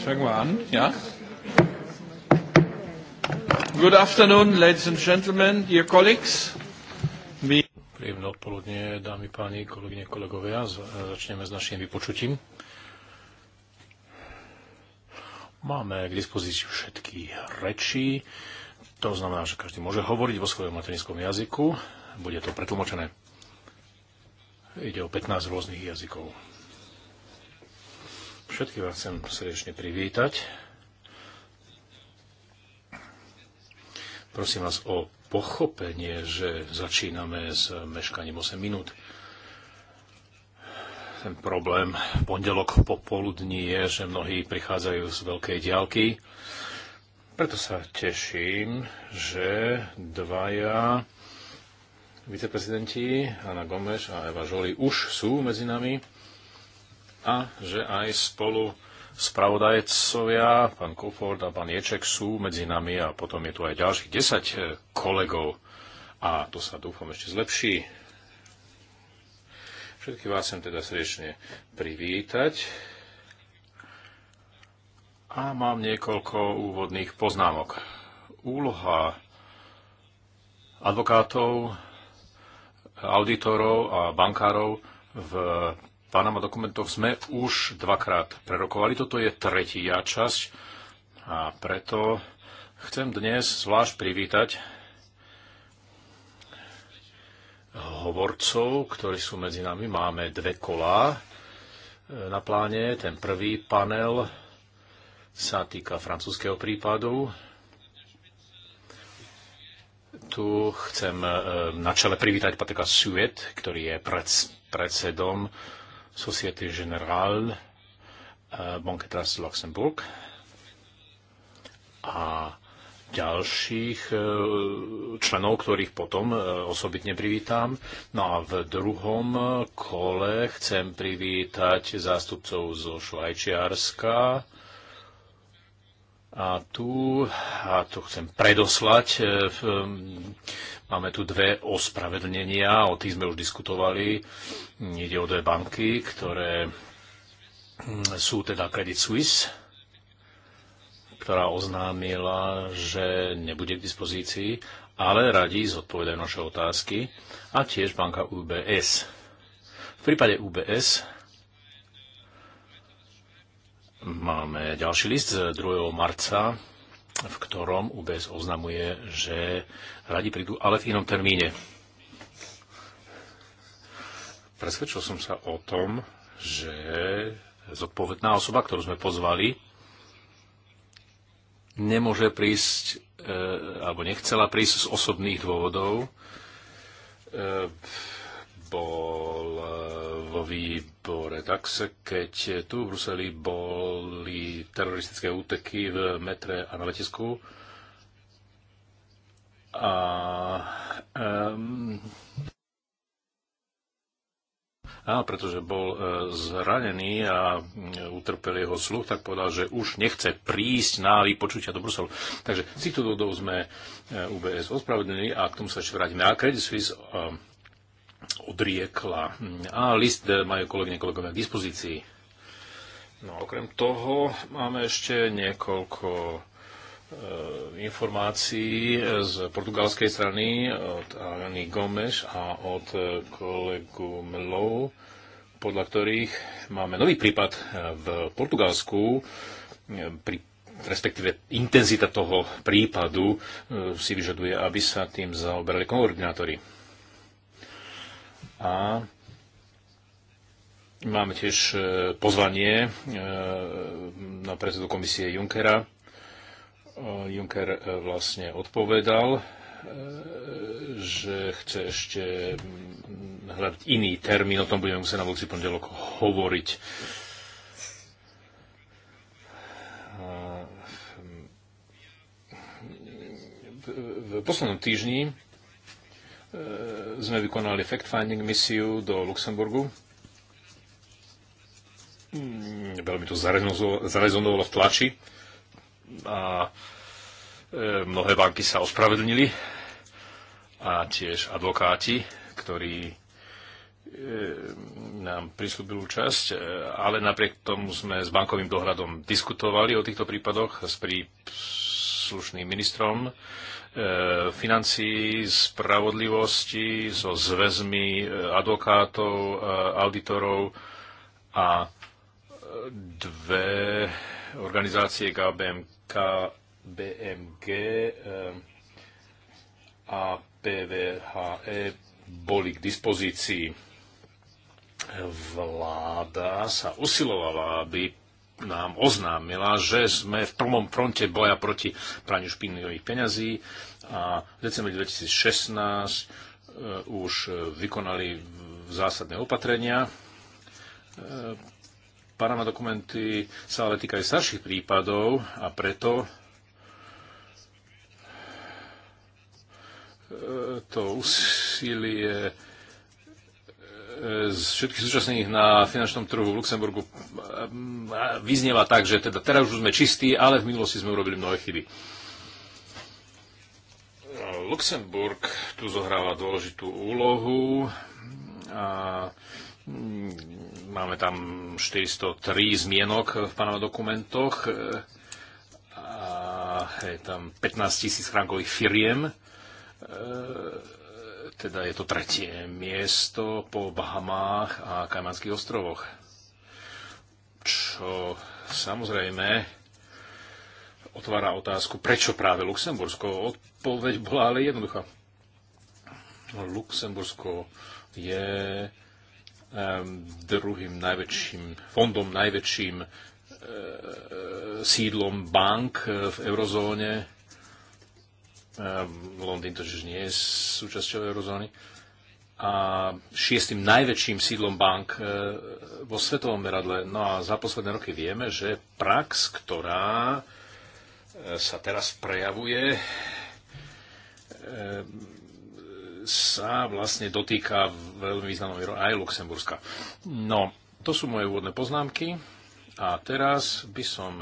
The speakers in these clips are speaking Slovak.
Fangen wir an, ja? Good afternoon, ladies and gentlemen, dear colleagues. My... Príjemné odpoludne, dámy, páni, kolegyne, kolegovia. Začneme s našim vypočutím. Máme k dispozícii všetky reči. To znamená, že každý môže hovoriť vo svojom materinskom jazyku. Bude to pretlmočené. Ide o 15 rôznych jazykov. Všetkých vás chcem srdečne privítať. Prosím vás o pochopenie, že začíname s meškaním 8 minút. Ten problém v pondelok popoludní je, že mnohí prichádzajú z veľkej diálky. Preto sa teším, že dvaja viceprezidenti Anna Gomeš a Eva Žoli už sú medzi nami a že aj spolu spravodajcovia, pán Koford a pán Ječek sú medzi nami a potom je tu aj ďalších 10 e, kolegov a to sa dúfam ešte zlepší. Všetky vás sem teda srdečne privítať a mám niekoľko úvodných poznámok. Úloha advokátov, auditorov a bankárov v Panama dokumentov sme už dvakrát prerokovali. Toto je tretia časť a preto chcem dnes zvlášť privítať hovorcov, ktorí sú medzi nami. Máme dve kolá e, na pláne. Ten prvý panel sa týka francúzského prípadu. Tu chcem e, na čele privítať Patrika Suet, ktorý je predsedom Société Générale eh, Banque Trust Luxemburg a ďalších eh, členov, ktorých potom eh, osobitne privítam. No a v druhom kole chcem privítať zástupcov zo Švajčiarska, a tu, a to chcem predoslať, e, máme tu dve ospravedlnenia, o tých sme už diskutovali. Ide o dve banky, ktoré mm, sú teda Credit Suisse, ktorá oznámila, že nebude k dispozícii, ale radi zodpovedajú naše otázky, a tiež banka UBS. V prípade UBS Máme ďalší list z 2. marca, v ktorom UBS oznamuje, že radi prídu, ale v inom termíne. Presvedčil som sa o tom, že zodpovedná osoba, ktorú sme pozvali, nemôže prísť, e, alebo nechcela prísť z osobných dôvodov. E, bol e, vo výbore taxe, keď tu v Bruseli boli teroristické úteky v metre a na letisku. A um, a pretože bol e, zranený a e, utrpel jeho sluch, tak povedal, že už nechce prísť na vypočutia do Bruselu. Takže si tu dodov sme e, UBS ospravedlnili a k tomu sa ešte vrátime. A Credit Suisse odriekla. A list majú kolegyne kolegovia k dispozícii. No okrem toho máme ešte niekoľko e, informácií z portugalskej strany od Arany Gomes a od e, kolegu Mlow, podľa ktorých máme nový prípad e, v Portugalsku, pri, respektíve intenzita toho prípadu si vyžaduje, aby sa tým zaoberali koordinátori. A máme tiež e, pozvanie e, na predsedu komisie Junckera. E, Juncker vlastne odpovedal, že chce ešte mm, hľadať iný termín, o tom budeme musieť na budúci pondelok hovoriť. Mm, v poslednom týždni E, sme vykonali fact-finding misiu do Luxemburgu. Mm, veľmi to zarezonovalo v tlači a e, mnohé banky sa ospravedlnili a tiež advokáti, ktorí e, nám prislúbil časť, ale napriek tomu sme s bankovým dohľadom diskutovali o týchto prípadoch s príslušným ministrom E, financí, spravodlivosti, so zväzmi e, advokátov, e, auditorov a dve organizácie KBMK, BMG a PVHE boli k dispozícii. Vláda sa usilovala, aby nám oznámila, že sme v prvom fronte boja proti praniu špinavých peňazí a v decembri 2016 e, už e, vykonali zásadné opatrenia. E, Parama dokumenty sa ale týkajú starších prípadov a preto to úsilie z všetkých súčasných na finančnom trhu v Luxemburgu mm, vyznieva tak, že teda teraz už sme čistí, ale v minulosti sme urobili mnohé chyby. Luxemburg tu zohráva dôležitú úlohu. A mm, máme tam 403 zmienok v Panama dokumentoch e, a je tam 15 tisíc frankových firiem e, teda je to tretie miesto po Bahamách a Kajmanských ostrovoch. Čo samozrejme otvára otázku, prečo práve Luxembursko. Odpoveď bola ale jednoduchá. Luxembursko je druhým najväčším fondom, najväčším eh, eh, sídlom bank eh, v eurozóne Londýn totiž nie je súčasťou eurozóny, a šiestým najväčším sídlom bank e, vo svetovom meradle. No a za posledné roky vieme, že prax, ktorá e, sa teraz prejavuje, e, sa vlastne dotýka veľmi významnou mierou aj Luxemburska. No, to sú moje úvodné poznámky a teraz by som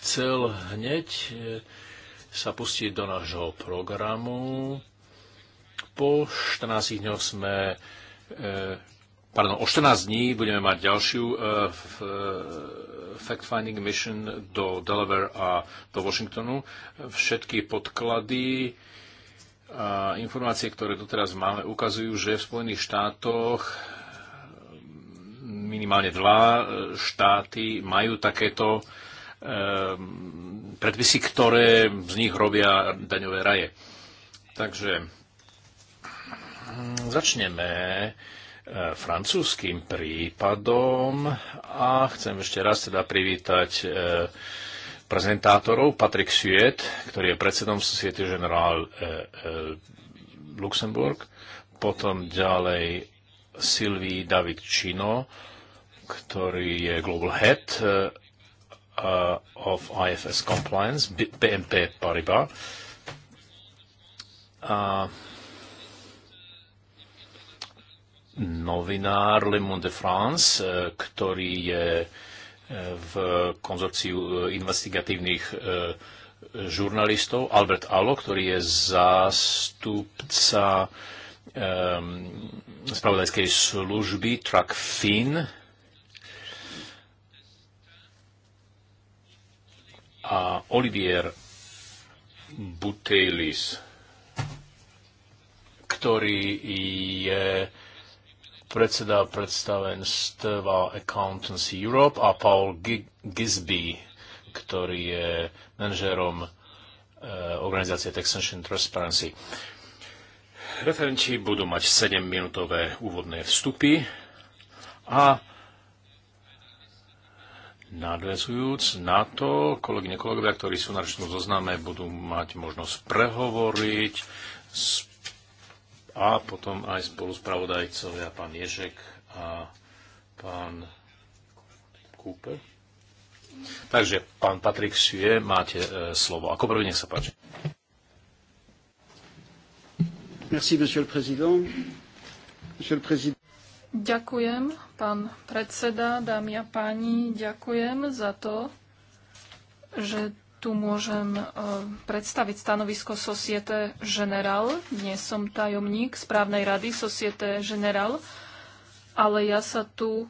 chcel hneď sa pustiť do nášho programu. Po 14 dňoch sme, e, pardon, o 14 dní budeme mať ďalšiu e, e, fact-finding mission do Delaware a do Washingtonu. Všetky podklady a informácie, ktoré doteraz máme, ukazujú, že v Spojených štátoch minimálne dva štáty majú takéto Ehm, predpisy, ktoré z nich robia daňové raje. Takže hm, začneme e, francúzským prípadom a chcem ešte raz teda privítať e, prezentátorov Patrick Suet, ktorý je predsedom Société Générale e, Luxemburg, potom ďalej Sylvie David Chino, ktorý je Global Head uh, of IFS compliance, BNP Paribas. A uh, novinár Le Monde de France, uh, ktorý je uh, v konzorciu investigatívnych žurnalistov, Albert Allo, ktorý je zástupca um, spravodajskej služby TrackFin, a Olivier Butelis, ktorý je predseda predstavenstva Accountancy Europe a Paul Gisby, ktorý je manažérom eh, organizácie Taxation Transparency. Referenti budú mať 7-minútové úvodné vstupy a Nadvezujúc na to, kolegyne, kolegovia, ktorí sú na ročnom zozname, budú mať možnosť prehovoriť a potom aj spolu spravodajcovia pán Ježek a pán Kúpe. Takže, pán Patrik Sue, máte e, slovo. Ako prvý, nech sa páči. Merci, monsieur le président. Monsieur le président. Ďakujem, pán predseda, dámy a páni, ďakujem za to, že tu môžem e, predstaviť stanovisko Societe General. nie som tajomník správnej rady Societe General, ale ja sa tu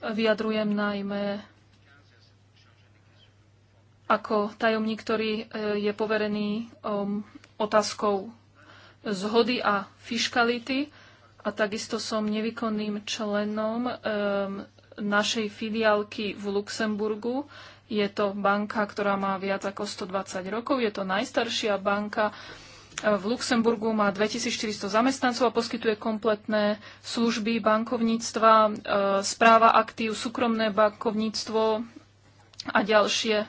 vyjadrujem najmä ako tajomník, ktorý e, je poverený e, otázkou zhody a fiškality a takisto som nevykonným členom um, našej filiálky v Luxemburgu. Je to banka, ktorá má viac ako 120 rokov. Je to najstaršia banka v Luxemburgu, má 2400 zamestnancov a poskytuje kompletné služby bankovníctva, správa aktív, súkromné bankovníctvo a ďalšie.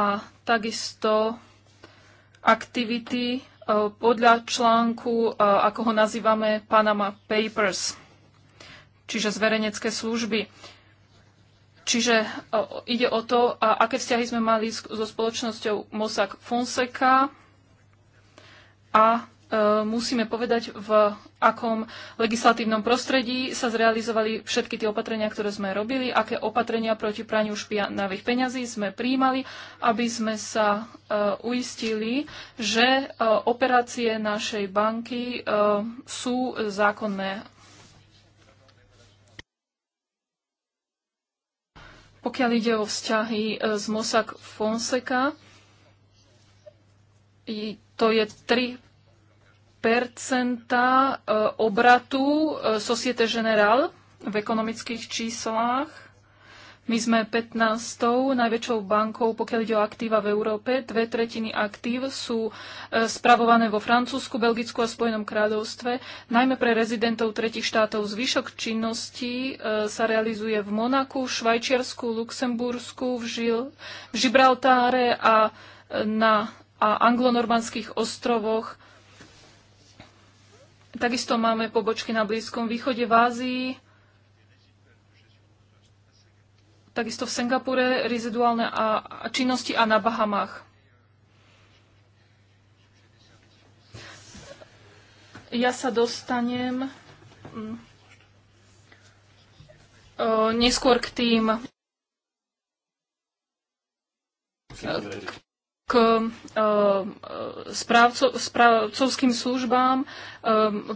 A takisto aktivity podľa článku, e, ako ho nazývame, Panama Papers, čiže zverejnecké služby. Čiže e, ide o to, aké vzťahy sme mali so spoločnosťou Mossack Fonseca a e, musíme povedať v akom legislatívnom prostredí sa zrealizovali všetky tie opatrenia, ktoré sme robili, aké opatrenia proti praniu špinavých peňazí sme príjmali, aby sme sa e, uistili, že e, operácie našej banky e, sú zákonné. Pokiaľ ide o vzťahy z Mossack Fonseca, to je 3 E, obratu e, Societe Generale v ekonomických číslach. My sme 15. najväčšou bankou, pokiaľ ide o aktíva v Európe. Dve tretiny aktív sú e, spravované vo Francúzsku, Belgicku a Spojenom kráľovstve. Najmä pre rezidentov tretich štátov zvyšok činnosti sa realizuje v Monaku, Švajčiarsku, Luxembursku, v, Žil, v Žibraltáre a na a anglonormandských ostrovoch Takisto máme pobočky na Blízkom východe v Ázii, takisto v Singapure reziduálne a, a činnosti a na Bahamách. Ja sa dostanem mm, neskôr k tým k, k eh, správcovským službám. Eh,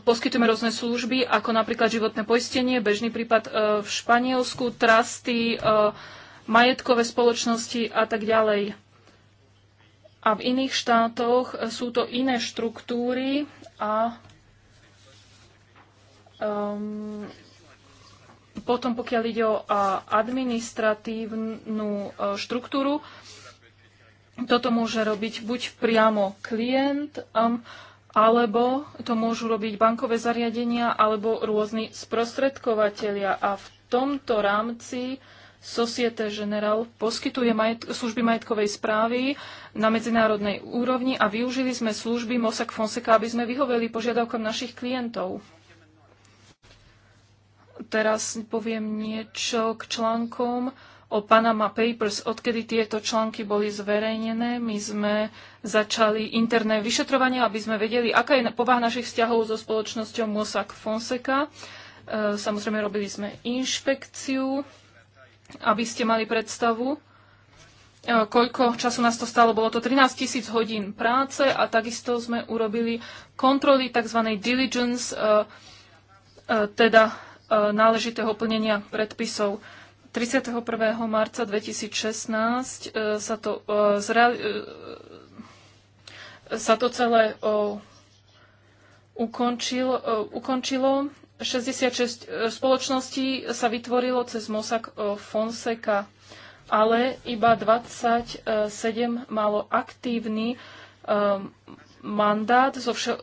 poskytujeme rôzne služby, ako napríklad životné poistenie, bežný prípad eh, v Španielsku, trasty, majetkové spoločnosti a tak ďalej. A v iných štátoch sú to iné štruktúry a um, potom, pokiaľ ide o administratívnu štruktúru, toto môže robiť buď priamo klient, um, alebo to môžu robiť bankové zariadenia alebo rôzni sprostredkovateľia. A v tomto rámci Societe General poskytuje majet- služby majetkovej správy na medzinárodnej úrovni a využili sme služby Mossack Fonseca, aby sme vyhoveli požiadavkám našich klientov. Teraz poviem niečo k článkom o Panama Papers, odkedy tieto články boli zverejnené. My sme začali interné vyšetrovanie, aby sme vedeli, aká je povaha našich vzťahov so spoločnosťou Mossack Fonseca. E, samozrejme, robili sme inšpekciu, aby ste mali predstavu, e, koľko času nás to stalo. Bolo to 13 tisíc hodín práce a takisto sme urobili kontroly tzv. diligence, e, teda náležitého plnenia predpisov. 31. marca 2016 e, sa to, e, e, sa to celé ukončilo. 66 spoločností sa vytvorilo cez Mossack Fonseca, ale iba 27 malo aktívny mandát zo vše-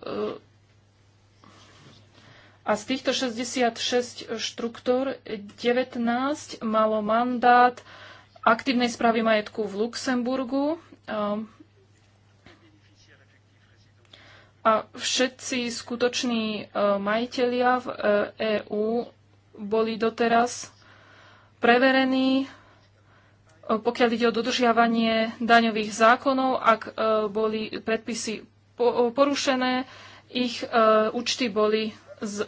a z týchto 66 štruktúr 19 malo mandát aktívnej správy majetku v Luxemburgu. Ehm, a všetci skutoční e, majitelia v EÚ e boli doteraz preverení, e, pokiaľ ide o dodržiavanie daňových zákonov, ak boli predpisy porušené, ich účty boli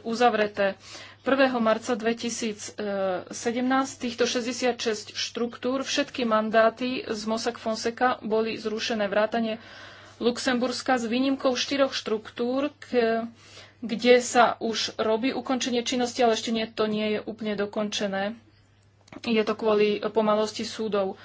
uzavreté. 1. marca 2017 týchto 66 štruktúr, všetky mandáty z Mossack Fonseca boli zrušené vrátane Luxemburska s výnimkou štyroch štruktúr, kde sa už robí ukončenie činnosti, ale ešte nie, to nie je úplne dokončené. Je to kvôli pomalosti súdov.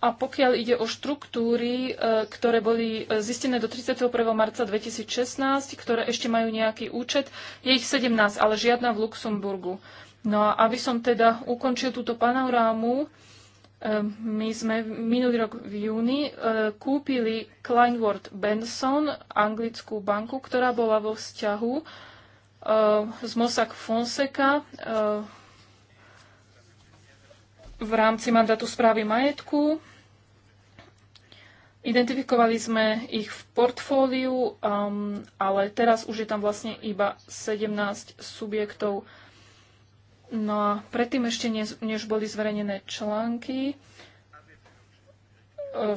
A pokiaľ ide o štruktúry, e, ktoré boli e, zistené do 31. marca 2016, ktoré ešte majú nejaký účet, je ich 17, ale žiadna v Luxemburgu. No a aby som teda ukončil túto panorámu, e, my sme minulý rok v júni kúpili Kleinwort Benson, anglickú banku, ktorá bola vo vzťahu z Mossack Fonseca, v rámci mandátu správy majetku Identifikovali sme ich v portfóliu, um, ale teraz už je tam vlastne iba 17 subjektov. No a predtým ešte, než boli zverejnené články, e,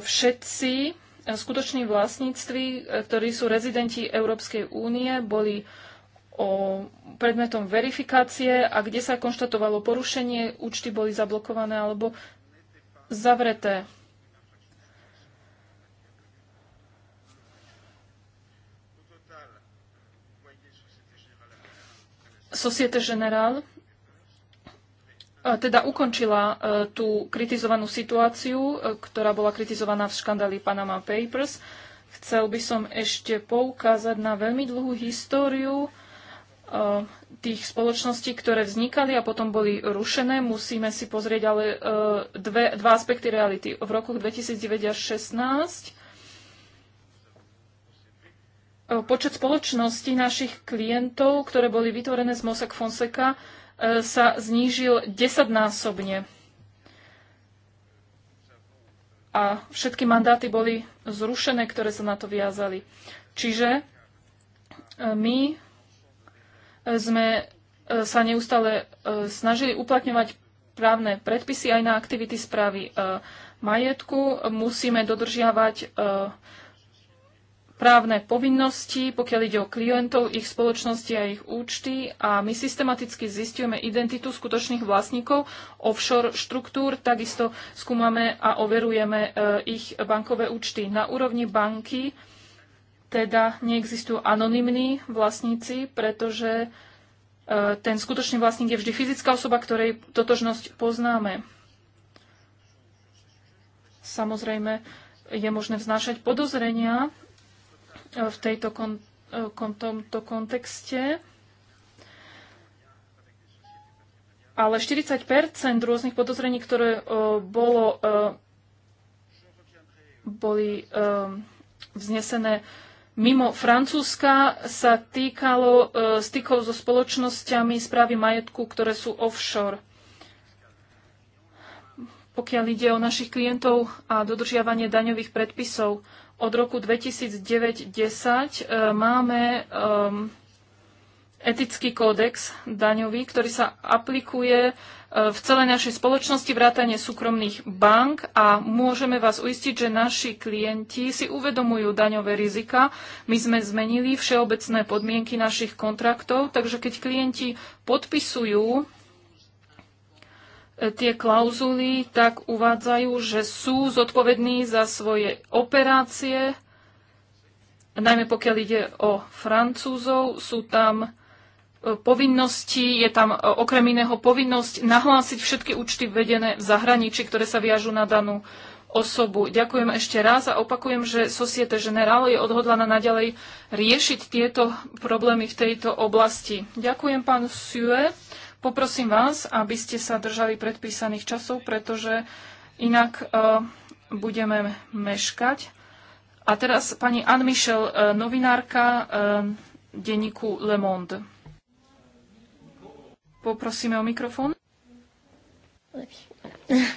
všetci skutoční vlastníctví, e, ktorí sú rezidenti Európskej únie, boli o predmetom verifikácie a kde sa konštatovalo porušenie, účty boli zablokované alebo zavreté. Societe Generale e, teda ukončila e, tú kritizovanú situáciu, e, ktorá bola kritizovaná v škandáli Panama Papers. Chcel by som ešte poukázať na veľmi dlhú históriu tých spoločností, ktoré vznikali a potom boli rušené. Musíme si pozrieť ale dve, dva aspekty reality. V rokoch 2009 až 2016 E, počet spoločností našich klientov, ktoré boli vytvorené z Mossack Fonseca, e, sa znížil desaťnásobne. A všetky mandáty boli zrušené, ktoré sa na to viazali. Čiže e, my sme sa neustále snažili uplatňovať právne predpisy aj na aktivity správy majetku. Musíme dodržiavať právne povinnosti, pokiaľ ide o klientov, ich spoločnosti a ich účty a my systematicky zistujeme identitu skutočných vlastníkov offshore štruktúr, takisto skúmame a overujeme e, ich bankové účty. Na úrovni banky teda neexistujú anonymní vlastníci, pretože e, ten skutočný vlastník je vždy fyzická osoba, ktorej totožnosť poznáme. Samozrejme, je možné vznášať podozrenia v tejto kon, e, kon, tomto kontexte. Ale 40 rôznych podozrení, ktoré uh, bolo, uh, boli uh, vznesené mimo Francúzska, sa týkalo stykov so spoločnosťami správy majetku, ktoré sú offshore. Pokiaľ ide o našich klientov a dodržiavanie daňových predpisov, od roku 2009-10 e, máme etický kódex daňový, ktorý sa aplikuje e, v celej našej spoločnosti vrátane súkromných bank a môžeme vás uistiť, že naši klienti si uvedomujú daňové rizika. My sme zmenili všeobecné podmienky našich kontraktov, takže keď klienti podpisujú E, tie klauzuly tak uvádzajú, že sú zodpovední za svoje operácie, najmä pokiaľ ide o Francúzov, sú tam e, povinnosti, je tam e, okrem iného povinnosť nahlásiť všetky účty vedené v zahraničí, ktoré sa viažú na danú osobu. Ďakujem ešte raz a opakujem, že Societe Generale je odhodlaná naďalej riešiť tieto problémy v tejto oblasti. Ďakujem pán Sue. Poprosím vás, aby ste sa držali predpísaných časov, pretože inak uh, budeme meškať. A teraz pani Anne Michel, uh, e, novinárka uh, denníku Le Monde. Poprosíme o mikrofón.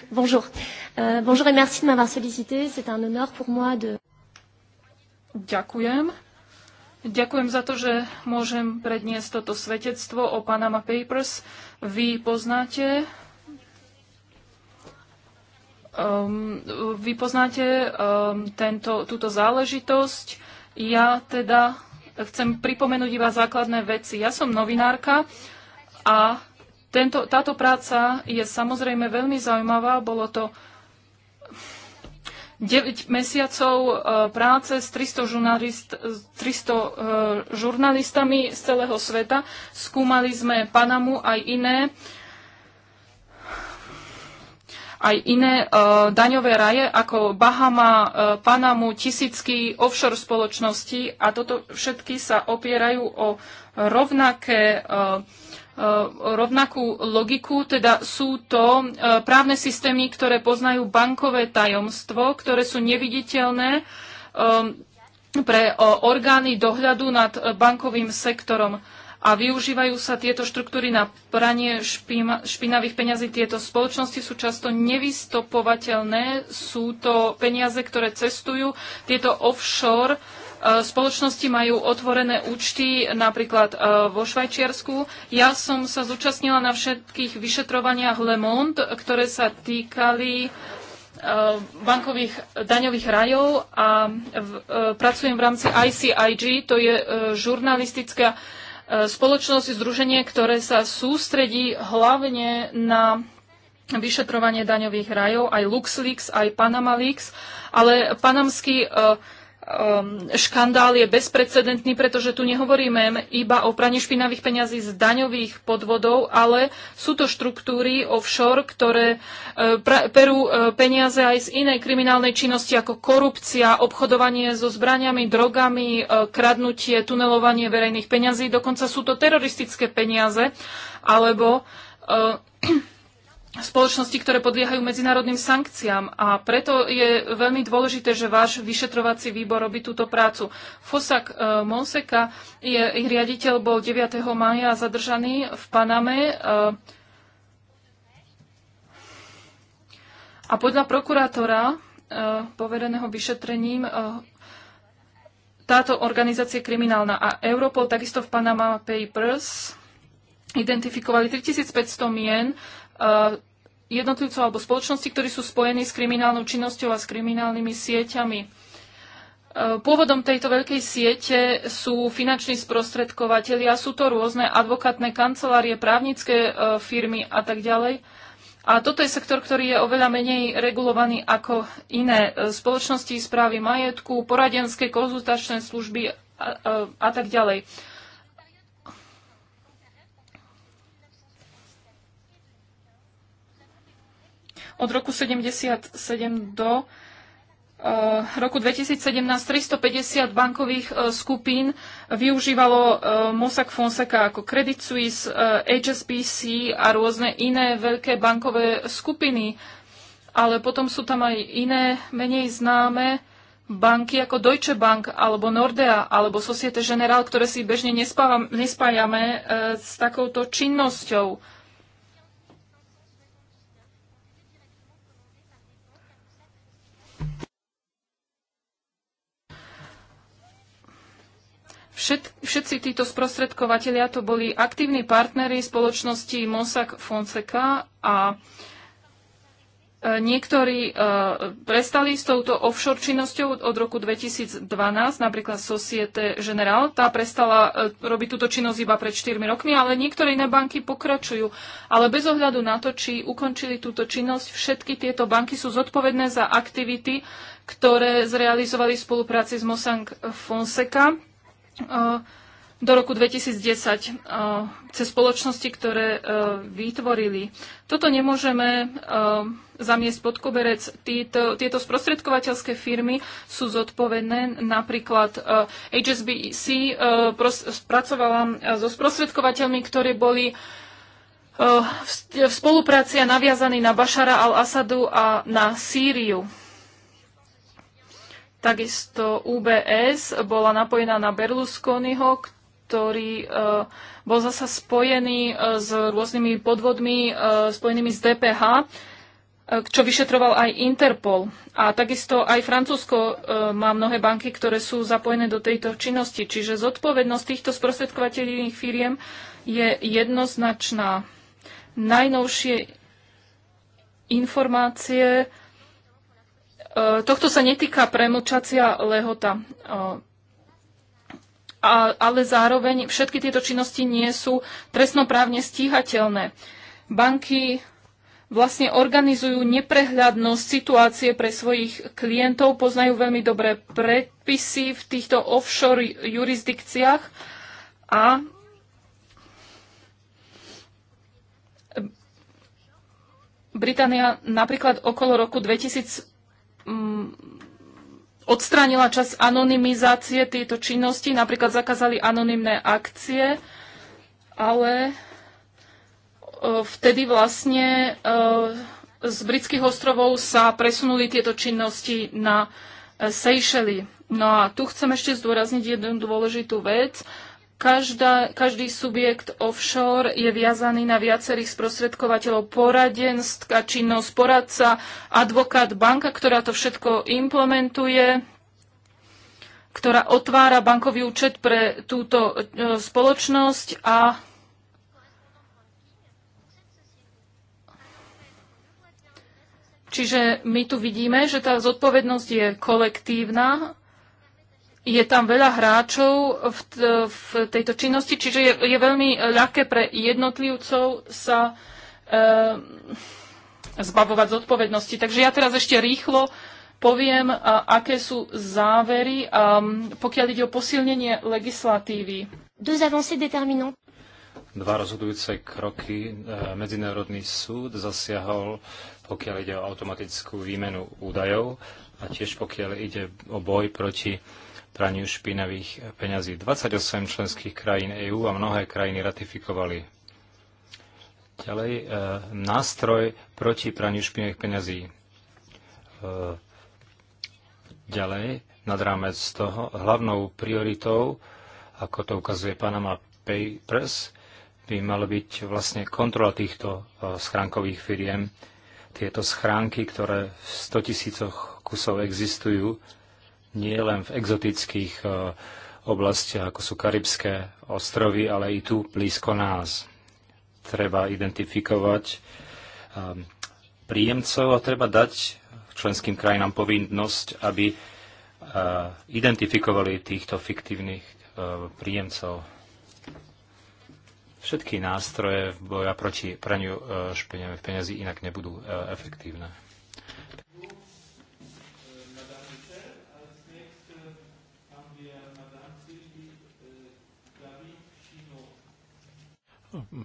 Bonjour. Uh, bonjour et merci de m'avoir sollicité. C'est un honneur pour moi de... Ďakujem. Ďakujem za to, že môžem predniesť toto svetectvo o Panama Papers. Vy poznáte um, vy poznáte um, tento, túto záležitosť. Ja teda chcem pripomenúť iba základné veci. Ja som novinárka a tento, táto práca je samozrejme veľmi zaujímavá. Bolo to 9 mesiacov e, práce s 300, žurnalist, 300 e, žurnalistami z celého sveta. Skúmali sme Panamu aj iné aj iné e, daňové raje ako Bahama, Panamu, tisícky offshore spoločnosti a toto všetky sa opierajú o rovnaké uh, E, rovnakú logiku, teda sú to e, právne systémy, ktoré poznajú bankové tajomstvo, ktoré sú neviditeľné e, pre orgány dohľadu nad bankovým sektorom a využívajú sa tieto štruktúry na pranie špinavých peňazí. Tieto spoločnosti sú často nevystopovateľné, sú to peniaze, ktoré cestujú. Tieto offshore E, spoločnosti majú otvorené účty napríklad e, vo Švajčiarsku. Ja som sa zúčastnila na všetkých vyšetrovaniach Le Monde, ktoré sa týkali e, bankových daňových rajov a v, pracujem v rámci ICIG, to je žurnalistická spoločnosť, združenie, ktoré sa sústredí hlavne na vyšetrovanie daňových rajov, aj LuxLeaks, aj Panama Leaks, ale panamský um, škandál je bezprecedentný, pretože tu nehovoríme iba o praní špinavých peňazí z daňových podvodov, ale sú to štruktúry offshore, ktoré uh, perú uh, peniaze aj z inej kriminálnej činnosti ako korupcia, obchodovanie so zbraniami, drogami, uh, kradnutie, tunelovanie verejných peňazí. Dokonca sú to teroristické peniaze alebo uh, spoločnosti, ktoré podliehajú medzinárodným sankciám. A preto je veľmi dôležité, že váš vyšetrovací výbor robí túto prácu. Fosak e, Monseka, je, ich riaditeľ, bol 9. maja zadržaný v Paname. E, a podľa prokurátora, e, povereného vyšetrením, e, táto organizácia je kriminálna. A Europol takisto v Panama Papers identifikovali 3500 mien jednotlivcov alebo spoločnosti, ktorí sú spojení s kriminálnou činnosťou a s kriminálnymi sieťami. E, pôvodom tejto veľkej siete sú finanční sprostredkovateľi a sú to rôzne advokátne kancelárie, právnické e, firmy a tak ďalej. A toto je sektor, ktorý je oveľa menej regulovaný ako iné e, spoločnosti, správy majetku, poradenské, konzultačné služby a, a, a tak ďalej. od roku 77 do e, roku 2017 350 bankových e, skupín využívalo e, Mossack Fonseca ako Credit Suisse, HSBC a rôzne iné veľké bankové skupiny. Ale potom sú tam aj iné, menej známe banky ako Deutsche Bank alebo Nordea alebo Societe Generale, ktoré si bežne nespávam, nespájame s takouto činnosťou. Všet, všetci títo sprostredkovateľia to boli aktívni partnery spoločnosti Mossack Fonseca a e, Niektorí e, prestali s touto offshore činnosťou od roku 2012, napríklad Societe General, tá prestala e, robiť túto činnosť iba pred 4 rokmi, ale niektoré iné banky pokračujú. Ale bez ohľadu na to, či ukončili túto činnosť, všetky tieto banky sú zodpovedné za aktivity, ktoré zrealizovali v spolupráci s Mossack Fonseca do roku 2010 eh, cez spoločnosti, ktoré eh, vytvorili. Toto nemôžeme eh, zamiesť pod koberec. Tieto, tieto sprostredkovateľské firmy sú zodpovedné. Napríklad HSBC spracovala so sprostredkovateľmi, ktorí boli v spolupráci a naviazaní na Bašara al-Asadu a na Sýriu. Takisto UBS bola napojená na Berlusconiho, ktorý e, bol zasa spojený e, s rôznymi podvodmi e, spojenými s DPH, čo vyšetroval aj Interpol. A takisto aj Francúzsko má mnohé banky, ktoré sú zapojené do tejto činnosti. Čiže zodpovednosť týchto sprostredkovateľných firiem je jednoznačná. Najnovšie informácie Eh, tohto sa netýka premlčacia lehota. Eh, a, ale zároveň všetky tieto činnosti nie sú trestnoprávne stíhateľné. Banky vlastne organizujú neprehľadnosť situácie pre svojich klientov, poznajú veľmi dobré predpisy v týchto offshore jurisdikciách a Británia napríklad okolo roku 2005 Mm, odstránila čas anonymizácie tejto činnosti, napríklad zakázali anonymné akcie, ale e, vtedy vlastne e, z britských ostrovov sa presunuli tieto činnosti na e, Seychely. No a tu chcem ešte zdôrazniť jednu dôležitú vec. Každá, každý subjekt offshore je viazaný na viacerých sprostredkovateľov poradenstka, činnosť, poradca, advokát, banka, ktorá to všetko implementuje, ktorá otvára bankový účet pre túto e, spoločnosť a Čiže my tu vidíme, že tá zodpovednosť je kolektívna je tam veľa hráčov v, v tejto činnosti, čiže je, je veľmi ľahké pre jednotlivcov sa e, zbavovať zodpovednosti. Takže ja teraz ešte rýchlo poviem, a, aké sú závery, a, pokiaľ ide o posilnenie legislatívy. Dva rozhodujúce kroky. Eh, Medzinárodný súd zasiahol, pokiaľ ide o automatickú výmenu údajov a tiež pokiaľ ide o boj proti praniu špinavých peňazí. 28 členských krajín EÚ a mnohé krajiny ratifikovali. Ďalej, e, nástroj proti praniu špinavých peňazí. E, ďalej, nad rámec toho, hlavnou prioritou, ako to ukazuje Panama Papers, by mala byť vlastne kontrola týchto e, schránkových firiem. Tieto schránky, ktoré v 100 tisícoch kusov existujú, nie len v exotických e, oblastiach, ako sú Karibské ostrovy, ale i tu blízko nás. Treba identifikovať ehm, príjemcov a treba dať členským krajinám povinnosť, aby e, identifikovali týchto fiktívnych e, príjemcov. Všetky nástroje boja proti praniu špeniavých peniazí inak nebudú efektívne.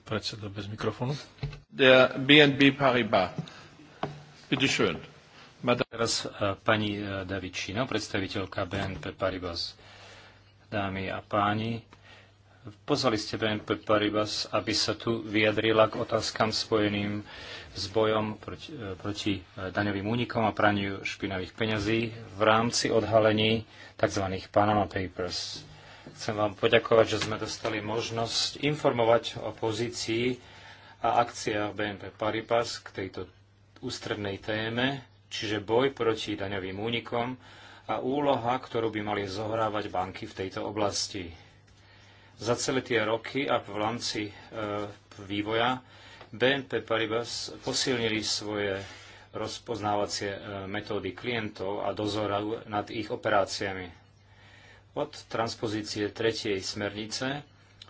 Predseda bez mikrofónu. Der BNB Paribas. Bitte schön. Teraz e, pani e, Davičina, predstaviteľka BNP Paribas. Dámy a páni, pozvali ste BNP Paribas, aby sa tu vyjadrila k otázkam spojeným s bojom proti, e, proti daňovým únikom a praniu špinavých peňazí v rámci odhalení tzv. Panama Papers. Chcem vám poďakovať, že sme dostali možnosť informovať o pozícii a akciách BNP Paribas k tejto ústrednej téme, čiže boj proti daňovým únikom a úloha, ktorú by mali zohrávať banky v tejto oblasti. Za celé tie roky a v rámci e, vývoja BNP Paribas posilnili svoje rozpoznávacie e, metódy klientov a dozor nad ich operáciami. Od transpozície tretej smernice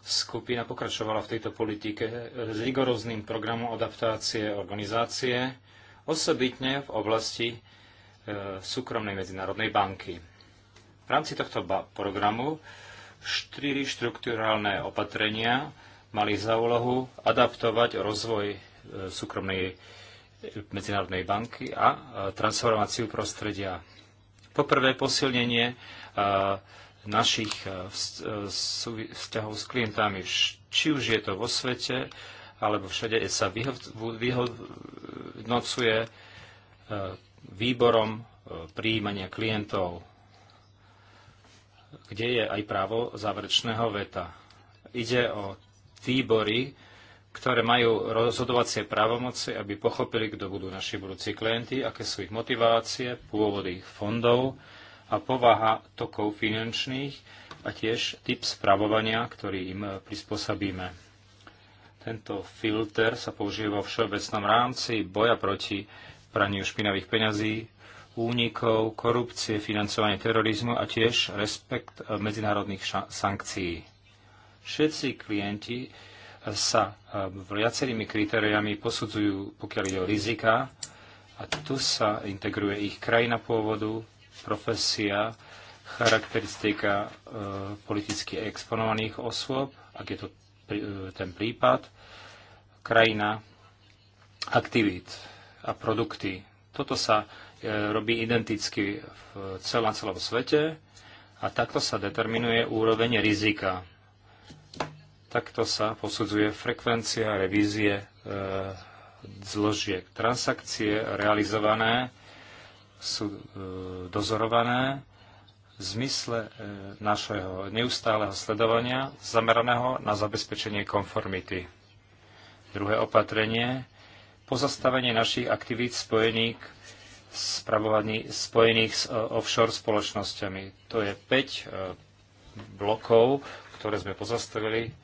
skupina pokračovala v tejto politike s rigorózným programom adaptácie organizácie, osobitne v oblasti e, súkromnej medzinárodnej banky. V rámci tohto programu štyri štruktúrálne opatrenia mali za úlohu adaptovať rozvoj e, súkromnej e, medzinárodnej banky a transformáciu prostredia. Poprvé posilnenie našich eh, eh, vzťahov s klientami. Či už je to vo svete, alebo všade sa vyhodnocuje eh, výborom príjmania klientov, kde je aj právo záverečného veta. Ide o výbory, ktoré majú rozhodovacie právomoci, aby pochopili, kto budú naši budúci klienti, aké sú ich motivácie, pôvody ich fondov, a povaha tokov finančných a tiež typ spravovania, ktorý im e, prispôsobíme. Tento filter sa používa vo všeobecnom rámci boja proti praniu špinavých peňazí, únikov, korupcie, financovanie terorizmu a tiež respekt e, medzinárodných sankcií. Všetci klienti e, sa viacerými kritériami posudzujú, pokiaľ ide o rizika, a tu sa integruje ich krajina pôvodu, profesia, charakteristika e, politicky exponovaných osôb, ak je to pr e, ten prípad, krajina, aktivít a produkty. Toto sa e, robí identicky v celá, celom svete a takto sa determinuje úroveň rizika. Takto sa posudzuje frekvencia revízie e, zložiek transakcie realizované sú e, dozorované v zmysle e, našeho neustáleho sledovania zameraného na zabezpečenie konformity. Druhé opatrenie pozastavenie našich aktivít spojených spojených s e, offshore spoločnosťami. To je 5 blokov, ktoré sme pozastavili,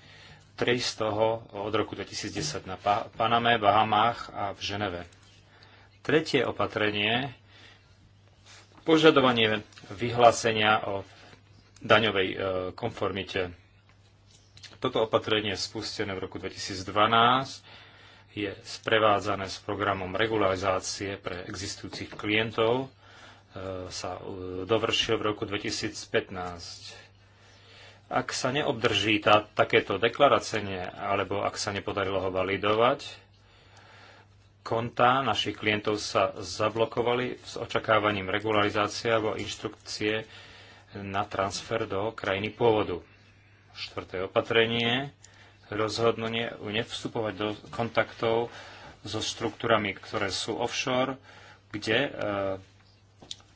3 z toho od roku 2010 na Paname, Bahamách a v Ženeve. Tretie opatrenie požadovanie vyhlásenia o daňovej e, konformite. Toto opatrenie spustené v roku 2012 je sprevádzané s programom regularizácie pre existujúcich klientov, e, sa e, dovršil v roku 2015. Ak sa neobdrží tá, takéto deklaracenie, alebo ak sa nepodarilo ho validovať, konta našich klientov sa zablokovali s očakávaním regularizácie alebo inštrukcie na transfer do krajiny pôvodu. Štvrté opatrenie, rozhodnutie nevstupovať do kontaktov so štruktúrami, ktoré sú offshore, kde e,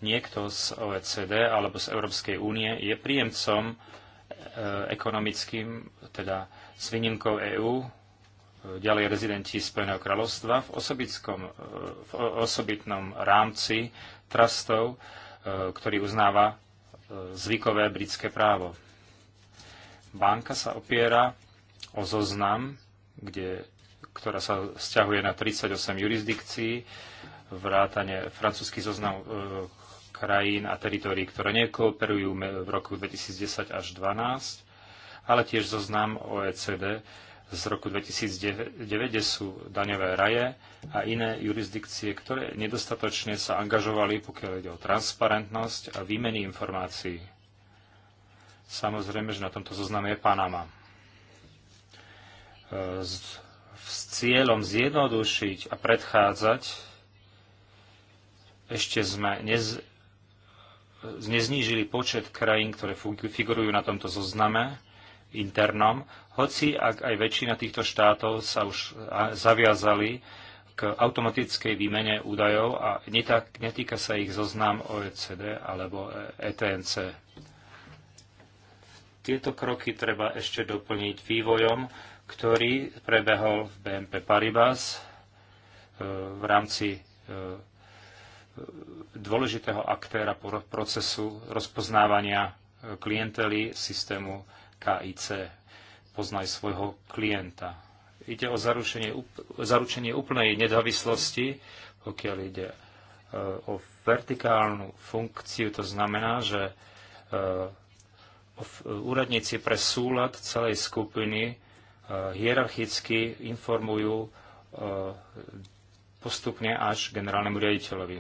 niekto z OECD alebo z Európskej únie je príjemcom e, ekonomickým, teda s výnimkou EÚ, ďalej rezidenti Spojeného kráľovstva v, e, v osobitnom rámci trustov, e, ktorý uznáva e, zvykové britské právo. Banka sa opiera o zoznam, kde, ktorá sa vzťahuje na 38 jurisdikcií, vrátane francúzsky zoznam krajín a teritórií, ktoré nekooperujú v roku 2010 až 2012, ale tiež zoznam OECD, z roku 2009, kde sú daňové raje a iné jurisdikcie, ktoré nedostatočne sa angažovali, pokiaľ ide o transparentnosť a výmeny informácií. Samozrejme, že na tomto zozname je Panama. S, e, s cieľom zjednodušiť a predchádzať ešte sme nez, neznížili počet krajín, ktoré figurujú na tomto zozname internom, hoci ak aj väčšina týchto štátov sa už zaviazali k automatickej výmene údajov a netak, netýka sa ich zoznam OECD alebo ETNC. Tieto kroky treba ešte doplniť vývojom, ktorý prebehol v BNP Paribas e, v rámci e, dôležitého aktéra procesu rozpoznávania e, klientely systému KIC poznaj svojho klienta. Ide o zaručenie, zaručenie úplnej nezávislosti, pokiaľ ide e, o vertikálnu funkciu, to znamená, že e, úradníci pre súlad celej skupiny e, hierarchicky informujú postupne až generálnemu riaditeľovi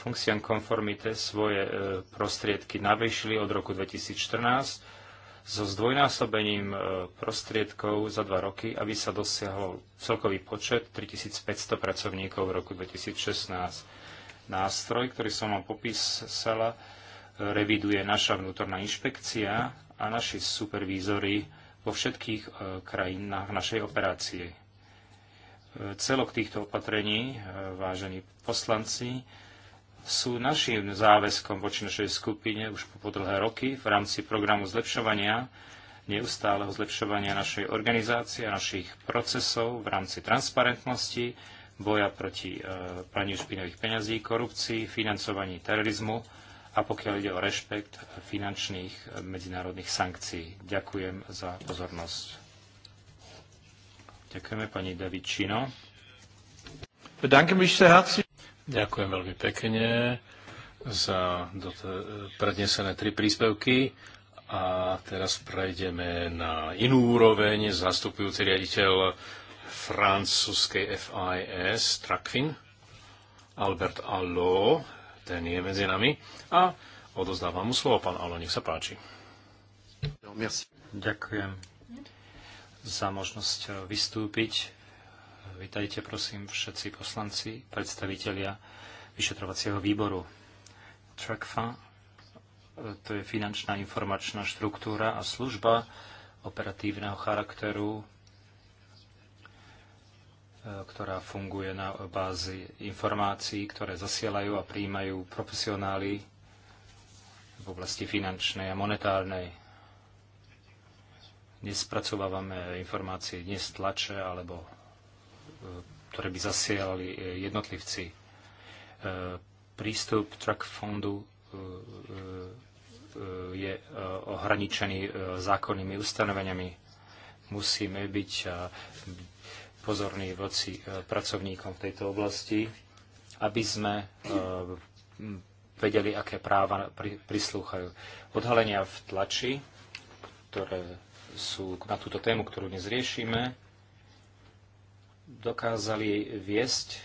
funkciám konformite svoje e, prostriedky navýšili od roku 2014 so zdvojnásobením e, prostriedkov za dva roky, aby sa dosiahol celkový počet 3500 pracovníkov v roku 2016. Nástroj, ktorý som vám popísala, e, reviduje naša vnútorná inšpekcia a naši supervízory vo všetkých krajinách našej operácie. Celok týchto opatrení, vážení poslanci, sú našim záväzkom voči našej skupine už po dlhé roky v rámci programu zlepšovania, neustáleho zlepšovania našej organizácie a našich procesov v rámci transparentnosti, boja proti e, praniu špinových peňazí, korupcii, financovaní terorizmu a pokiaľ ide o rešpekt finančných e, medzinárodných sankcií. Ďakujem za pozornosť. Ďakujeme pani Davičino. Bedanke mich sehr herzlich. Ďakujem veľmi pekne za prednesené tri príspevky a teraz prejdeme na inú úroveň. Zastupujúci riaditeľ francúzskej FIS Trakfin, Albert Allo, ten je medzi nami a odozdávam mu slovo. Pán Allo, nech sa páči. Ďakujem za možnosť vystúpiť Vítajte prosím všetci poslanci, predstavitelia vyšetrovacieho výboru. TRACFA, e, to je finančná informačná štruktúra a služba operatívneho charakteru, e, ktorá funguje na bázi informácií, ktoré zasielajú a príjmajú profesionáli v oblasti finančnej a monetárnej. Dnes spracovávame informácie dnes tlače alebo ktoré by zasielali e, jednotlivci. E, prístup track fondu e, je ohraničený zákonnými ustanoveniami. Musíme byť pozorní voci pracovníkom v tejto oblasti, aby sme vedeli, aké práva prislúchajú. Odhalenia v tlači, ktoré sú na túto tému, ktorú dnes riešime, dokázali viesť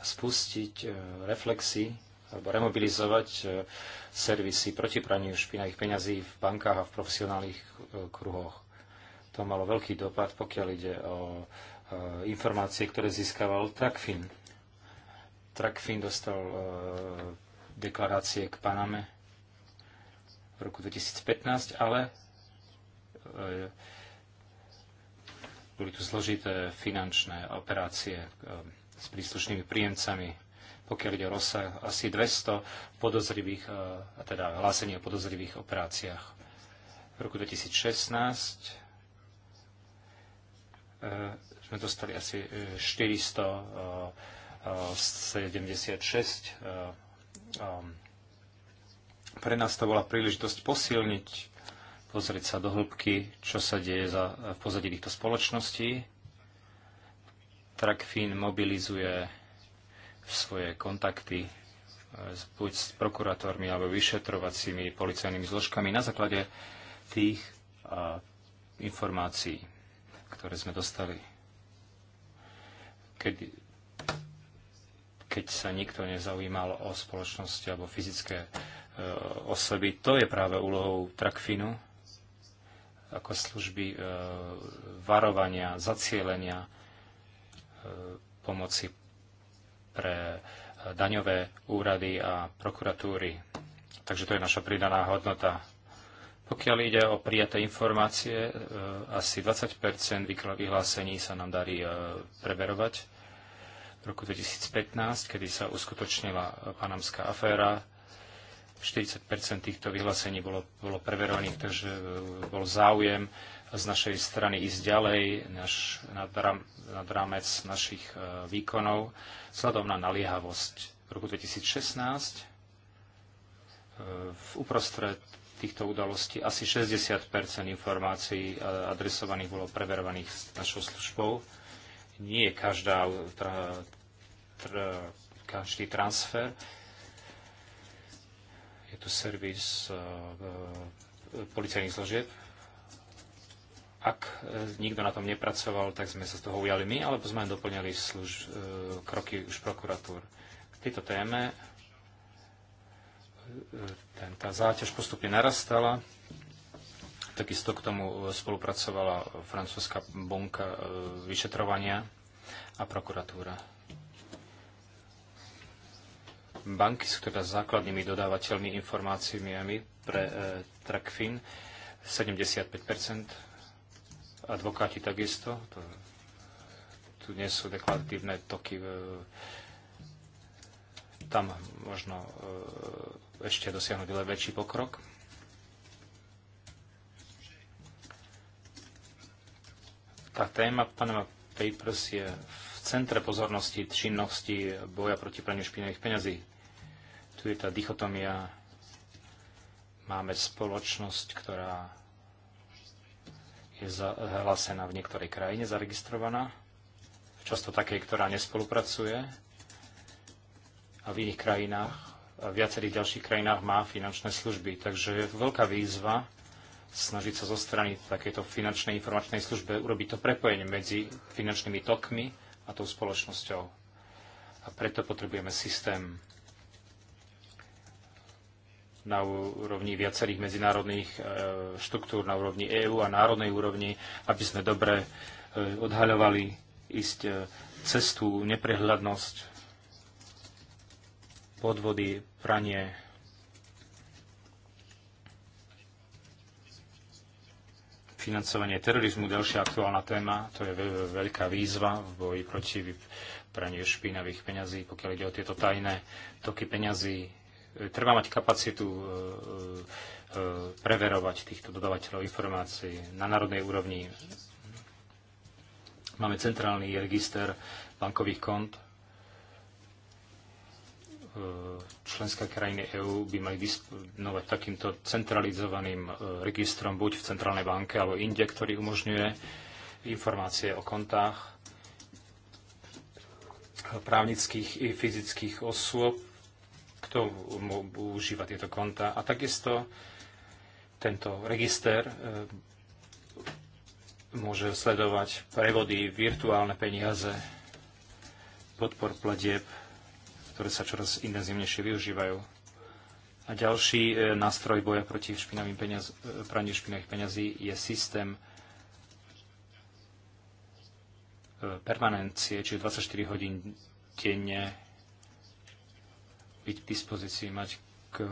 a spustiť e, reflexy alebo remobilizovať e, servisy proti praniu špinavých peňazí v bankách a v profesionálnych e, kruhoch. To malo veľký dopad, pokiaľ ide o informácie, ktoré získaval Trakfin. Trakfin dostal deklarácie k Paname v roku 2015, ale boli tu zložité finančné operácie e, s príslušnými príjemcami. Pokiaľ ide o rozsah, asi 200 podozrivých, e, teda hlásenie o podozrivých operáciách. V roku 2016 e, sme dostali asi 476. Pre nás to bola príležitosť posilniť pozrieť sa do hĺbky, čo sa deje za, v pozadí týchto spoločností. Trakfín mobilizuje svoje kontakty e, buď s prokurátormi alebo vyšetrovacími policajnými zložkami na základe tých a, e, informácií, ktoré sme dostali. Keď, keď sa nikto nezaujímal o spoločnosti alebo fyzické e, osoby, to je práve úlohou Trakfinu, ako služby e, varovania, zacielenia, e, pomoci pre e, daňové úrady a prokuratúry. Takže to je naša pridaná hodnota. Pokiaľ ide o prijaté informácie, asi 20 vyhlásení sa nám darí preberovať V roku 2015, kedy sa uskutočnila panamská aféra, 40 týchto vyhlásení bolo, bolo preverovaných, takže e, bol záujem z našej strany ísť ďalej naš, nad, rám, nad rámec našich e, výkonov. Sledom na naliehavosť v roku 2016 e, v uprostred týchto udalostí asi 60 informácií adresovaných bolo preverovaných s našou službou. Nie každá, tra, tra, každý transfer tu servis eh, eh, policajných zložieb. Ak eh, nikto na tom nepracoval, tak sme sa z toho ujali my, alebo sme doplňali služ, kroky už prokuratúr. K tejto téme ten, tá záťaž postupne narastala. Takisto k tomu spolupracovala francúzska bonka vyšetrovania a prokuratúra. Banky sú teda základnými dodávateľmi informáciami pre e, TrackFin 75 advokáti takisto. To, tu nie sú deklaratívne toky. E, tam možno e, ešte dosiahnuť ale väčší pokrok. Tá téma Panama Papers je v centre pozornosti činnosti boja proti praniu špinavých peňazí. Tu je tá dichotomia. Máme spoločnosť, ktorá je zahlásená v niektorej krajine, zaregistrovaná, často také, ktorá nespolupracuje a v iných krajinách, a v viacerých ďalších krajinách má finančné služby. Takže je to veľká výzva snažiť sa zo strany takéto finančnej informačnej službe urobiť to prepojenie medzi finančnými tokmi a tou spoločnosťou. A preto potrebujeme systém na úrovni viacerých medzinárodných e, štruktúr, na úrovni EÚ a národnej úrovni, aby sme dobre e, odhaľovali ísť e, cestu, neprehľadnosť, podvody, pranie. Financovanie terorizmu, ďalšia aktuálna téma, to je veľká výzva v boji proti praniu špinavých peňazí, pokiaľ ide o tieto tajné toky peňazí, treba mať kapacitu e, e, preverovať týchto dodávateľov informácií na národnej úrovni. Máme centrálny register bankových kont. E, členské krajiny EÚ by mali disponovať takýmto centralizovaným registrom buď v centrálnej banke alebo inde, ktorý umožňuje informácie o kontách právnických i fyzických osôb kto užíva tieto konta. A takisto tento register e, môže sledovať prevody, virtuálne peniaze, podpor pladeb, ktoré sa čoraz intenzívnejšie využívajú. A ďalší e, nástroj boja proti špinavým peniaz, e, praniu špinavých peňazí je systém permanencie, čiže 24 hodín denne byť k dispozícii, mať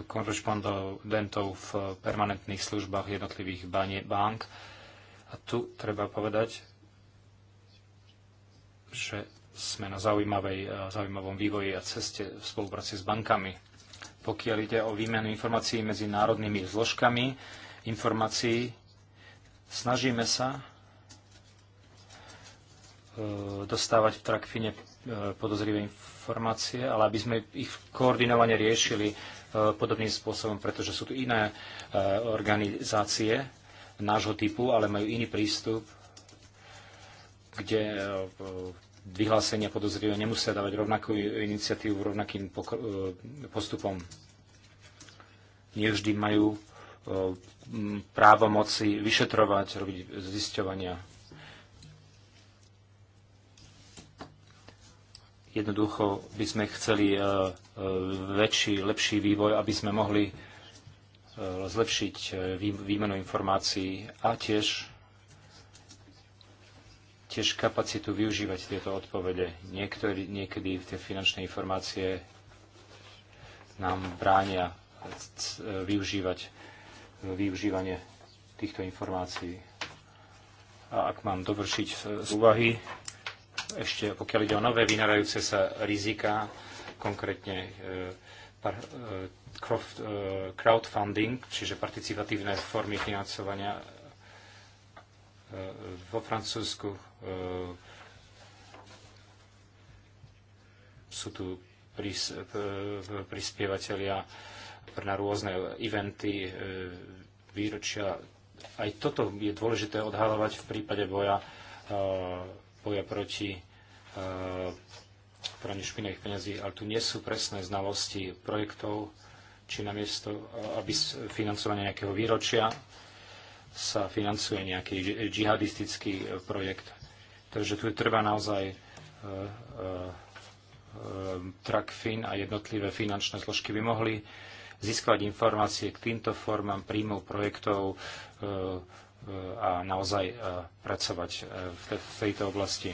korešpondentov v permanentných službách jednotlivých bank. A tu treba povedať, že sme na zaujímavej, eh, zaujímavom vývoji a ceste v spolupráci s bankami. Pokiaľ ide o výmenu informácií medzi národnými zložkami informácií, snažíme sa eh, dostávať v trakfine eh, podozrivé informácie, ale aby sme ich koordinovane riešili e, podobným spôsobom, pretože sú tu iné e, organizácie nášho typu, ale majú iný prístup, kde e, vyhlásenia podozrivého nemusia dávať rovnakú iniciatívu rovnakým postupom. Nevždy majú právo moci vyšetrovať, robiť zisťovania. Jednoducho by sme chceli e, e, väčší, lepší vývoj, aby sme mohli e, zlepšiť výmenu informácií a tiež, tiež kapacitu využívať tieto odpovede. Niektorý, niekedy tie finančné informácie nám bránia využívať využívanie týchto informácií. A ak mám dovršiť z úvahy, ešte pokiaľ ide o nové vynárajúce sa rizika, konkrétne e, e, e, crowdfunding, čiže participatívne formy financovania vo Francúzsku sú tu prispievatelia prispievateľia na rôzne eventy, výročia. Aj toto je dôležité odhalovať v prípade boja boja proti e, praniu špinavých peniazí, ale tu nie sú presné znalosti projektov, či namiesto, e, aby financovanie nejakého výročia sa financuje nejaký džihadistický e, projekt. Takže tu trvá naozaj fin a jednotlivé finančné zložky by mohli získať informácie k týmto formám príjmov projektov, a naozaj e, pracovať e, v tejto oblasti.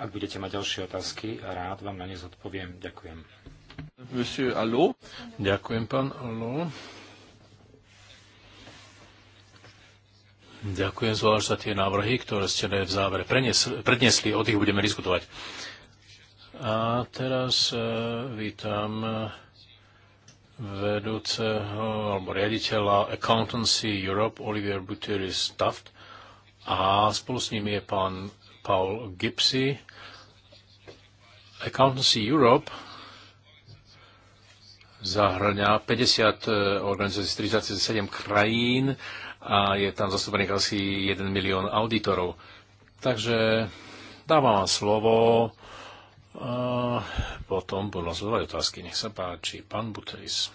Ak budete mať ďalšie otázky, rád vám na ne zodpoviem. Ďakujem. Monsieur Allo. Ďakujem, pán Allo. Ďakujem zvlášť za tie návrhy, ktoré ste v závere prednesli. O tých budeme diskutovať. A teraz e, vítam vedúceho alebo riaditeľa Accountancy Europe Olivier Buteris Taft a spolu s ním je pán Paul Gipsy. Accountancy Europe zahrňa 50 eh, organizácií z 37 krajín a je tam zastúpených asi 1 milión auditorov. Takže dávam vám slovo a potom podľa zlej otázky, nech sa páči, pán Buteris.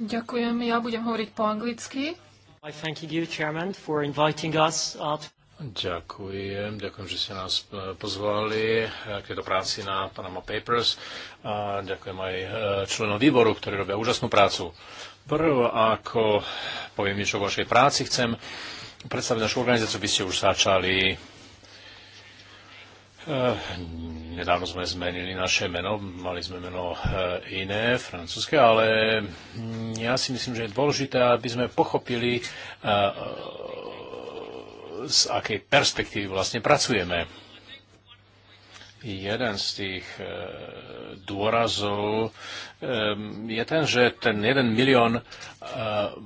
Ďakujem, ja budem hovoriť po anglicky. You, chairman, out... Uh, ďakujem, ďakujem, že ste nás uh, pozvali k tejto práci na Panama Papers. A ďakujem aj uh, členom výboru, ktorí robia úžasnú prácu. Prv, ako poviem niečo o vašej práci, chcem predstaviť našu organizáciu. Vy ste už začali Eh, nedávno sme zmenili naše meno, mali sme meno eh, iné, francúzske, ale hm, ja si myslím, že je dôležité, aby sme pochopili, eh, z akej perspektívy vlastne pracujeme jeden z tých e, dôrazov e, je ten, že ten jeden milión e,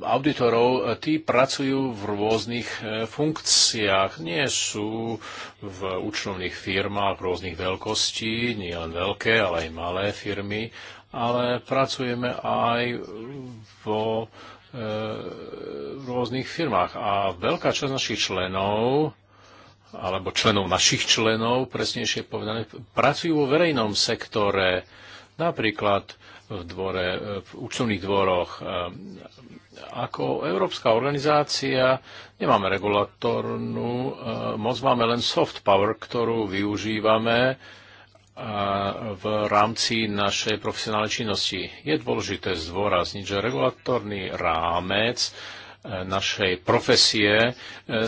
auditorov, e, tí pracujú v rôznych e, funkciách. Nie sú v účtovných firmách rôznych veľkostí, nie len veľké, ale aj malé firmy, ale pracujeme aj vo e, rôznych firmách. A veľká časť našich členov alebo členov našich členov, presnejšie povedané, pracujú vo verejnom sektore, napríklad v, dvore, v účtovných dvoroch. Ehm, ako európska organizácia nemáme regulatornú ehm, moc, máme len soft power, ktorú využívame ehm, v rámci našej profesionálnej činnosti. Je dôležité zdôrazniť, že regulatorný rámec našej profesie e,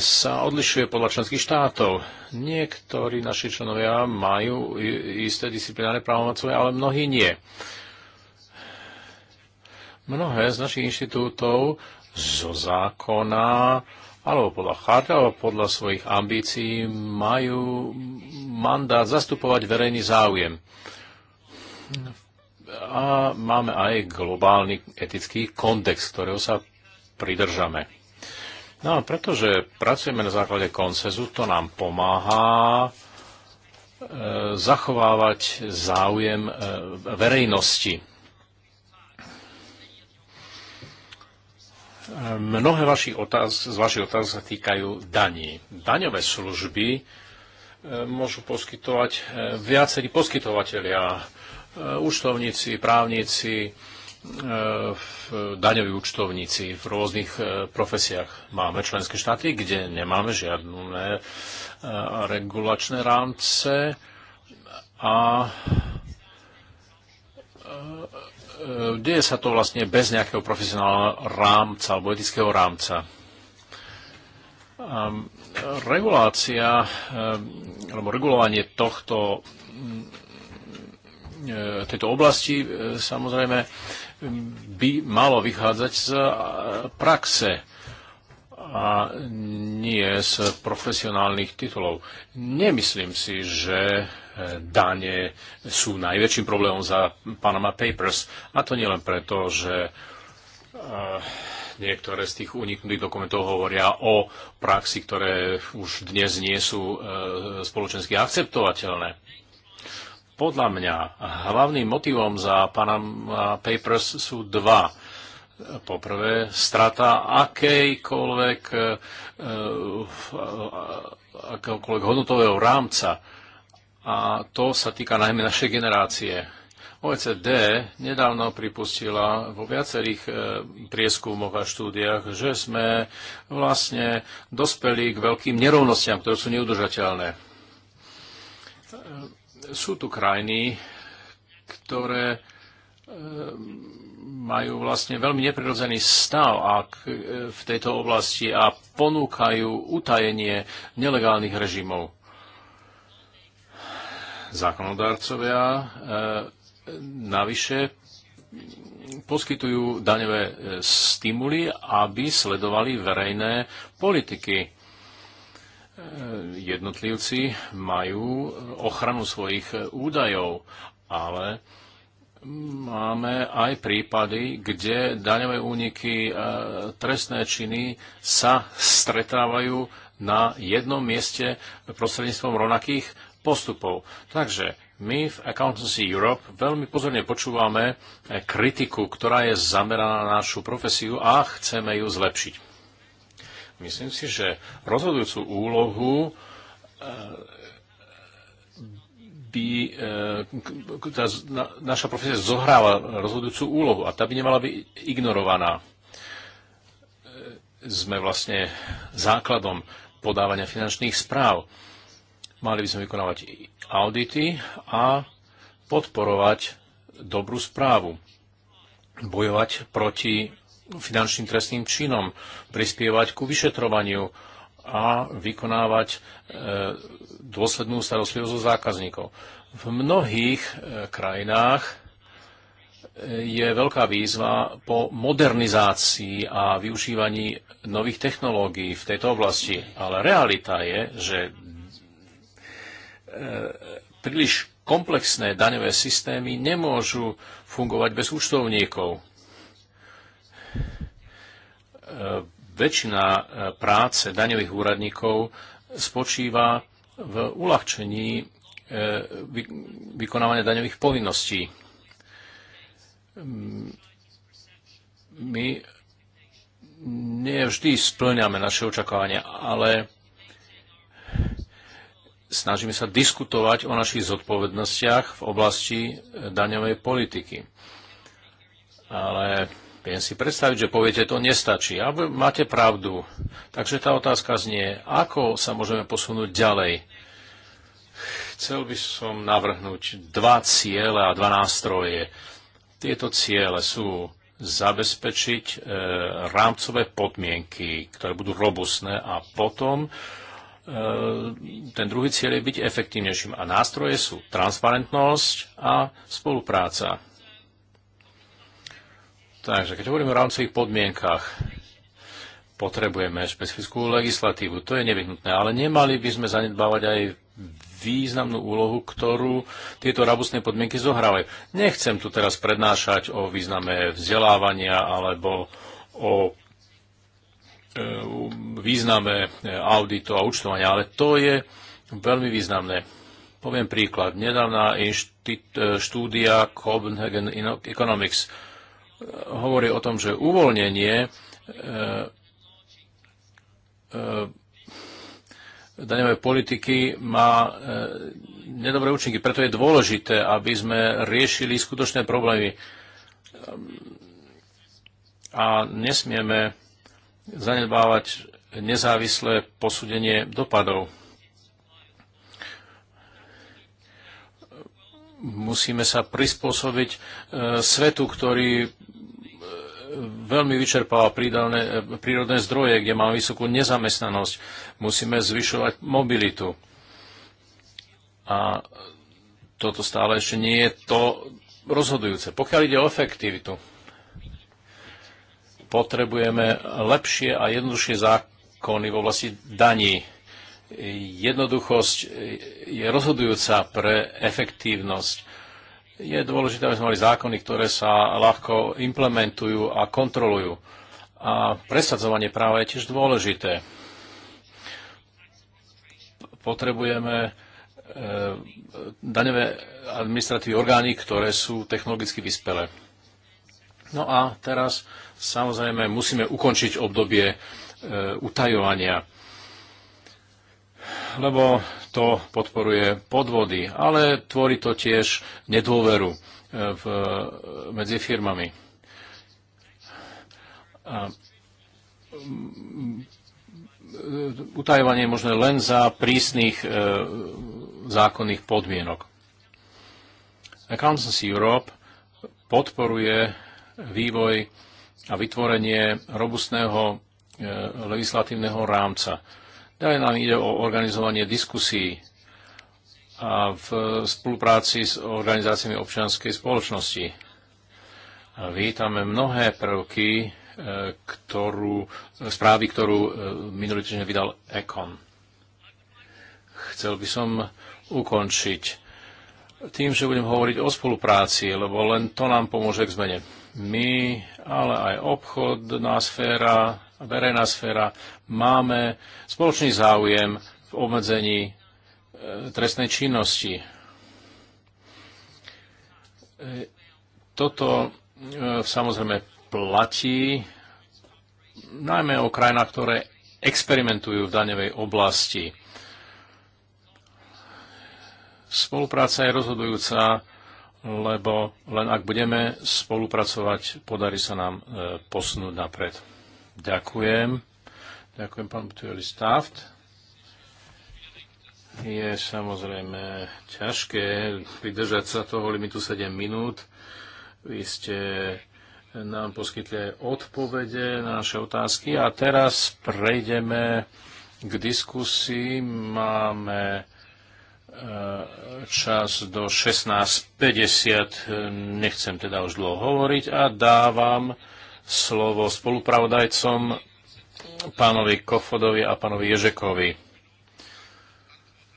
sa odlišuje podľa členských štátov. Niektorí naši členovia majú isté disciplinárne právomocové, ale mnohí nie. Mnohé z našich inštitútov zo zákona alebo podľa charta, alebo podľa svojich ambícií majú mandát zastupovať verejný záujem. A máme aj globálny etický kontext, ktorého sa pridržame. No a pretože pracujeme na základe koncezu, to nám pomáha e, zachovávať záujem e, verejnosti. E, mnohé vaši otáz, z vašich otázok sa týkajú daní. Daňové služby môžu poskytovať viacerí poskytovateľia, účtovníci, právnici, v daňoví účtovníci v rôznych e, profesiách. Máme členské štáty, kde nemáme žiadne e, regulačné rámce a e, deje sa to vlastne bez nejakého profesionálneho rámca alebo etického rámca. Regulácia alebo regulovanie tohto tejto oblasti samozrejme by malo vychádzať z e, praxe a nie z profesionálnych titulov. Nemyslím si, že e, dane sú najväčším problémom za Panama Papers. A to nielen preto, že e, niektoré z tých uniknutých dokumentov hovoria o praxi, ktoré už dnes nie sú spoločensky akceptovateľné. Podľa mňa hlavným motivom za Panama Papers sú dva. Poprvé, strata akejkoľvek, e, e, akéhokoľvek hodnotového rámca. A to sa týka najmä našej generácie. OECD nedávno pripustila vo viacerých e, prieskumoch a štúdiách, že sme vlastne dospeli k veľkým nerovnostiam, ktoré sú neudržateľné sú tu krajiny, ktoré e, majú vlastne veľmi neprirodzený stav e, v tejto oblasti a ponúkajú utajenie nelegálnych režimov. Zákonodárcovia e, navyše poskytujú daňové stimuly, aby sledovali verejné politiky jednotlivci majú ochranu svojich údajov, ale máme aj prípady, kde daňové úniky, e, trestné činy sa stretávajú na jednom mieste prostredníctvom rovnakých postupov. Takže my v Accountancy Europe veľmi pozorne počúvame kritiku, ktorá je zameraná na našu profesiu a chceme ju zlepšiť. Myslím si, že rozhodujúcu úlohu eh, by eh, tá naša profesia zohráva rozhodujúcu úlohu a tá by nemala byť ignorovaná. Eh, sme vlastne základom podávania finančných správ. Mali by sme vykonávať audity a podporovať dobrú správu, bojovať proti finančným trestným činom, prispievať ku vyšetrovaniu a vykonávať e, dôslednú starostlivosť o zákazníkov. V mnohých e, krajinách e, je veľká výzva po modernizácii a využívaní nových technológií v tejto oblasti. Ale realita je, že príliš komplexné daňové systémy nemôžu fungovať bez účtovníkov E, väčšina e, práce daňových úradníkov spočíva v uľahčení e, vykonávania daňových povinností. Mm, my nie vždy splňame naše očakávania, ale snažíme sa diskutovať o našich zodpovednostiach v oblasti daňovej politiky. Ale Viem si predstaviť, že poviete, to nestačí. A máte pravdu. Takže tá otázka znie, ako sa môžeme posunúť ďalej. Chcel by som navrhnúť dva ciele a dva nástroje. Tieto ciele sú zabezpečiť e, rámcové podmienky, ktoré budú robustné a potom e, ten druhý cieľ je byť efektívnejším. A nástroje sú transparentnosť a spolupráca Takže keď hovoríme o rámcových podmienkach, potrebujeme špecifickú legislatívu. To je nevyhnutné, ale nemali by sme zanedbávať aj významnú úlohu, ktorú tieto robustné podmienky zohrávajú. Nechcem tu teraz prednášať o význame vzdelávania alebo o e, význame e, auditu a účtovania, ale to je veľmi významné. Poviem príklad. Nedávna e, štúdia Copenhagen Economics hovorí o tom, že uvoľnenie e, e, daňovej politiky má e, nedobré účinky. Preto je dôležité, aby sme riešili skutočné problémy. A nesmieme zanedbávať nezávislé posúdenie dopadov. Musíme sa prispôsobiť svetu, ktorý veľmi vyčerpáva prírodné, prírodné zdroje, kde máme vysokú nezamestnanosť. Musíme zvyšovať mobilitu. A toto stále ešte nie je to rozhodujúce. Pokiaľ ide o efektivitu, potrebujeme lepšie a jednoduchšie zákony v oblasti daní. Jednoduchosť je rozhodujúca pre efektívnosť je dôležité, aby sme mali zákony, ktoré sa ľahko implementujú a kontrolujú. A presadzovanie práva je tiež dôležité. Potrebujeme e, daňové administratívy orgány, ktoré sú technologicky vyspelé. No a teraz samozrejme musíme ukončiť obdobie e, utajovania, lebo to podporuje podvody, ale tvorí to tiež nedôveru e, v, medzi firmami. A, mm, utajovanie je možné len za prísnych e, zákonných podmienok. Accountancy Europe podporuje vývoj a vytvorenie robustného e, legislatívneho rámca. Ďalej nám ide o organizovanie diskusí a v spolupráci s organizáciami občianskej spoločnosti. A vítame mnohé prvky, e, ktorú, správy, ktorú e, minulý týždeň vydal Econ. Chcel by som ukončiť tým, že budem hovoriť o spolupráci, lebo len to nám pomôže k zmene. My, ale aj obchodná sféra, verejná sféra máme spoločný záujem v obmedzení e, trestnej činnosti. E, toto e, samozrejme platí najmä o krajinách, ktoré experimentujú v daňovej oblasti. Spolupráca je rozhodujúca, lebo len ak budeme spolupracovať, podarí sa nám posunúť napred. Ďakujem. Ďakujem pán Butueli Staft. Je samozrejme ťažké vydržať sa toho limitu 7 minút. Vy ste nám poskytli aj odpovede na naše otázky a teraz prejdeme k diskusii. Máme e, čas do 16.50, nechcem teda už dlho hovoriť a dávam slovo spolupravodajcom pánovi Kofodovi a pánovi Ježekovi.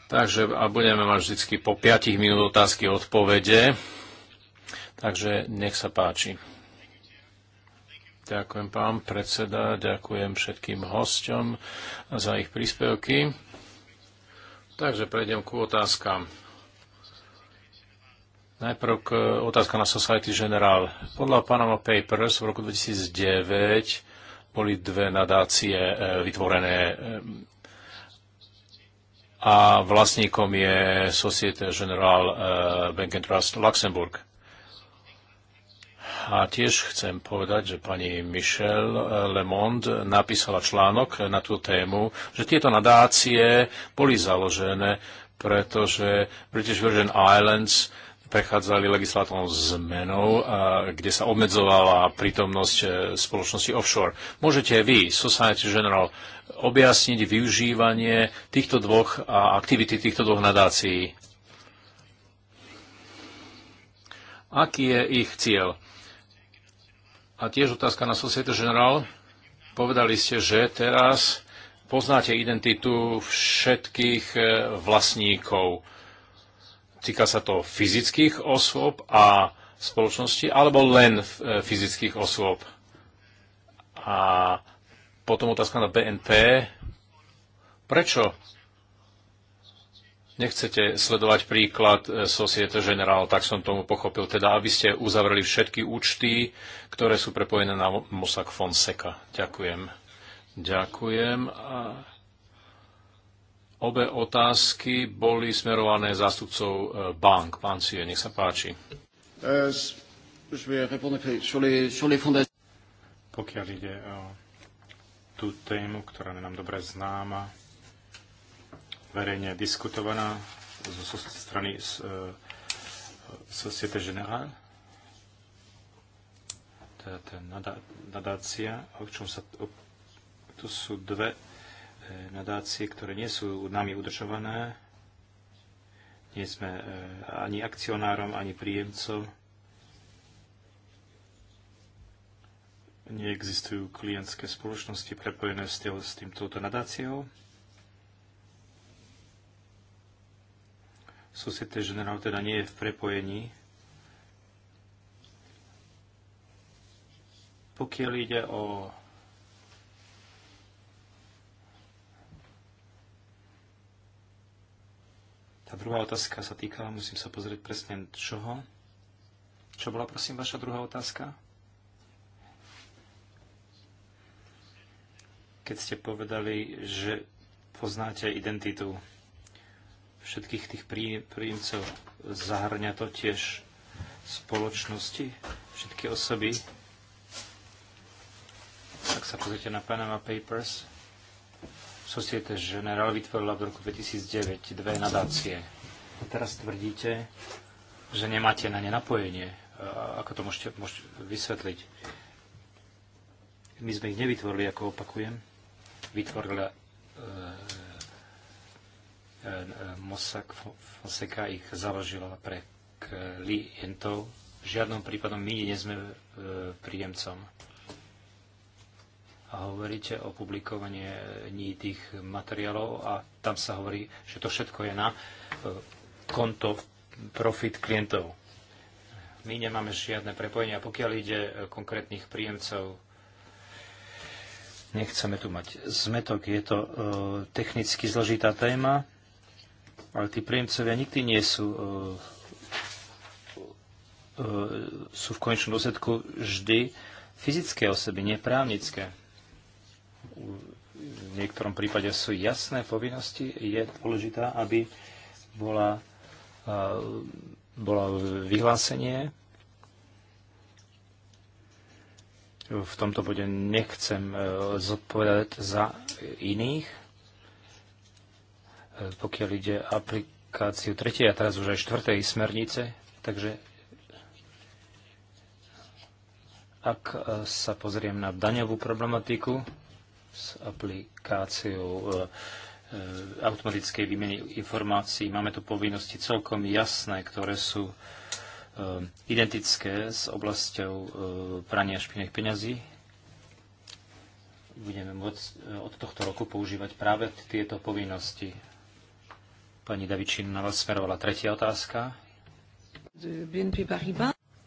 Takže a budeme mať vždy po 5 minút otázky odpovede. Takže nech sa páči. Ďakujem pán predseda, ďakujem všetkým hosťom za ich príspevky. Takže prejdem ku otázkam. Najprv k e, otázka na Society General. Podľa Panama Papers v roku 2009 boli dve nadácie e, vytvorené e, a vlastníkom je Societe General Bank and Trust Luxemburg. A tiež chcem povedať, že pani Michelle Le Monde napísala článok na tú tému, že tieto nadácie boli založené, pretože British Virgin Islands prechádzali legislatívnou zmenou, kde sa obmedzovala prítomnosť e, spoločnosti offshore. Môžete vy, Society General, objasniť využívanie týchto dvoch a aktivity týchto dvoch nadácií? Aký je ich cieľ? A tiež otázka na Societe General. Povedali ste, že teraz poznáte identitu všetkých e, vlastníkov Týka sa to fyzických osôb a spoločnosti, alebo len e, fyzických osôb? A potom otázka na BNP. Prečo nechcete sledovať príklad e, Societe General, tak som tomu pochopil, teda aby ste uzavreli všetky účty, ktoré sú prepojené na Mossack Fonseca. Ďakujem. Ďakujem. A Obe otázky boli smerované zástupcov e, bank. Pán Cie, nech sa páči. Pokiaľ ide o tú tému, ktorá je nám dobre známa, verejne diskutovaná zo strany e, Société Générale, teda tá nadácia, o čom sa... tu sú dve nadácie, ktoré nie sú nami udržované. Nie sme e, ani akcionárom, ani príjemcom. Neexistujú klientské spoločnosti prepojené s, tým, týmto nadáciou. Societe General teda nie je v prepojení. Pokiaľ ide o Tá druhá otázka sa týkala, musím sa pozrieť presne čoho. Čo bola, prosím, vaša druhá otázka? Keď ste povedali, že poznáte identitu všetkých tých príjemcov, zahrňa to tiež spoločnosti, všetky osoby. tak sa pozrite na Panama Papers, Societe Generale vytvorila v roku 2009 dve nadácie. A teraz tvrdíte, že nemáte na ne napojenie. A ako to môžete, môžete vysvetliť? My sme ich nevytvorili, ako opakujem. Vytvorila e, e, e Mossack Fonseca ich založila pre klientov. V žiadnom prípadom my nie sme e, príjemcom a hovoríte o publikovanie tých materiálov a tam sa hovorí, že to všetko je na e, konto profit klientov. My nemáme žiadne prepojenia, pokiaľ ide e, konkrétnych príjemcov. Nechceme tu mať zmetok, je to e, technicky zložitá téma, ale tí príjemcovia nikdy nie sú e, e, sú v konečnom dôsledku vždy fyzické osoby, neprávnické v niektorom prípade sú jasné povinnosti, je dôležitá, aby bola, bola vyhlásenie. V tomto bode nechcem e, zodpovedať za iných. E, pokiaľ ide aplikáciu tretej a teraz už aj štvrtej smernice, takže ak e, sa pozriem na daňovú problematiku, s aplikáciou e, e, automatickej výmeny informácií. Máme tu povinnosti celkom jasné, ktoré sú e, identické s oblasťou prania špinných peňazí. Budeme môcť od tohto roku používať práve tieto povinnosti. Pani Davičin, na vás smerovala tretia otázka.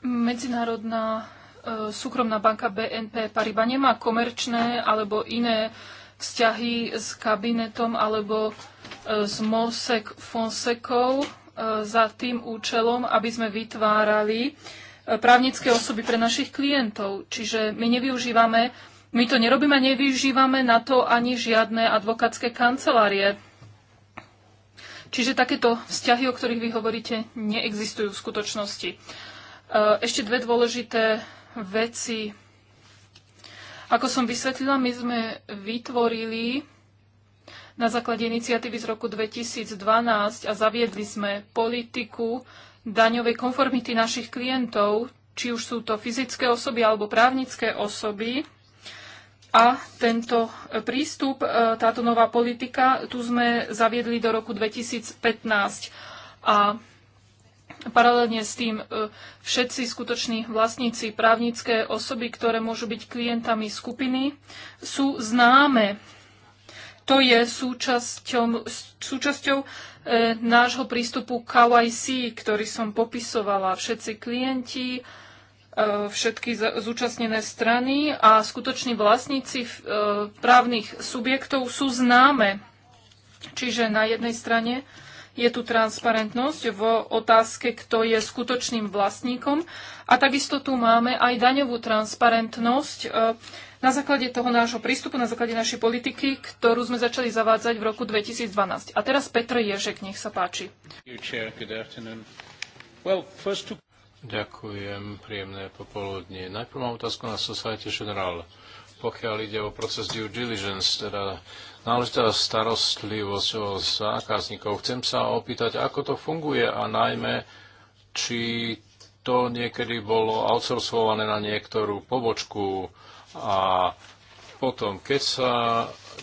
Medzinárodná E, súkromná banka BNP Paribas nemá komerčné alebo iné vzťahy s kabinetom alebo e, s Mosek Fonsekou e, za tým účelom, aby sme vytvárali právnické osoby pre našich klientov. Čiže my nevyužívame, my to nerobíme, nevyužívame na to ani žiadne advokátske kancelárie. Čiže takéto vzťahy, o ktorých vy hovoríte, neexistujú v skutočnosti. Ešte dve dôležité veci. Ako som vysvetlila, my sme vytvorili na základe iniciatívy z roku 2012 a zaviedli sme politiku daňovej konformity našich klientov, či už sú to fyzické osoby alebo právnické osoby. A tento prístup, e, táto nová politika, tu sme zaviedli do roku 2015. A Paralelne s tým e, všetci skutoční vlastníci, právnické osoby, ktoré môžu byť klientami skupiny, sú známe. To je súčasťou, súčasťou e, nášho prístupu KYC, ktorý som popisovala. Všetci klienti, e, všetky zúčastnené strany a skutoční vlastníci e, právnych subjektov sú známe. Čiže na jednej strane e, je tu transparentnosť v otázke, kto je skutočným vlastníkom a takisto tu máme aj daňovú transparentnosť e, na základe toho nášho prístupu, na základe našej politiky, ktorú sme začali zavádzať v roku 2012. A teraz Petr Ježek, nech sa páči. Ďakujem, príjemné popoludne. Najprv mám otázku na Societe General. Pokiaľ ide o proces due diligence, teda náležitá starostlivosť o zákazníkov. Chcem sa opýtať, ako to funguje a najmä, či to niekedy bolo outsourcované na niektorú pobočku a potom, keď, sa,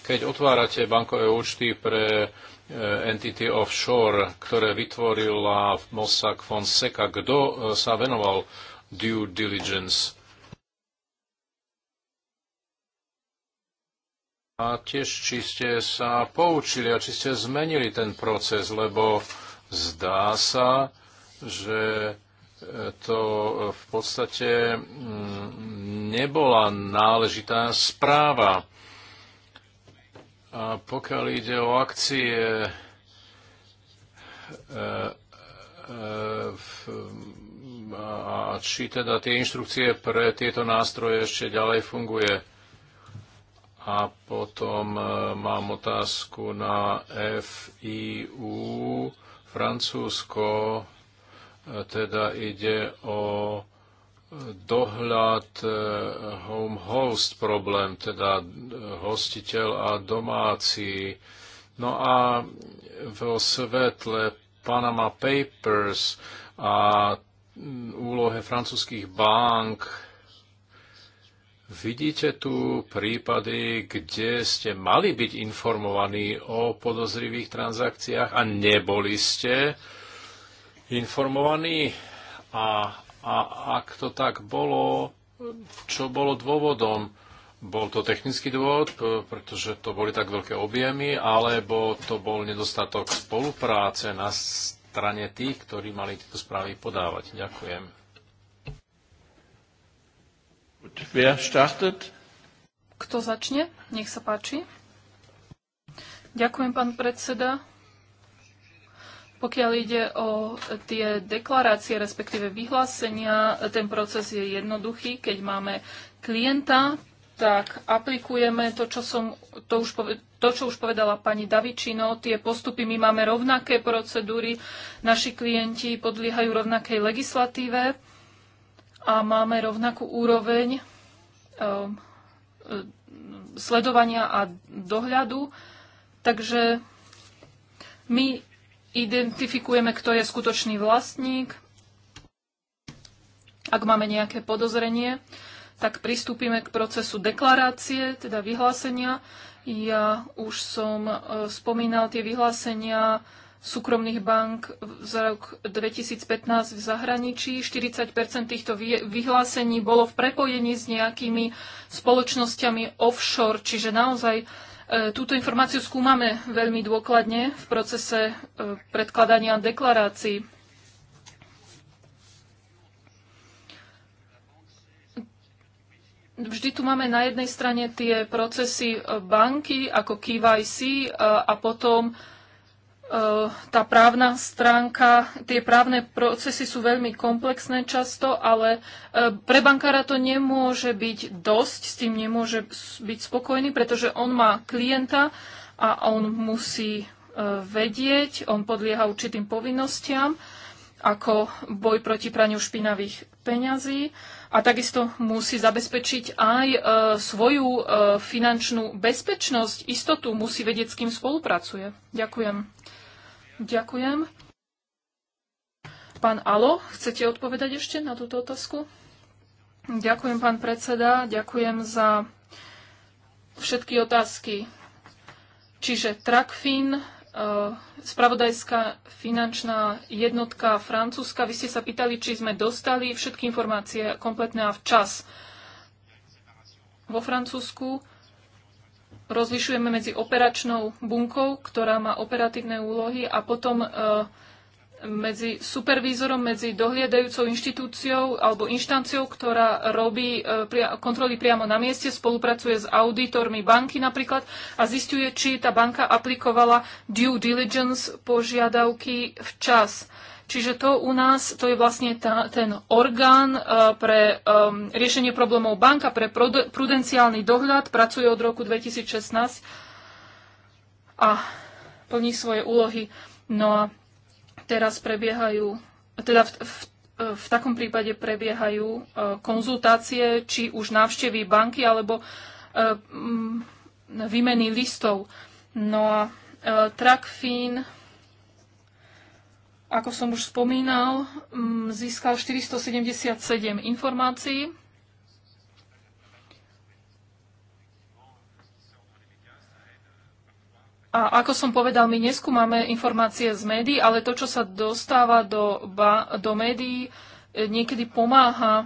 keď otvárate bankové účty pre eh, entity offshore, ktoré vytvorila Mossack Fonseca, kto eh, sa venoval due diligence a tiež či ste sa poučili a či ste zmenili ten proces, lebo zdá sa, že e, to v podstate mm, nebola náležitá správa. A pokiaľ ide o akcie e, e, a či teda tie inštrukcie pre tieto nástroje ešte ďalej funguje, a potom e, mám otázku na FIU Francúzsko, e, teda ide o dohľad e, home host problém, teda hostiteľ a domáci. No a vo svetle Panama Papers a úlohe francúzských bank Vidíte tu prípady, kde ste mali byť informovaní o podozrivých transakciách a neboli ste informovaní? A, a ak to tak bolo, čo bolo dôvodom? Bol to technický dôvod, pretože to boli tak veľké objemy, alebo to bol nedostatok spolupráce na strane tých, ktorí mali tieto správy podávať? Ďakujem. Kto začne? Nech sa páči. Ďakujem, pán predseda. Pokiaľ ide o tie deklarácie, respektíve vyhlásenia, ten proces je jednoduchý. Keď máme klienta, tak aplikujeme to, čo, som, to, už to, čo už povedala pani Davičino. Tie postupy my máme rovnaké procedúry, naši klienti podliehajú rovnakej legislatíve a máme rovnakú úroveň ehm, e, sledovania a dohľadu. Takže my identifikujeme, kto je skutočný vlastník. Ak máme nejaké podozrenie, tak pristúpime k procesu deklarácie, teda vyhlásenia. Ja už som e, spomínal tie vyhlásenia súkromných bank za rok 2015 v zahraničí. 40 týchto vyhlásení bolo v prepojení s nejakými spoločnosťami offshore, čiže naozaj e, túto informáciu skúmame veľmi dôkladne v procese e, predkladania deklarácií. vždy tu máme na jednej strane tie procesy e, banky ako KYC a potom Eh, tá právna stránka, tie právne procesy sú veľmi komplexné často, ale eh, pre bankára to nemôže byť dosť, s tým nemôže byť spokojný, pretože on má klienta a on musí eh, vedieť, on podlieha určitým povinnostiam, ako boj proti praniu špinavých peňazí a takisto musí zabezpečiť aj svoju finančnú bezpečnosť, istotu, musí vedieť, s kým spolupracuje. Ďakujem. Ďakujem. Pán Alo, chcete odpovedať ešte na túto otázku? Ďakujem, pán predseda. Ďakujem za všetky otázky. Čiže Trakfin, e, spravodajská finančná jednotka francúzska. Vy ste sa pýtali, či sme dostali všetky informácie kompletné a včas. Vo Francúzsku rozlišujeme medzi operačnou bunkou, ktorá má operatívne úlohy a potom e, medzi supervízorom, medzi dohliadajúcou inštitúciou alebo inštanciou, ktorá robí e, kontroly priamo na mieste, spolupracuje s auditormi banky napríklad a zistuje, či tá banka aplikovala due diligence požiadavky včas. Čiže to u nás, to je vlastne tá, ten orgán uh, pre um, riešenie problémov banka, pre prudenciálny dohľad, pracuje od roku 2016 a plní svoje úlohy. No a teraz prebiehajú, teda v, v, v takom prípade prebiehajú e, konzultácie, či už návštevy banky alebo výmeny listov. No a Trakfín ako som už spomínal, mm, získal 477 informácií. A ako som povedal, my neskúmame informácie z médií, ale to, čo sa dostáva do, ba, do médií, e, niekedy pomáha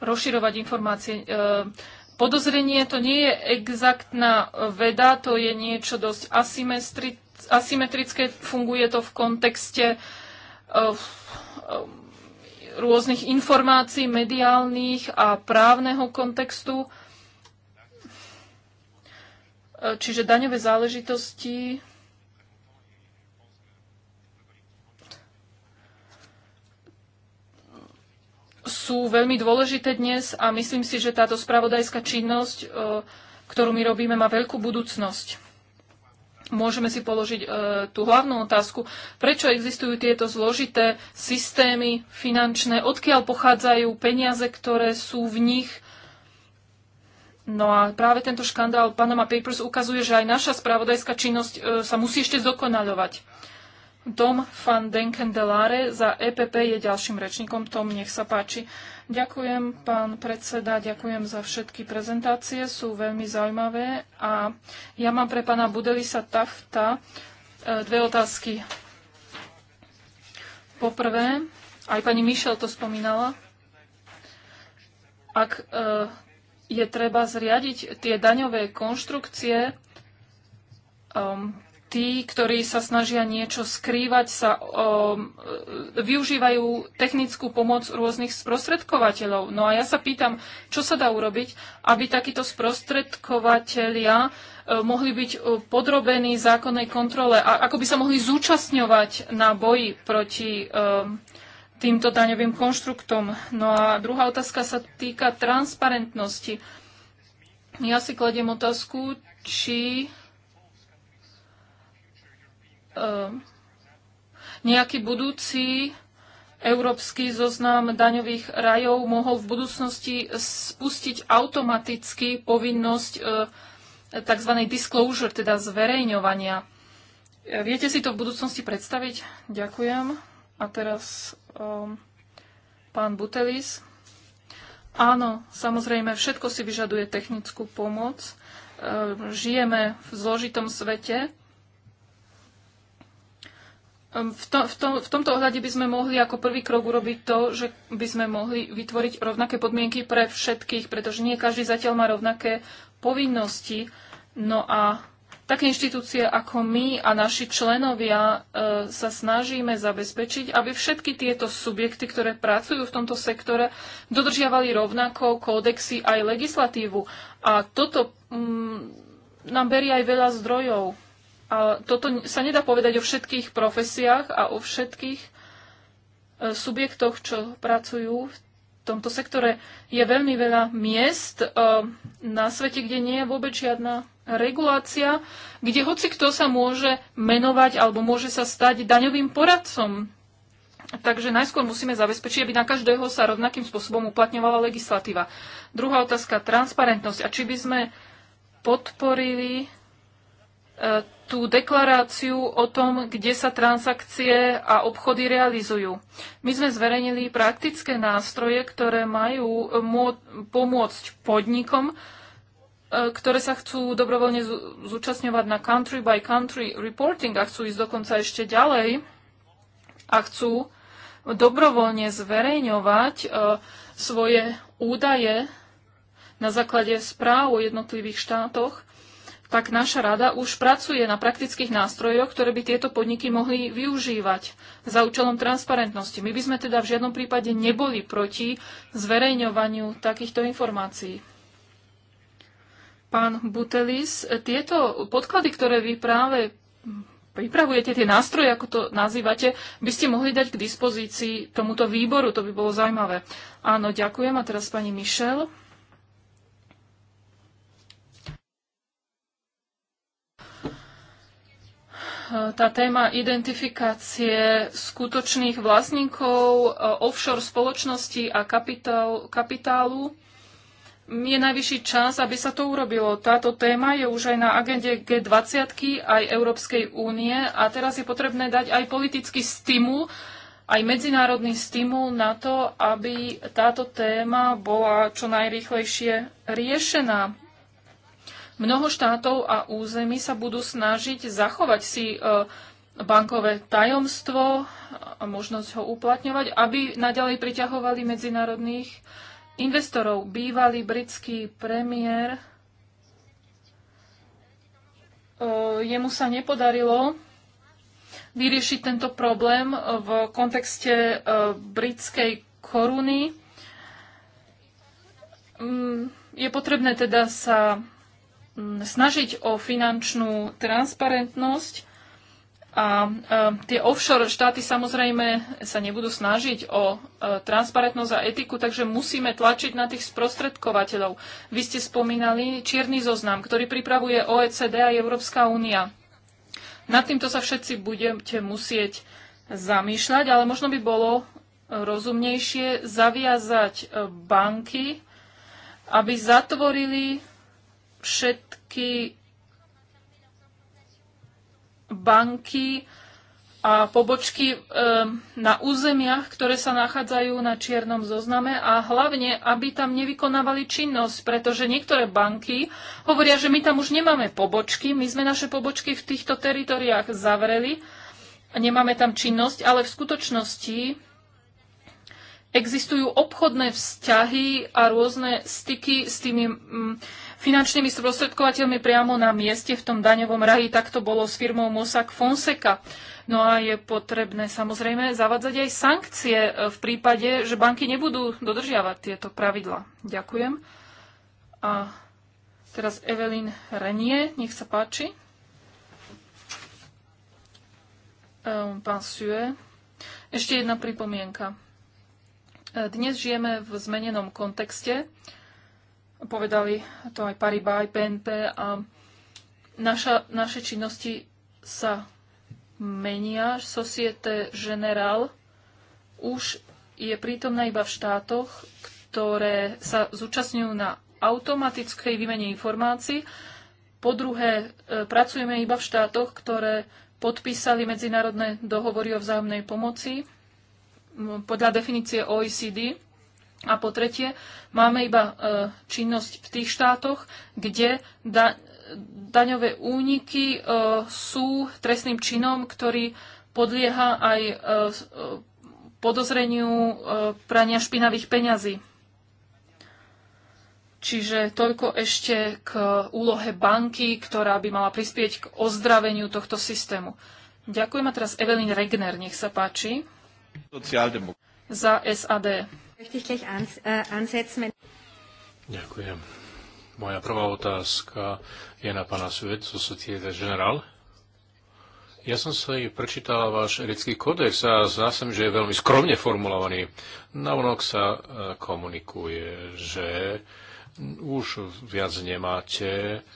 rozširovať informácie. E, podozrenie to nie je exaktná veda, to je niečo dosť asymetrické, funguje to v kontexte uh, Ehm, ehm, rôznych informácií mediálnych a právneho kontextu. Ehm, čiže daňové záležitosti sú veľmi dôležité dnes a myslím si, že táto spravodajská činnosť, ktorú my robíme, má veľkú budúcnosť môžeme si položiť e, tú hlavnú otázku, prečo existujú tieto zložité systémy finančné, odkiaľ pochádzajú peniaze, ktoré sú v nich. No a práve tento škandál Panama Papers ukazuje, že aj naša spravodajská činnosť e, sa musí ešte zdokonaľovať. Tom van Denkendelare za EPP je ďalším rečníkom. Tom, nech sa páči. Ďakujem, pán predseda, ďakujem za všetky prezentácie, sú veľmi zaujímavé. A ja mám pre pána Budelisa Tafta e, dve otázky. Poprvé, aj pani Mišel to spomínala, ak e, je treba zriadiť tie daňové konštrukcie, um, tí, ktorí sa snažia niečo skrývať, sa o, um, využívajú technickú pomoc rôznych sprostredkovateľov. No a ja sa pýtam, čo sa dá urobiť, aby takíto sprostredkovateľia uh, mohli byť uh, podrobení zákonnej kontrole a ako by sa mohli zúčastňovať na boji proti e, týmto daňovým konštruktom. No a druhá otázka sa týka transparentnosti. Ja si kladiem otázku, či Ehm, nejaký budúci európsky zoznam daňových rajov mohol v budúcnosti spustiť automaticky povinnosť ehm, tzv. disclosure, teda zverejňovania. Ehm, viete si to v budúcnosti predstaviť? Ďakujem. A teraz um, pán Butelis. Áno, samozrejme, všetko si vyžaduje technickú pomoc. žijeme v zložitom svete Ehm, v, to, v, to, v tomto ohľade by sme mohli ako prvý krok urobiť to, že by sme mohli vytvoriť rovnaké podmienky pre všetkých, pretože nie každý zatiaľ má rovnaké povinnosti. No a také inštitúcie ako my a naši členovia e, sa snažíme zabezpečiť, aby všetky tieto subjekty, ktoré pracujú v tomto sektore, dodržiavali rovnako kódexy aj legislatívu. A toto mm, nám berie aj veľa zdrojov toto sa nedá povedať o všetkých profesiách a o všetkých e, subjektoch, čo pracujú v tomto sektore. Je veľmi veľa miest e, na svete, kde nie je vôbec žiadna regulácia, kde hoci kto sa môže menovať alebo môže sa stať daňovým poradcom. Takže najskôr musíme zabezpečiť, aby na každého sa rovnakým spôsobom uplatňovala legislatíva. Druhá otázka, transparentnosť. A či by sme podporili E, tú deklaráciu o tom, kde sa transakcie a obchody realizujú. My sme zverejnili praktické nástroje, ktoré majú pomôcť podnikom, e, ktoré sa chcú dobrovoľne zúčastňovať na country by country reporting a chcú ísť dokonca ešte ďalej a chcú dobrovoľne zverejňovať e, svoje údaje na základe správ o jednotlivých štátoch tak naša rada už pracuje na praktických nástrojoch, ktoré by tieto podniky mohli využívať za účelom transparentnosti. My by sme teda v žiadnom prípade neboli proti zverejňovaniu takýchto informácií. Pán Butelis, tieto podklady, ktoré vy práve pripravujete, tie nástroje, ako to nazývate, by ste mohli dať k dispozícii tomuto výboru, to by bolo zaujímavé. Áno, ďakujem. A teraz pani Michelle. tá téma identifikácie skutočných vlastníkov e, offshore spoločnosti a kapitál, kapitálu je najvyšší čas, aby sa to urobilo. Táto téma je už aj na agende G20 aj Európskej únie a teraz je potrebné dať aj politický stimul, aj medzinárodný stimul na to, aby táto téma bola čo najrýchlejšie riešená. Mnoho štátov a území sa budú snažiť zachovať si e, bankové tajomstvo a možnosť ho uplatňovať, aby naďalej priťahovali medzinárodných investorov. Bývalý britský premiér e, jemu sa nepodarilo vyriešiť tento problém v kontexte e, britskej koruny. Mm, je potrebné teda sa snažiť o finančnú transparentnosť a e, tie offshore štáty samozrejme sa nebudú snažiť o e, transparentnosť a etiku, takže musíme tlačiť na tých sprostredkovateľov. Vy ste spomínali čierny zoznam, ktorý pripravuje OECD a Európska únia. Nad týmto sa všetci budete musieť zamýšľať, ale možno by bolo rozumnejšie zaviazať e, banky, aby zatvorili všetky banky a pobočky eh, na územiach, ktoré sa nachádzajú na čiernom zozname a hlavne, aby tam nevykonávali činnosť, pretože niektoré banky hovoria, že my tam už nemáme pobočky, my sme naše pobočky v týchto teritoriách zavreli, a nemáme tam činnosť, ale v skutočnosti existujú obchodné vzťahy a rôzne styky s tými mm, finančnými sprostredkovateľmi priamo na mieste v tom daňovom raji. Tak to bolo s firmou Mossack Fonseca. No a je potrebné samozrejme zavadzať aj sankcie e, v prípade, že banky nebudú dodržiavať tieto pravidla. Ďakujem. A teraz Evelyn Renie, nech sa páči. Ehm, pán Sue. Ešte jedna pripomienka. E, dnes žijeme v zmenenom kontexte. Povedali to aj Paribas, aj PNP a naša, naše činnosti sa menia. Societe General už je prítomná iba v štátoch, ktoré sa zúčastňujú na automatickej výmene informácií. Po druhé, e, pracujeme iba v štátoch, ktoré podpísali medzinárodné dohovory o vzájomnej pomoci podľa definície OECD a po tretie, máme iba e, činnosť v tých štátoch, kde da, daňové úniky e, sú trestným činom, ktorý podlieha aj e, podozreniu prania špinavých peňazí. Čiže toľko ešte k úlohe banky, ktorá by mala prispieť k ozdraveniu tohto systému. Ďakujem a teraz Evelyn Regner, nech sa páči. Za SAD. Äh, Ďakujem. Moja prvá otázka je na pána Svet sa Societe General. Ja som si prečítal váš erický kódex a zdá sa že je veľmi skromne formulovaný. Navonok sa e, komunikuje, že už viac nemáte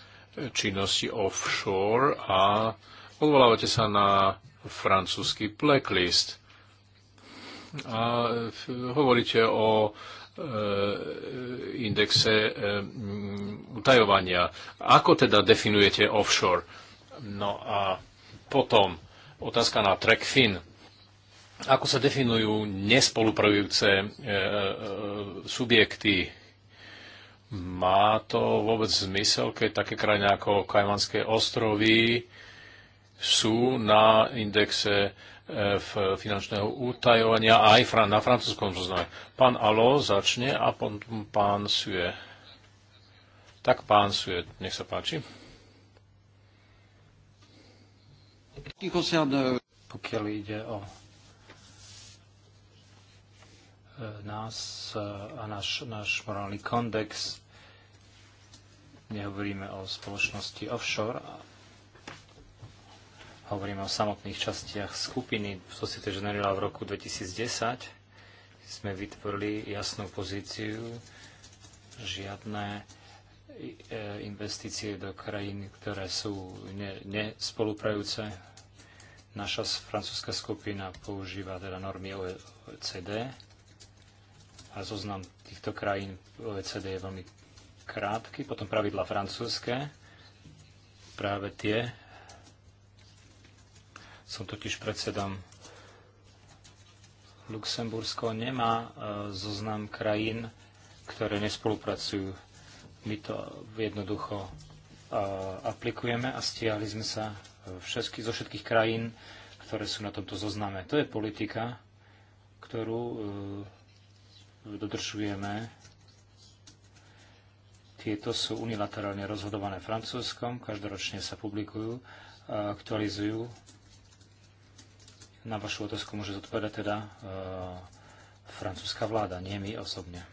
činnosti offshore a odvolávate sa na francúzsky blacklist a hovoríte o e, indexe e, utajovania. Ako teda definujete offshore? No a potom otázka na TrackFin. Ako sa definujú nespolupravujúce e, subjekty? Má to vôbec zmysel, keď také krajiny ako Kajmanské ostrovy sú na indexe v eh, finančného utajovania aj na francúzskom zozname. Pán Alo začne a potom pán Sue. Tak pán Sue, nech sa páči. Pokiaľ ide o eh, nás eh, a náš, náš morálny kondex, nehovoríme o spoločnosti offshore, Hovoríme o samotných častiach skupiny Societe Generala v roku 2010. Sme vytvorili jasnú pozíciu, žiadne e, e, investície do krajín, ktoré sú nespoluprajúce. Naša francúzska skupina používa teda normy OECD e a zoznam týchto krajín OECD je veľmi krátky. Potom pravidla francúzske, práve tie som totiž predsedom. Luxembursko nemá e, zoznam krajín, ktoré nespolupracujú. My to jednoducho e, aplikujeme a stiahli sme sa e, všetky, zo všetkých krajín, ktoré sú na tomto zozname. To je politika, ktorú dodržujeme. Tieto sú unilaterálne rozhodované Francúzskom, každoročne sa publikujú, aktualizujú na vašu otázku môže zodpovedať teda e, francúzska vláda, nie my osobne.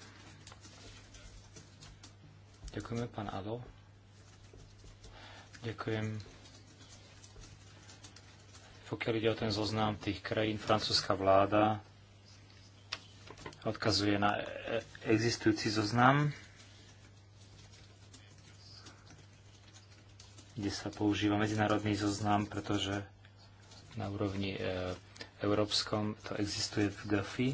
Ďakujeme, pán Adol. Ďakujem. Pokiaľ ide o ten zoznam tých krajín, francúzska vláda odkazuje na e, e, existujúci zoznam, kde sa používa medzinárodný zoznam, pretože na úrovni e, európskom, to existuje v GAFI.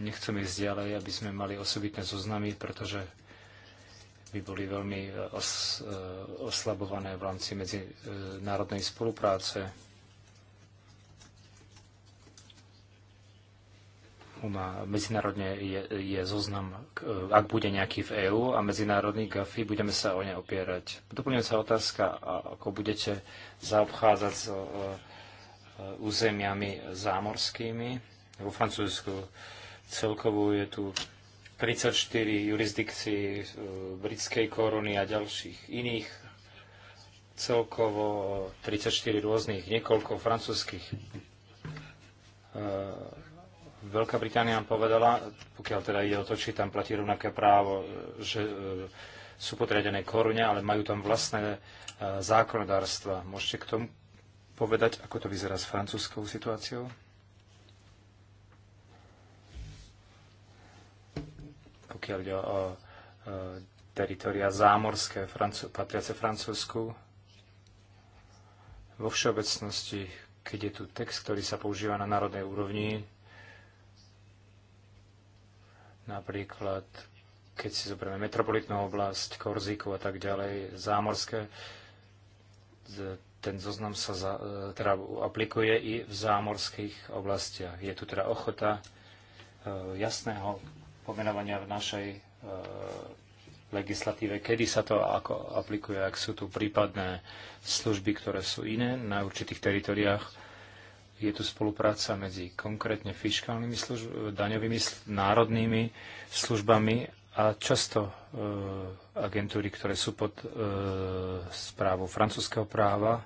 Nechcem ísť ďalej, aby sme mali osobitné zoznamy, pretože by boli veľmi e, os, e, oslabované v rámci medzinárodnej spolupráce. Uma, medzinárodne je, je zoznam, e, ak bude nejaký v EÚ a medzinárodný GAFI, budeme sa o ne opierať. Doplňujem sa otázka, ako budete zaobchádzať s e, e, územiami zámorskými. Vo Francúzsku celkovo je tu 34 jurisdikcií britskej koruny a ďalších iných celkovo 34 rôznych, niekoľko francúzskych Veľká Británia nám povedala, pokiaľ teda ide o to, či tam platí rovnaké právo, e, že e, sú podriadené korune, ale majú tam vlastné e, zákonodárstva. Môžete k tomu povedať, ako to vyzerá s francúzskou situáciou? Pokiaľ ide o teritoria zámorské, patriace Francúzsku, vo všeobecnosti, keď je tu text, ktorý sa používa na národnej úrovni, Napríklad, keď si zoberieme metropolitnú oblasť, Korziku a tak ďalej, zámorské, ten zoznam sa za, e, teda aplikuje i v zámorských oblastiach. Je tu teda ochota e, jasného pomenovania v našej e, legislatíve, kedy sa to ako aplikuje, ak sú tu prípadné služby, ktoré sú iné na určitých teritoriách je tu spolupráca medzi konkrétne fiskálnymi službami, daňovými národnými službami a často e, agentúry, ktoré sú pod e, správou francúzského práva,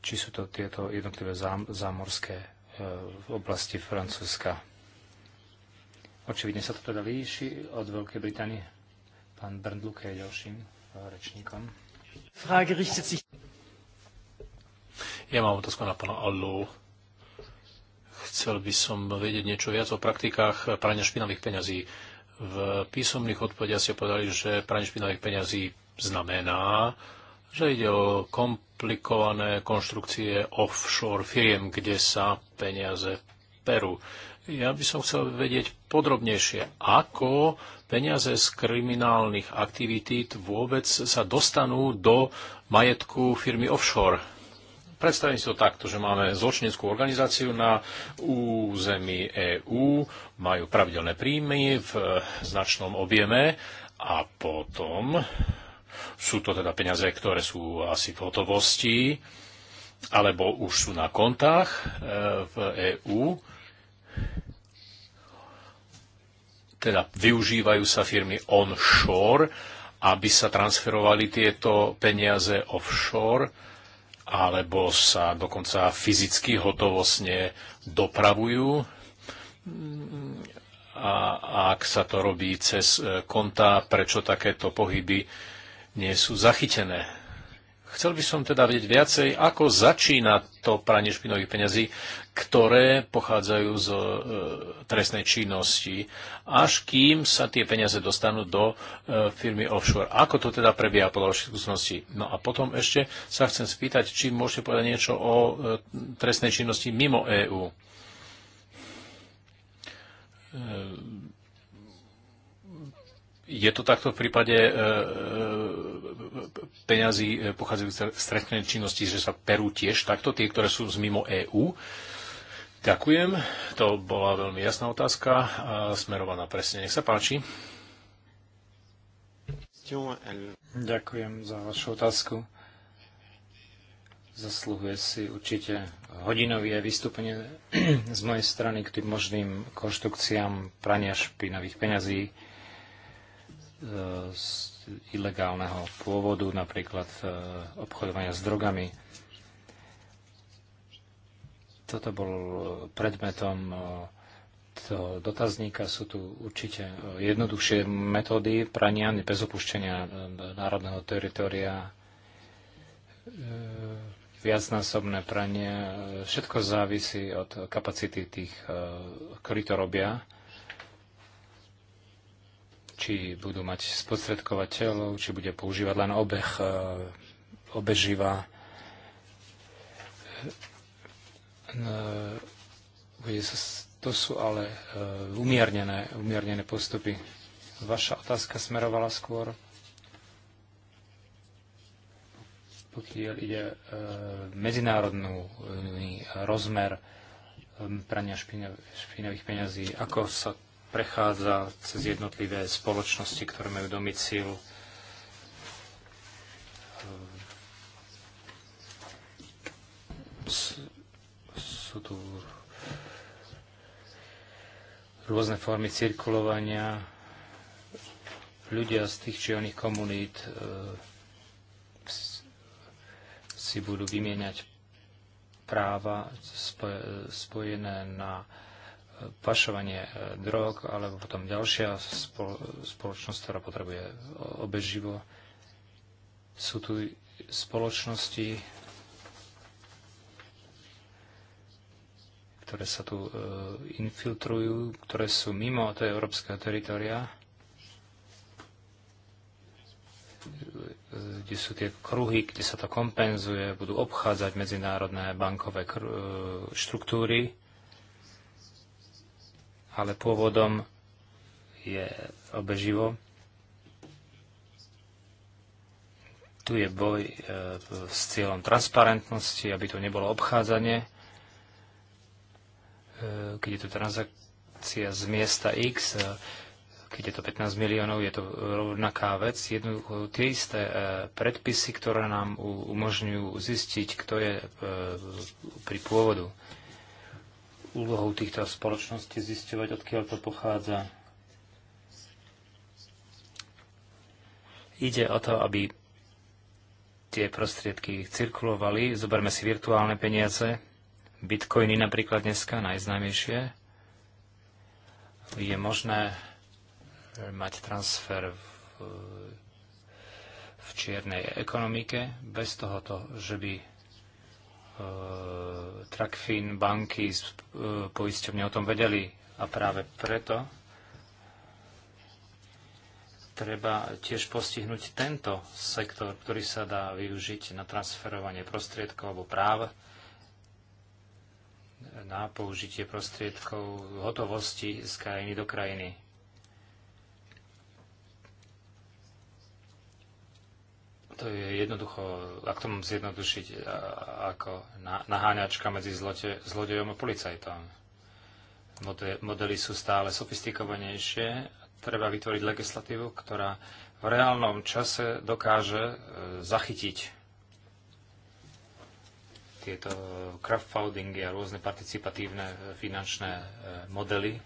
či sú to tieto jednotlivé zám, zámorské e, oblasti Francúzska. Očividne sa to teda líši od Veľkej Británie. Pán Brndluke je ďalším rečníkom. Ja mám otázku na pána Allu. Chcel by som vedieť niečo viac o praktikách prania špinavých peňazí. V písomných odpovediach ste povedali, že pranie špinavých peňazí znamená, že ide o komplikované konštrukcie offshore firiem, kde sa peniaze perú. Ja by som chcel vedieť podrobnejšie, ako peniaze z kriminálnych aktivít vôbec sa dostanú do majetku firmy offshore. Predstavím si to takto, že máme zločineckú organizáciu na území EÚ, majú pravidelné príjmy v e, značnom objeme a potom sú to teda peniaze, ktoré sú asi v hotovosti alebo už sú na kontách e, v EÚ teda využívajú sa firmy onshore, aby sa transferovali tieto peniaze offshore alebo sa dokonca fyzicky hotovostne dopravujú. A ak sa to robí cez eh, konta, prečo takéto pohyby nie sú zachytené? Chcel by som teda vedieť viacej, ako začína to pranie špinových peňazí, ktoré pochádzajú z e, trestnej činnosti, až kým sa tie peniaze dostanú do e, firmy offshore. Ako to teda prebieha podľa vašich skúseností? No a potom ešte sa chcem spýtať, či môžete povedať niečo o e, trestnej činnosti mimo EÚ. E, je to takto v prípade e, e peňazí e, pochádzajúcich z trestnej činnosti, že sa perú tiež takto, tie, ktoré sú z mimo EÚ? Ďakujem, to bola veľmi jasná otázka a smerovaná presne. Nech sa páči. Ďakujem za vašu otázku. Zasluhuje si určite hodinové vystúpenie z mojej strany k tým možným konštrukciám prania špinavých peňazí E, z ilegálneho pôvodu, napríklad e, obchodovania s drogami. Toto bol predmetom e, toho dotazníka. Sú tu určite jednoduchšie metódy prania bez opuštenia národného teritoria, viacnásobné pranie. Všetko závisí od kapacity tých, ktorí to robia či budú mať spostredkovateľov, či bude používať len obeh, e, obeživa. E, to sú ale e, umiernené, umiernené postupy. Vaša otázka smerovala skôr, pokiaľ ide medzinárodný rozmer prania špinavých peňazí, ako sa prechádza cez jednotlivé spoločnosti, ktoré majú domicil ehm, sú tu rôzne formy cirkulovania. Ľudia z tých či oných komunít ehm, si budú vymieňať práva spojené na pašovanie e, drog, alebo potom ďalšia spoločnosť, ktorá potrebuje obeživo. Sú tu spoločnosti, ktoré sa tu e, infiltrujú, ktoré sú mimo toho európskeho teritoria, kde sú tie kruhy, kde sa to kompenzuje, budú obchádzať medzinárodné bankové e, štruktúry, ale pôvodom je obeživo. Tu je boj e, s cieľom transparentnosti, aby to nebolo obchádzanie. E, keď je to transakcia z miesta X, e, keď je to 15 miliónov, je to rovnaká vec. Jedno, tie isté e, predpisy, ktoré nám umožňujú zistiť, kto je e, pri pôvodu úlohou týchto spoločností zistovať, odkiaľ to pochádza. Ide o to, aby tie prostriedky cirkulovali. Zoberme si virtuálne peniaze, bitcoiny napríklad dneska, najznámejšie. Je možné eh, mať transfer v, v čiernej ekonomike bez tohoto, že by Eh, Trakfin, banky, eh, poisťovne o tom vedeli a práve preto treba tiež postihnúť tento sektor, ktorý sa dá využiť na transferovanie prostriedkov alebo práv na použitie prostriedkov hotovosti z krajiny do krajiny. To je jednoducho, ak to mám zjednodušiť, ako naháňačka medzi zlote, zlodejom a policajtom. Modely sú stále sofistikovanejšie. Treba vytvoriť legislatívu, ktorá v reálnom čase dokáže e, zachytiť tieto crowdfundingy a rôzne participatívne e, finančné e, modely.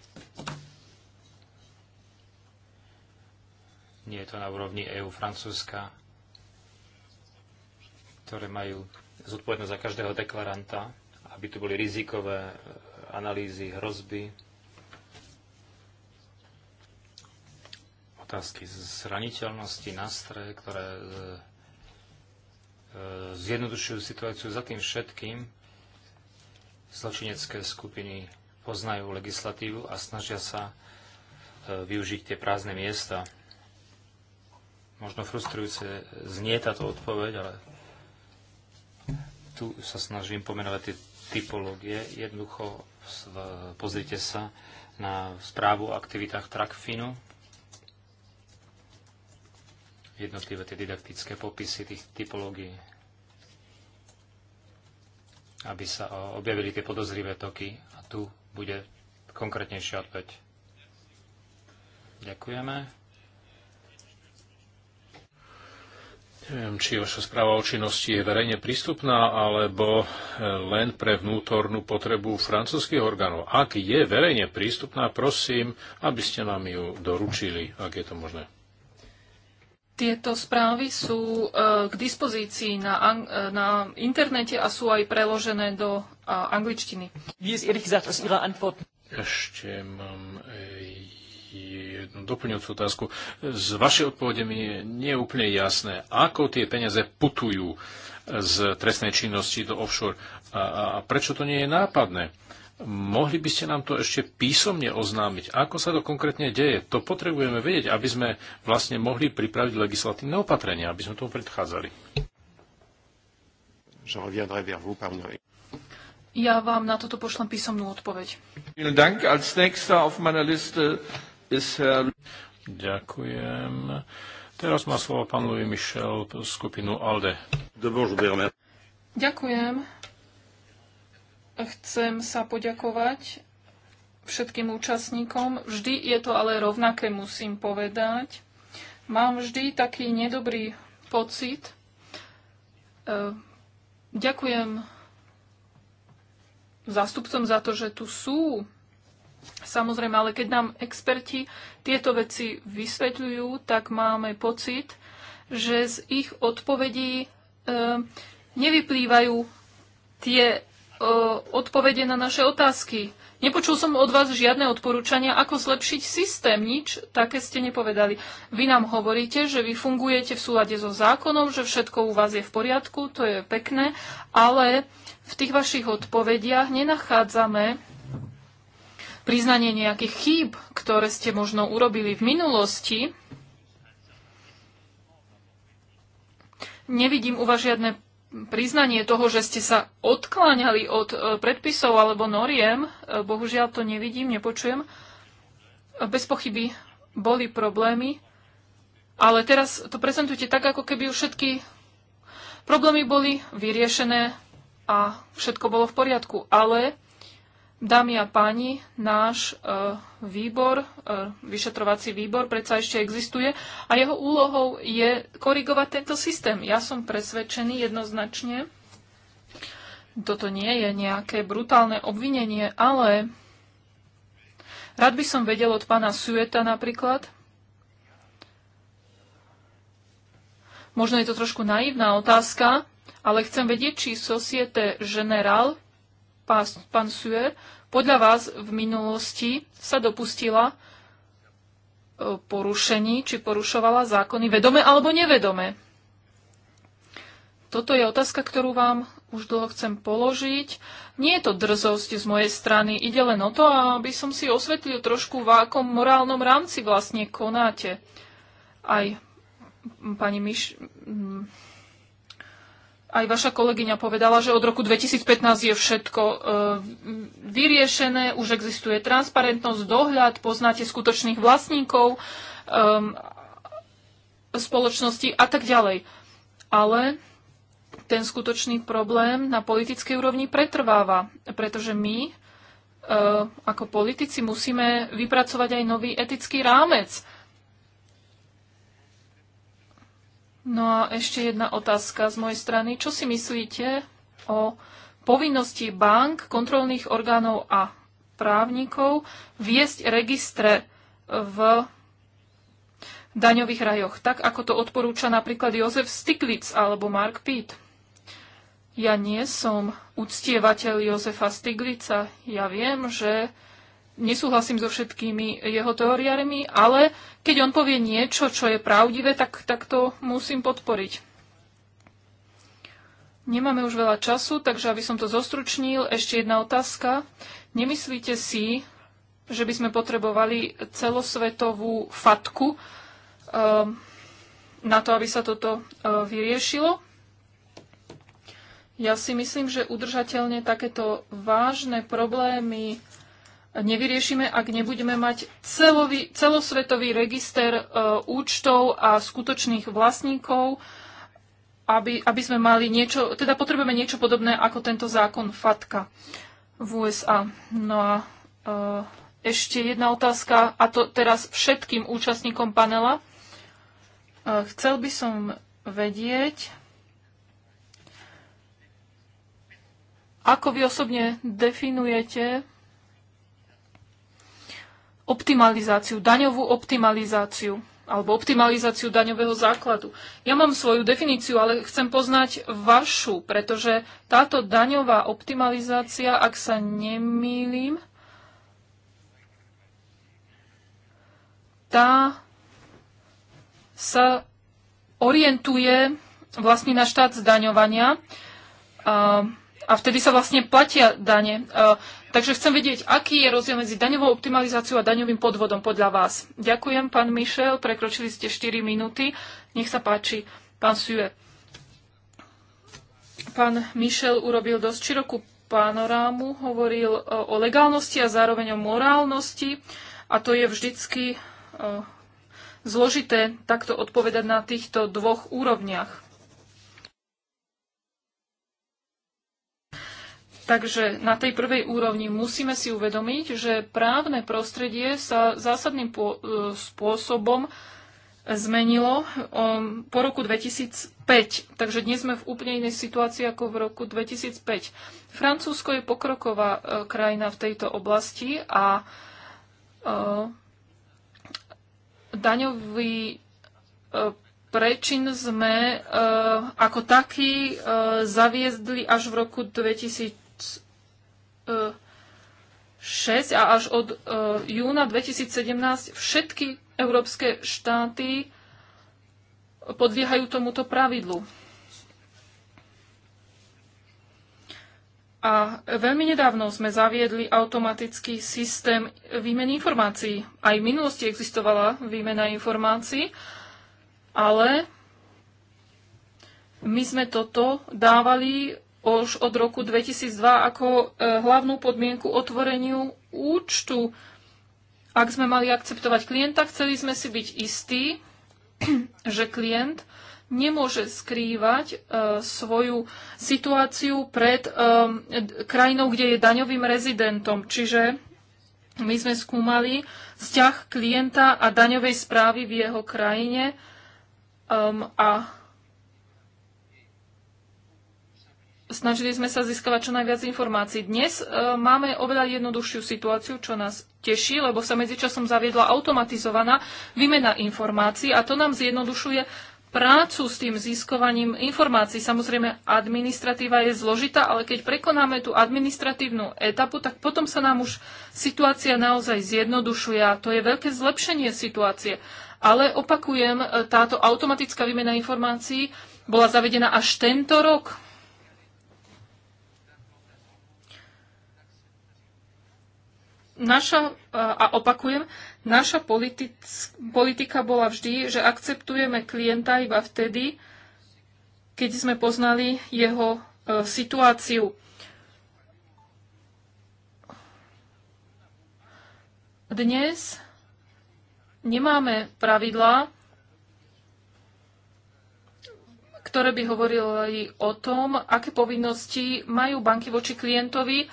Nie je to na úrovni EU Francúzska, ktoré majú zodpovednosť za každého deklaranta, aby tu boli rizikové e, analýzy, hrozby, otázky zraniteľnosti, nástroje, ktoré e, e, zjednodušujú situáciu. Za tým všetkým zločinecké skupiny poznajú legislatívu a snažia sa využiť tie prázdne miesta. Možno frustrujúce znie táto odpoveď, ale tu sa snažím pomenovať tie typológie. Jednoducho pozrite sa na správu o aktivitách Trakfinu. Jednotlivé tie didaktické popisy tých typológií aby sa objavili tie podozrivé toky. A tu bude konkrétnejšia odpäť. Ďakujeme. Neviem, či vaša správa o činnosti je verejne prístupná, alebo eh, len pre vnútornú potrebu francúzskych orgánov. Ak je verejne prístupná, prosím, aby ste nám ju doručili, ak je to možné. Tieto správy sú eh, k dispozícii na, eh, na internete a sú aj preložené do angličtiny. Ešte mám jednu doplňujúcu otázku. Z vašej odpovede mi nie je úplne jasné, ako tie peniaze putujú e, z trestnej činnosti do offshore a, a prečo to nie je nápadné. Mohli by ste nám to ešte písomne oznámiť, ako sa to konkrétne deje. To potrebujeme vedieť, aby sme vlastne mohli pripraviť legislatívne opatrenia, aby sme tomu predchádzali. Ja vám na toto pošlem písomnú odpoveď. Um, ďakujem. Teraz má slovo pán Louis Michel, skupinu ALDE. Ďakujem. Chcem sa poďakovať všetkým účastníkom. Vždy je to ale rovnaké, musím povedať. Mám vždy taký nedobrý pocit. E, ďakujem zástupcom za to, že tu sú Samozrejme, ale keď nám experti tieto veci vysvetľujú, tak máme pocit, že z ich odpovedí e, nevyplývajú tie e, odpovede na naše otázky. Nepočul som od vás žiadne odporúčania, ako zlepšiť systém. Nič také ste nepovedali. Vy nám hovoríte, že vy fungujete v súlade so zákonom, že všetko u vás je v poriadku, to je pekné, ale v tých vašich odpovediach nenachádzame priznanie nejakých chýb, ktoré ste možno urobili v minulosti. Nevidím u vás žiadne priznanie toho, že ste sa odkláňali od e, predpisov alebo noriem. E, bohužiaľ to nevidím, nepočujem. E, bez pochyby boli problémy, ale teraz to prezentujte tak, ako keby už všetky problémy boli vyriešené a všetko bolo v poriadku. Ale Dámy a páni, náš e, výbor, e, vyšetrovací výbor, predsa ešte existuje a jeho úlohou je korigovať tento systém. Ja som presvedčený jednoznačne, toto nie je nejaké brutálne obvinenie, ale rád by som vedel od pána Sueta napríklad, možno je to trošku naivná otázka, ale chcem vedieť, či Societe General pán Suer, podľa vás v minulosti sa dopustila e, porušení, či porušovala zákony vedome alebo nevedome. Toto je otázka, ktorú vám už dlho chcem položiť. Nie je to drzosť z mojej strany, ide len o to, aby som si osvetlil trošku, v akom morálnom rámci vlastne konáte. Aj pani Miš aj vaša kolegyňa povedala, že od roku 2015 je všetko e, vyriešené, už existuje transparentnosť, dohľad, poznáte skutočných vlastníkov e, spoločnosti a tak ďalej. Ale ten skutočný problém na politickej úrovni pretrváva, pretože my e, ako politici musíme vypracovať aj nový etický rámec No a ešte jedna otázka z mojej strany. Čo si myslíte o povinnosti bank, kontrolných orgánov a právnikov viesť registre v daňových rajoch, tak ako to odporúča napríklad Jozef Stiglitz alebo Mark Pitt? Ja nie som uctievateľ Jozefa Stiglica. Ja viem, že nesúhlasím so všetkými jeho teóriami, ale keď on povie niečo, čo je pravdivé, tak, tak to musím podporiť. Nemáme už veľa času, takže aby som to zostručnil, ešte jedna otázka. Nemyslíte si, že by sme potrebovali celosvetovú fatku um, na to, aby sa toto uh, vyriešilo? Ja si myslím, že udržateľne takéto vážne problémy nevyriešime, ak nebudeme mať celový, celosvetový register e, účtov a skutočných vlastníkov, aby, aby sme mali niečo, teda potrebujeme niečo podobné ako tento zákon FATKA v USA. No a e, ešte jedna otázka, a to teraz všetkým účastníkom panela. E, chcel by som vedieť, ako vy osobne definujete optimalizáciu, daňovú optimalizáciu alebo optimalizáciu daňového základu. Ja mám svoju definíciu, ale chcem poznať vašu, pretože táto daňová optimalizácia, ak sa nemýlim, tá sa orientuje vlastne na štát zdaňovania a vtedy sa vlastne platia dane. E, takže chcem vedieť, aký je rozdiel medzi daňovou optimalizáciou a daňovým podvodom podľa vás. Ďakujem, pán Mišel, prekročili ste 4 minúty. Nech sa páči, pán Sue. Pán Mišel urobil dosť širokú panorámu, hovoril e, o legálnosti a zároveň o morálnosti a to je vždycky e, zložité takto odpovedať na týchto dvoch úrovniach. Takže na tej prvej úrovni musíme si uvedomiť, že právne prostredie sa zásadným e, spôsobom zmenilo um, po roku 2005. Takže dnes sme v úplne inej situácii ako v roku 2005. Francúzsko je pokroková e, krajina v tejto oblasti a e, daňový prečin sme e, ako taký e, zaviezli až v roku 2005 a až od e, júna 2017 všetky európske štáty podliehajú tomuto pravidlu. A veľmi nedávno sme zaviedli automatický systém výmeny informácií. Aj v minulosti existovala výmena informácií, ale my sme toto dávali už od roku 2002 ako e, hlavnú podmienku otvoreniu účtu. Ak sme mali akceptovať klienta, chceli sme si byť istí, že klient nemôže skrývať e, svoju situáciu pred e, krajinou, kde je daňovým rezidentom. Čiže my sme skúmali vzťah klienta a daňovej správy v jeho krajine a snažili sme sa získavať čo najviac informácií. Dnes e, máme oveľa jednoduchšiu situáciu, čo nás teší, lebo sa medzičasom zaviedla automatizovaná výmena informácií a to nám zjednodušuje prácu s tým získovaním informácií. Samozrejme, administratíva je zložitá, ale keď prekonáme tú administratívnu etapu, tak potom sa nám už situácia naozaj zjednodušuje a to je veľké zlepšenie situácie. Ale opakujem, e, táto automatická výmena informácií bola zavedená až tento rok, naša, a opakujem, naša politic, politika bola vždy, že akceptujeme klienta iba vtedy, keď sme poznali jeho e, situáciu. Dnes nemáme pravidlá, ktoré by hovorili o tom, aké povinnosti majú banky voči klientovi,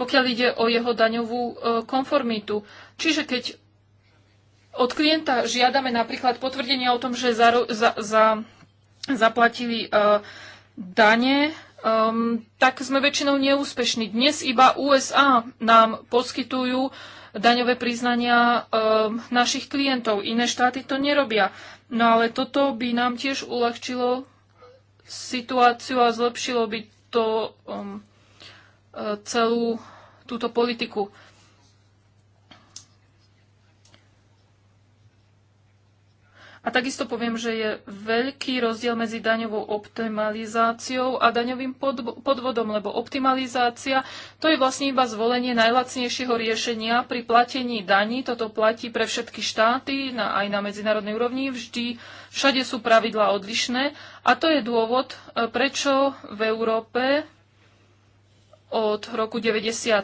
pokiaľ ide o jeho daňovú e, konformitu. Čiže keď od klienta žiadame napríklad potvrdenie o tom, že za, za, za, zaplatili uh, dane, um, tak sme väčšinou neúspešní. Dnes iba USA nám poskytujú daňové priznania um, našich klientov. Iné štáty to nerobia. No ale toto by nám tiež uľahčilo situáciu a zlepšilo by to um, celú túto politiku. A takisto poviem, že je veľký rozdiel medzi daňovou optimalizáciou a daňovým podvodom, lebo optimalizácia to je vlastne iba zvolenie najlacnejšieho riešenia pri platení daní. Toto platí pre všetky štáty, na, aj na medzinárodnej úrovni. Vždy, všade sú pravidlá odlišné. A to je dôvod, e, prečo v Európe od roku 92,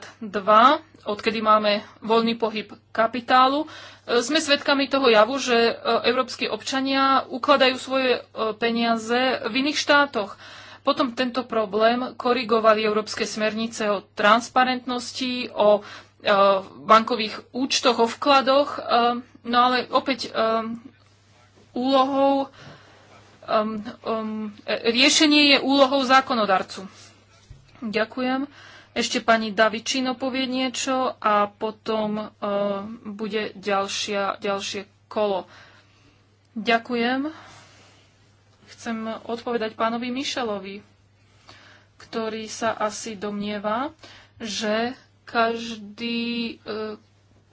odkedy máme voľný pohyb kapitálu, e, sme svedkami toho javu, že e, európsky občania ukladajú svoje e, peniaze v iných štátoch. Potom tento problém korigovali európske smernice o transparentnosti, o bankových účtoch, o vkladoch, no ale opäť úlohou, riešenie je úlohou zákonodarcu. Ďakujem. Ešte pani Davičino povie niečo a potom uh, bude ďalšia, ďalšie kolo. Ďakujem. Chcem odpovedať pánovi Mišelovi, ktorý sa asi domnieva, že každý uh,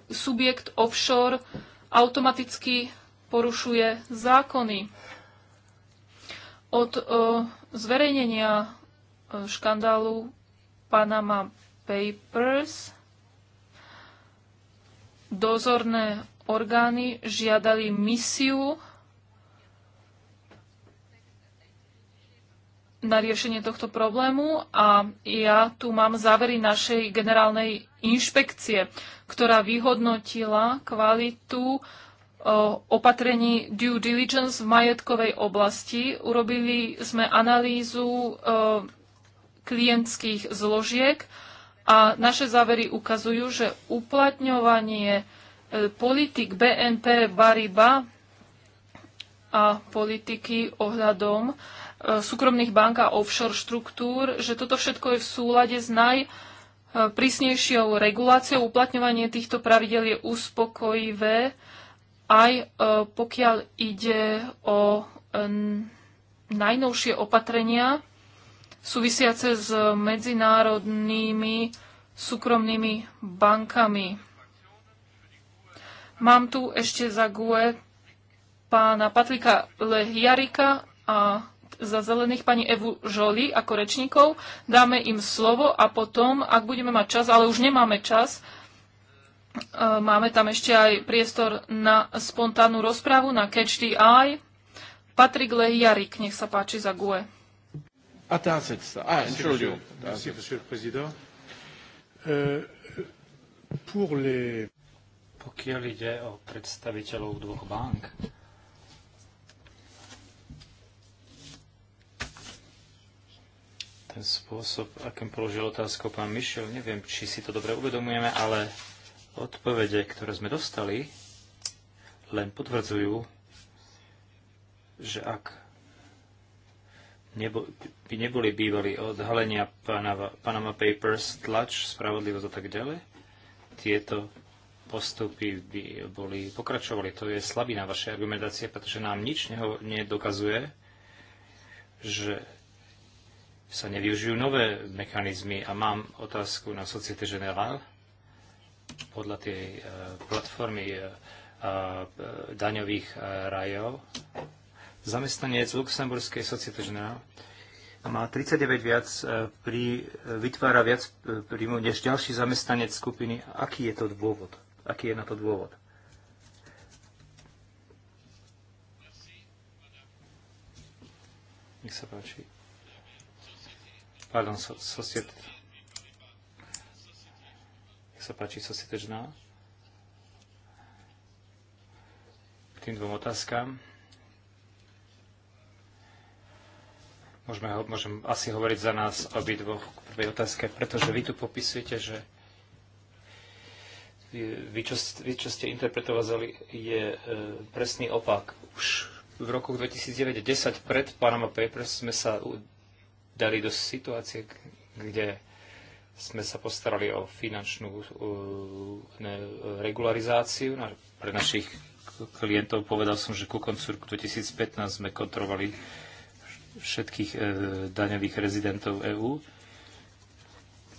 subjekt offshore automaticky porušuje zákony. Od uh, zverejnenia škandálu Panama Papers dozorné orgány žiadali misiu na riešenie tohto problému a ja tu mám závery našej generálnej inšpekcie, ktorá vyhodnotila kvalitu eh, opatrení due diligence v majetkovej oblasti. Urobili sme analýzu eh, klientských zložiek a naše závery ukazujú, že uplatňovanie e, politik BNP Bariba a politiky ohľadom e, súkromných bank a offshore štruktúr, že toto všetko je v súlade s najprísnejšou reguláciou. Uplatňovanie týchto pravidel je uspokojivé, aj e, pokiaľ ide o najnovšie opatrenia súvisiace s medzinárodnými súkromnými bankami. Mám tu ešte za GUE pána Patrika Lehiarika a za zelených pani Evu Žoli ako rečníkov. Dáme im slovo a potom, ak budeme mať čas, ale už nemáme čas, e, Máme tam ešte aj priestor na spontánnu rozprávu, na Catch the Eye. Patrik Lehiarik, nech sa páči za GUE. Ah, ah, Merci, Monsieur le Président. Euh, pour les... Pokiaľ ide o predstaviteľov dvoch bank, ten spôsob, akým položil otázku pán Mišel, neviem, či si to dobre uvedomujeme, ale odpovede, ktoré sme dostali, len potvrdzujú, že ak nebo, by neboli bývali odhalenia Panama, Panama Papers, tlač, spravodlivosť a tak ďalej, tieto postupy by boli, pokračovali. To je slabina vašej argumentácie, pretože nám nič neho, nedokazuje, že sa nevyužijú nové mechanizmy. A mám otázku na Societe Generale. Podľa tej eh, platformy eh, eh, daňových rajov zamestnanec Luxemburskej Societe generál má 39 viac, e, pri, e, vytvára viac e, príjmov než ďalší zamestnanec skupiny. Aký je to dôvod? Aký je na to dôvod? Nech sa páči. Pardon, so, sosiet. Nech sa páči, sosietežná. K tým dvom otázkám. Môžeme, môžem asi hovoriť za nás obidvoch k prvej otázke, pretože vy tu popisujete, že vy, čo, vy, čo ste interpretovali, je e, presný opak. Už v roku 2009 pred Panama Papers sme sa dali do situácie, kde sme sa postarali o finančnú uh, ne, regularizáciu na, pre našich klientov. Povedal som, že ku koncu roku 2015 sme kontrolovali všetkých e, daňových rezidentov EÚ.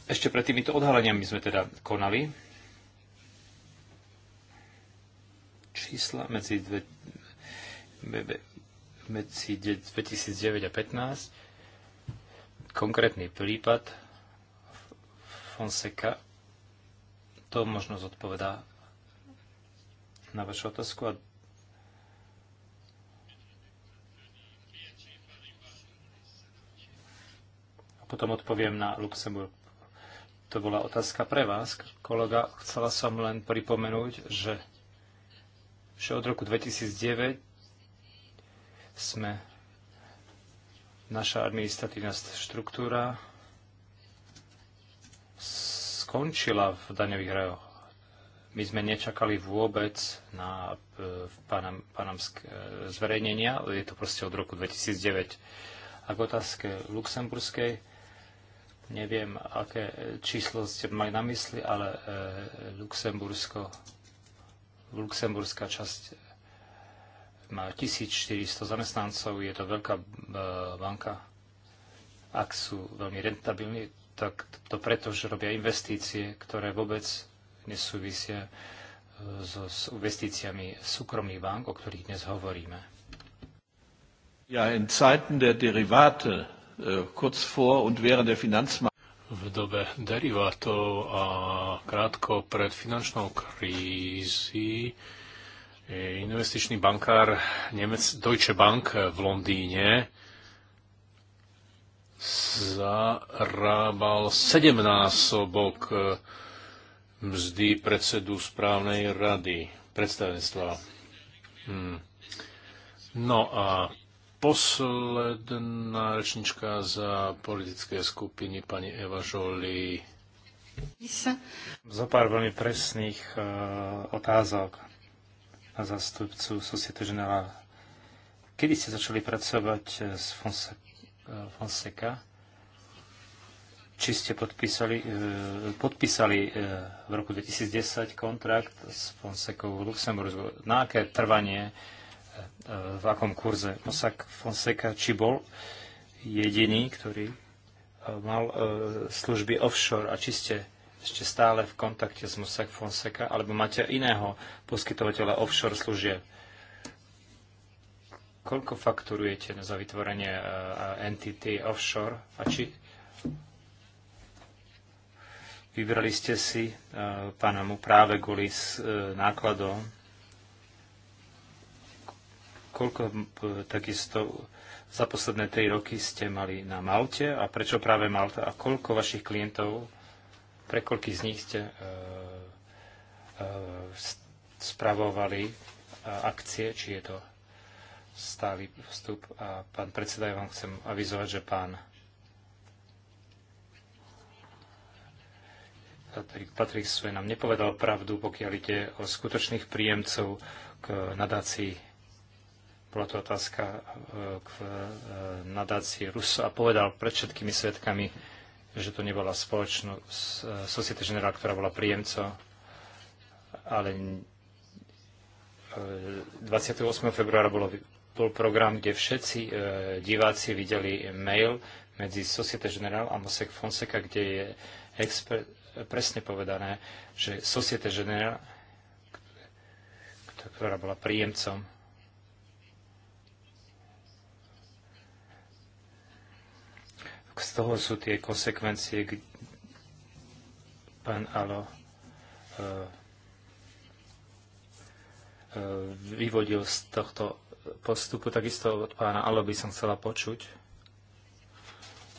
Ešte pred týmito odhaleniami sme teda konali. Čísla medzi, dve, medzi 2009 a 2015. Konkrétny prípad Fonseca to možno zodpovedá na vašu otázku a A potom odpoviem na Luxemburg. To bola otázka pre vás, kolega. Chcela som len pripomenúť, že, že od roku 2009 sme naša administratívna štruktúra skončila v daňových rajoch. My sme nečakali vôbec na e, panam, panamské e, zverejnenia, je to proste od roku 2009. A k otázke luxemburskej, Neviem, aké číslo ste mali na mysli, ale e, Luxembursko, luxemburská časť e, má 1400 zamestnancov, je to veľká e, banka. Ak sú veľmi rentabilní, tak to preto, že robia investície, ktoré vôbec nesúvisia so, s investíciami súkromných bank, o ktorých dnes hovoríme. Ja, in Zeiten der Derivate Äh, kurz vor und während der Finanzmarkt v dobe derivátov a krátko pred finančnou krízy e, investičný bankár Nemec Deutsche Bank v Londýne zarábal sedemnásobok e, mzdy predsedu správnej rady predstavenstva. Hmm. No a posledná rečnička za politické skupiny, pani Eva Žoli. Za pár veľmi presných uh, otázok na zastupcu Societe Generale. Kedy ste začali pracovať eh, s Fonse eh, Fonseca? Či ste podpísali, uh, podpísali uh, v roku 2010 kontrakt s Fonsecou v Luxemburgu? Na aké trvanie uh, Eh, v akom kurze. Mossack Fonseca či bol jediný, ktorý eh, mal eh, služby offshore a či ste ešte stále v kontakte s Mossack Fonseca, alebo máte iného poskytovateľa offshore služieb? Koľko fakturujete za vytvorenie entity offshore a či vybrali ste si mu práve kvôli nákladom koľko takisto za posledné 3 roky ste mali na Malte a prečo práve Malta a koľko vašich klientov, pre koľky z nich ste e, e spravovali e, akcie, či je to stály vstup. A pán predseda, ja vám chcem avizovať, že pán Patrik, Patrik Sve nám nepovedal pravdu, pokiaľ ide o skutočných príjemcov k nadácii bola to otázka e, k e, nadácii Russo a povedal pred všetkými svetkami, že to nebola spoločnosť e, Societe General, ktorá bola príjemco, ale 28. februára bolo, bol program, kde všetci diváci videli mail medzi Societe General a Mosek Fonseca, kde je expert, presne povedané, že Societe Generál, ktorá bola príjemcom Z toho sú tie konsekvencie, pán Alo e, e, vyvodil z tohto postupu. Takisto od pána Alo by som chcela počuť.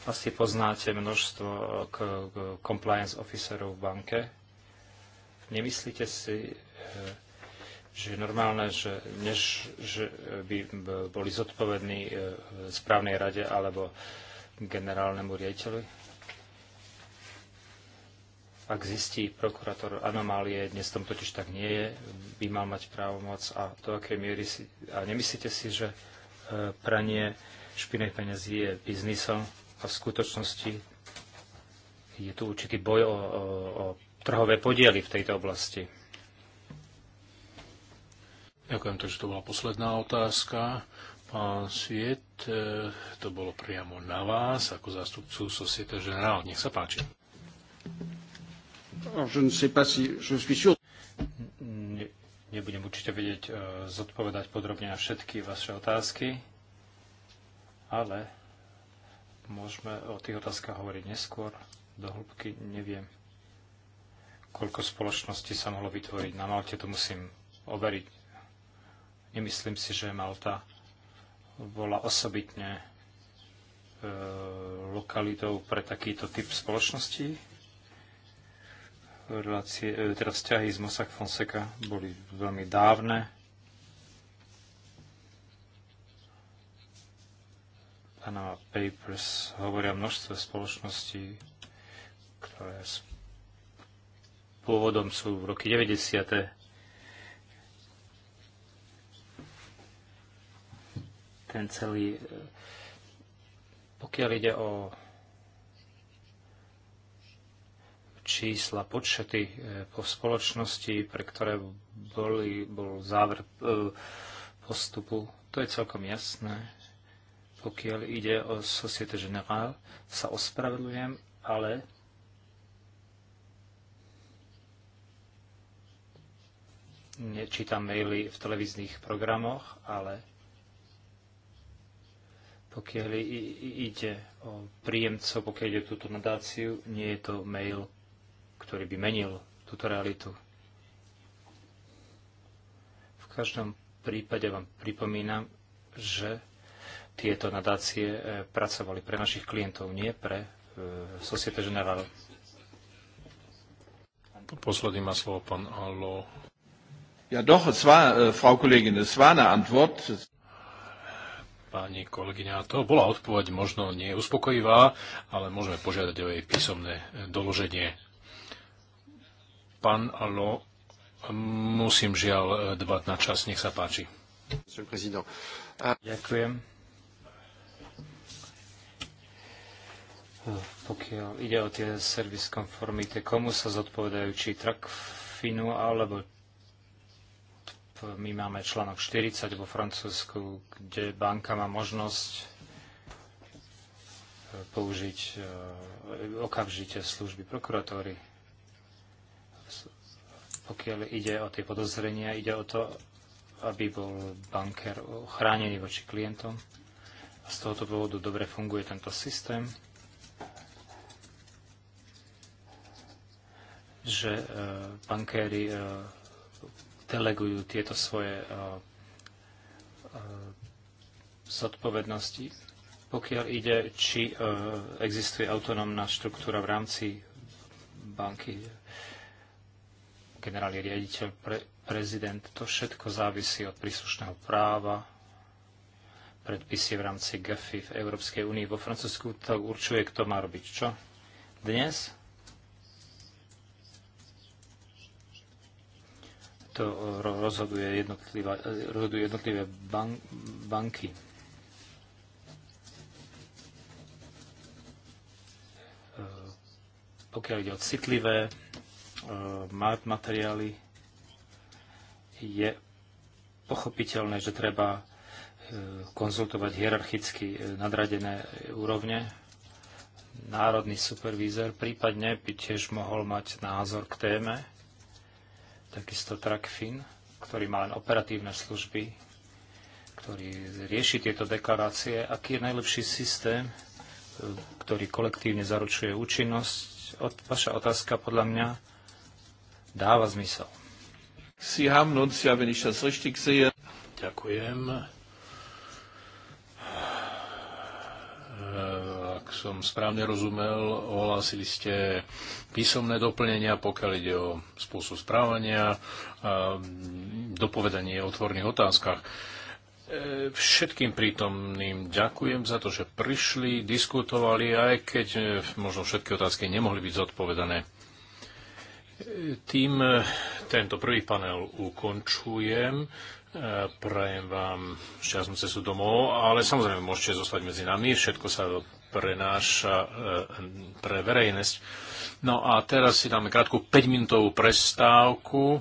Asi poznáte množstvo compliance officerov v banke. Nemyslíte si, e, že je normálne, že než že by boli zodpovední správnej rade alebo generálnemu riaditeľovi. Ak zistí prokurátor anomálie, dnes tom totiž tak nie je, by mal mať právomoc a do akej miery si... A nemyslíte si, že e, pranie špinej peniazí je biznisom a v skutočnosti je tu určitý boj o, o, o trhové podiely v tejto oblasti. Ďakujem, takže to bola posledná otázka. Pán Sviet, e, to bolo priamo na vás, ako zástupcu Societe Generál. Nech sa páči. nebudem určite vedieť e, zodpovedať podrobne na všetky vaše otázky, ale môžeme o tých otázkach hovoriť neskôr. Do hĺbky neviem, koľko spoločností sa mohlo vytvoriť na Malte, to musím overiť. Nemyslím si, že Malta bola osobitne e, lokalitou pre takýto typ spoločnosti. Relácie, e, teda vzťahy z Mossack Fonseca boli veľmi dávne. Panama Papers hovoria množstve spoločností, ktoré s pôvodom sú v roky 90. ten celý... E, pokiaľ ide o čísla, počety e, po spoločnosti, pre ktoré boli, bol záver e, postupu, to je celkom jasné. Pokiaľ ide o Societe Générale, sa ospravedlňujem, ale nečítam maily v televíznych programoch, ale pokiaľ ide o príjemcov, pokiaľ ide o túto nadáciu, nie je to mail, ktorý by menil túto realitu. V každom prípade vám pripomínam, že tieto nadácie e, pracovali pre našich klientov, nie pre e, Societe Generale. Posledný má slovo pán Allo. Ja doch, es war, äh, Frau Kollegin, es war eine Antwort páni kolegyňa. To bola odpoveď možno neuspokojivá, ale môžeme požiadať o jej písomné doloženie. Pán Alo, musím žiaľ dbať na čas, nech sa páči. Ďakujem. Pokiaľ ide o tie servis konformity, komu sa zodpovedajú, či trakfinu alebo my máme článok 40 vo Francúzsku, kde banka má možnosť e, použiť e, okamžite služby prokuratóry. Pokiaľ ide o tie podozrenia, ide o to, aby bol banker chránený voči klientom. A z tohoto dôvodu dobre funguje tento systém. že e, bankéry delegujú tieto svoje eh, eh, zodpovednosti. Pokiaľ ide, či eh, existuje autonómna štruktúra v rámci banky, generálny riaditeľ, pre, prezident, to všetko závisí od príslušného práva, predpisy v rámci GAFI v Európskej únii. Vo Francúzsku to určuje, kto má robiť čo. Dnes to rozhoduje rozhoduje jednotlivé bank, banky. E, pokiaľ ide o citlivé e, materiály, je pochopiteľné, že treba e, konzultovať hierarchicky nadradené úrovne. Národný supervízor prípadne by tiež mohol mať názor k téme takisto TrackFin, ktorý má len operatívne služby, ktorý rieši tieto deklarácie, aký je najlepší systém, ktorý kolektívne zaručuje účinnosť. Vaša otázka podľa mňa dáva zmysel. Sie haben uns ja, wenn ich das richtig sehe... Ďakujem. som správne rozumel, ohlásili ste písomné doplnenia, pokiaľ ide o spôsob správania, a dopovedanie o otvorných otázkach. E, všetkým prítomným ďakujem za to, že prišli, diskutovali, aj keď e, možno všetky otázky nemohli byť zodpovedané. E, tým tento prvý panel ukončujem. Prajem vám šťastnú cestu domov, ale samozrejme môžete zostať medzi nami, všetko sa prenáša e, pre verejnosť. No a teraz si dáme krátku 5-minútovú prestávku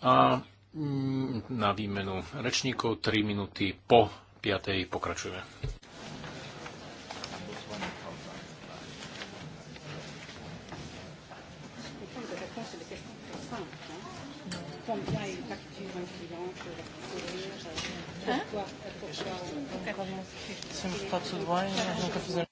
a mm, na výmenu rečníkov 3 minúty po 5. pokračujeme. combien est facture un client pour courir Pourquoi, pourquoi on commence Je ne sais pas tout droit, je ne sais pas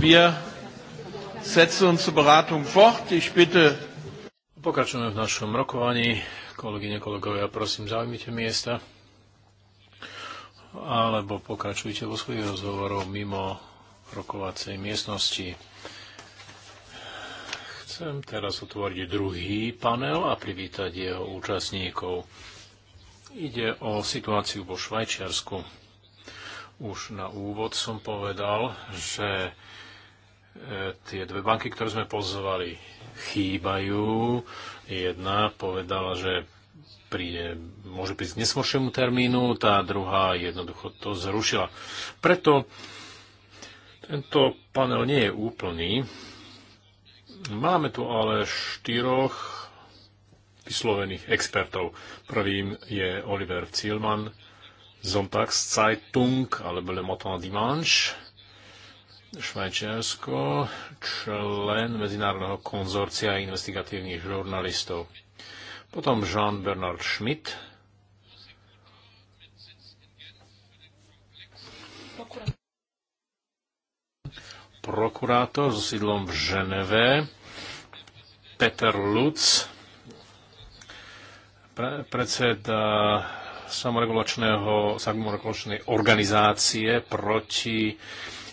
Wir setzen zur Beratung fort. Ich bitte... Pokračujeme v našom rokovaní. Kolegyne, kolegovia, prosím, zaujímite miesta alebo pokračujte vo svojich rozhovoroch mimo rokovacej miestnosti. Chcem teraz otvoriť druhý panel a privítať jeho účastníkov. Ide o situáciu vo Švajčiarsku. Už na úvod som povedal, že e, tie dve banky, ktoré sme pozvali, chýbajú. Jedna povedala, že príde, môže prísť k nesmoršiemu termínu, tá druhá jednoducho to zrušila. Preto tento panel nie je úplný. Máme tu ale štyroch vyslovených expertov. Prvým je Oliver Cielman, Sonntagszeitung alebo Le Matin Dimanche, Švajčiarsko, člen Medzinárodného konzorcia investigatívnych žurnalistov. Potom Jean-Bernard Schmidt, prokurátor so sídlom v Ženeve, Peter Lutz, pre, predseda samoregulačného, samoregulačnej organizácie proti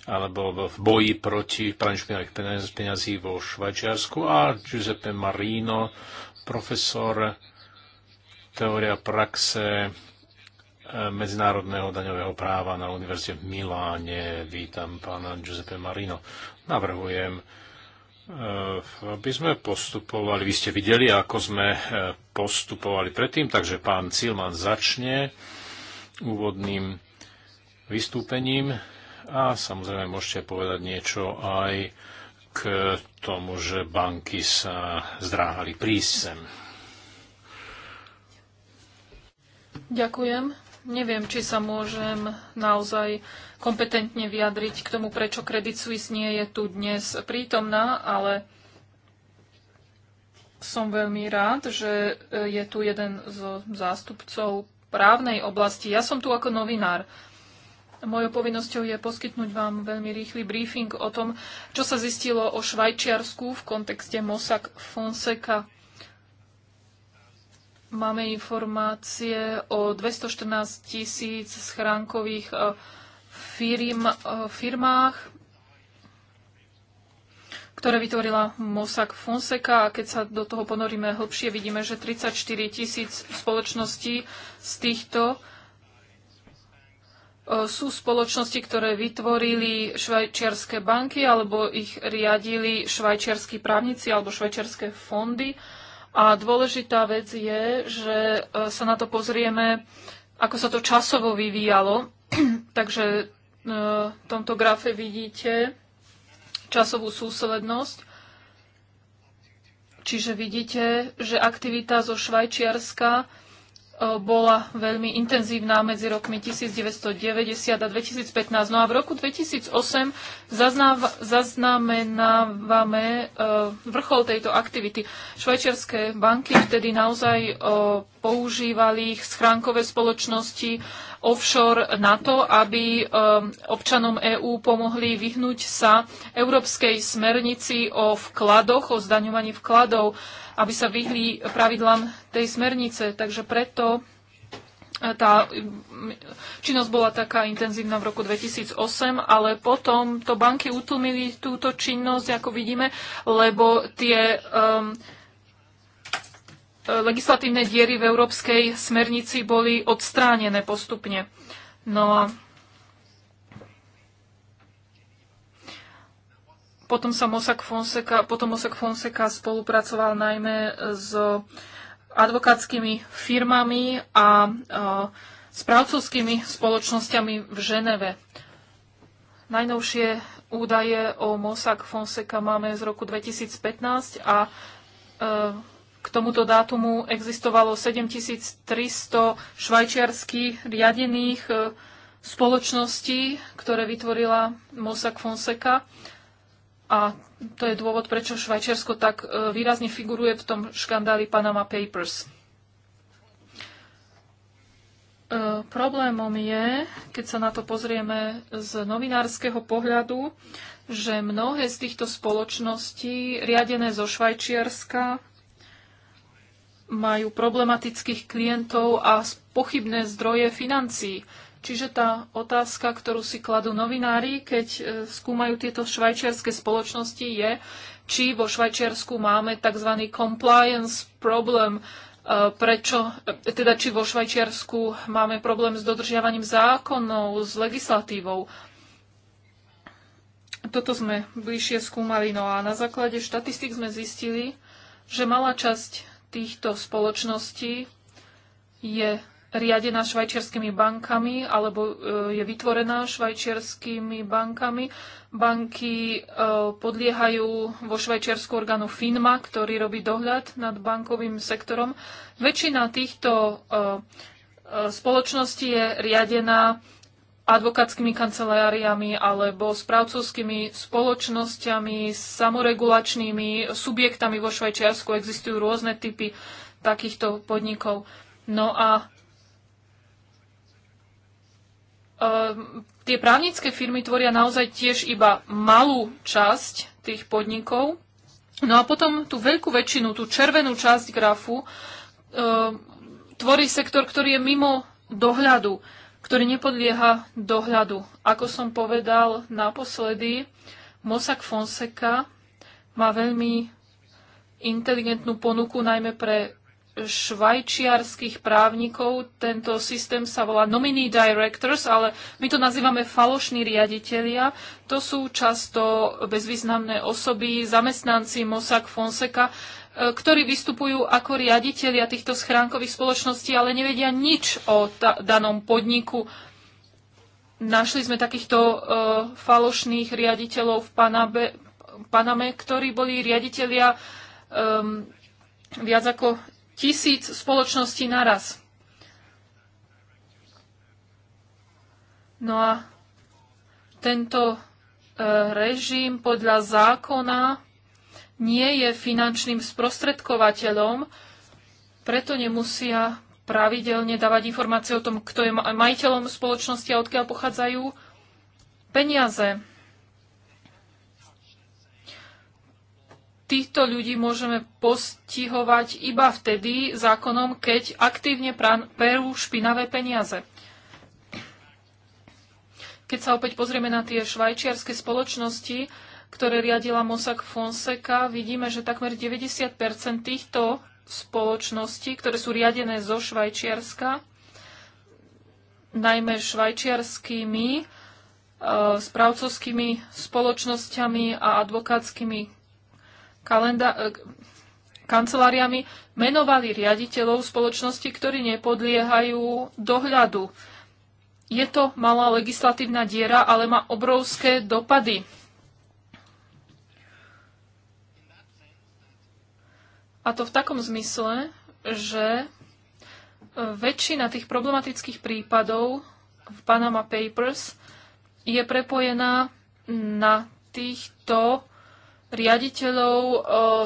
alebo v boji proti praniu špinavých peňazí vo Švajčiarsku a Giuseppe Marino, profesor teória praxe e, medzinárodného daňového práva na Univerzite v Miláne. Vítam pána Giuseppe Marino. Navrhujem aby sme postupovali, vy ste videli, ako sme eh, postupovali predtým, takže pán Cilman začne úvodným vystúpením a samozrejme môžete povedať niečo aj k tomu, že banky sa zdráhali prísť sem. Ďakujem. Neviem, či sa môžem naozaj kompetentne vyjadriť k tomu, prečo Credit Suisse nie je tu dnes prítomná, ale som veľmi rád, že e, je tu jeden z zástupcov právnej oblasti. Ja som tu ako novinár. Mojou povinnosťou je poskytnúť vám veľmi rýchly briefing o tom, čo sa zistilo o Švajčiarsku v kontexte Mossack Fonseca Máme informácie o 214 tisíc schránkových e, firm, e, firmách, ktoré vytvorila Mossack Fonseca a keď sa do toho ponoríme hlbšie, vidíme, že 34 tisíc spoločností z týchto e, sú spoločnosti, ktoré vytvorili švajčiarske banky alebo ich riadili švajčiarskí právnici alebo švajčiarske fondy. A dôležitá vec je, že e, sa na to pozrieme, ako sa to časovo vyvíjalo. Takže e, v tomto grafe vidíte časovú súslednosť. Čiže vidíte, že aktivita zo Švajčiarska E, bola veľmi intenzívna medzi rokmi 1990 a 2015. No a v roku 2008 zaznamenávame e, vrchol tejto aktivity. Švajčiarske banky vtedy naozaj e, používali ich schránkové spoločnosti offshore na to, aby eh, občanom EÚ pomohli vyhnúť sa Európskej smernici o vkladoch, o zdaňovaní vkladov, aby sa vyhli pravidlám tej smernice. Takže preto eh, tá mm, činnosť bola taká intenzívna v roku 2008, ale potom to banky utlmili túto činnosť, ako vidíme, lebo tie um, E, legislatívne diery v európskej smernici boli odstránené postupne. No a potom sa Mossack Fonseca, potom Mossack Fonseca spolupracoval najmä s advokátskymi firmami a e, správcovskými spoločnosťami v Ženeve. Najnovšie údaje o Mossack Fonseca máme z roku 2015 a e, k tomuto dátumu existovalo 7300 švajčiarských riadených e, spoločností, ktoré vytvorila Mossack Fonseca. A to je dôvod, prečo Švajčiarsko tak e, výrazne figuruje v tom škandáli Panama Papers. E, problémom je, keď sa na to pozrieme z novinárskeho pohľadu, že mnohé z týchto spoločností riadené zo Švajčiarska majú problematických klientov a pochybné zdroje financií. Čiže tá otázka, ktorú si kladú novinári, keď e, skúmajú tieto švajčiarske spoločnosti, je, či vo Švajčiarsku máme tzv. compliance problem, e, prečo, e, teda či vo Švajčiarsku máme problém s dodržiavaním zákonov, s legislatívou. Toto sme bližšie skúmali. No a na základe štatistik sme zistili, že malá časť týchto spoločností je riadená švajčiarskými bankami alebo e, je vytvorená švajčiarskými bankami. Banky e, podliehajú vo Švajčiarsku orgánu FINMA, ktorý robí dohľad nad bankovým sektorom. Väčšina týchto e, spoločností je riadená advokátskymi kanceláriami alebo správcovskými spoločnosťami, samoregulačnými subjektami vo Švajčiarsku. Existujú rôzne typy takýchto podnikov. No a e, tie právnické firmy tvoria naozaj tiež iba malú časť tých podnikov. No a potom tú veľkú väčšinu, tú červenú časť grafu, e, tvorí sektor, ktorý je mimo dohľadu ktorý nepodlieha dohľadu. Ako som povedal naposledy, Mossack Fonseca má veľmi inteligentnú ponuku, najmä pre švajčiarských právnikov. Tento systém sa volá nominee directors, ale my to nazývame falošní riaditeľia. To sú často bezvýznamné osoby, zamestnanci Mossack Fonseca, E, ktorí vystupujú ako riaditeľia týchto schránkových spoločností, ale nevedia nič o danom podniku. Našli sme takýchto uh, falošných riaditeľov v Panabe, Paname, ktorí boli riaditeľia um, viac ako tisíc spoločností naraz. No a tento uh, režim podľa zákona nie je finančným sprostredkovateľom, preto nemusia pravidelne dávať informácie o tom, kto je majiteľom spoločnosti a odkiaľ pochádzajú peniaze. Týchto ľudí môžeme postihovať iba vtedy zákonom, keď aktívne perú špinavé peniaze. Keď sa opäť pozrieme na tie švajčiarske spoločnosti, ktoré riadila Mossack Fonseca, vidíme, že takmer 90 týchto spoločností, ktoré sú riadené zo Švajčiarska, najmä švajčiarskými e, správcovskými spoločnosťami a advokátskymi kalenda- e, kanceláriami, menovali riaditeľov spoločnosti, ktorí nepodliehajú dohľadu. Je to malá legislatívna diera, ale má obrovské dopady A to v takom zmysle, že e, väčšina tých problematických prípadov v Panama Papers je prepojená na týchto riaditeľov e,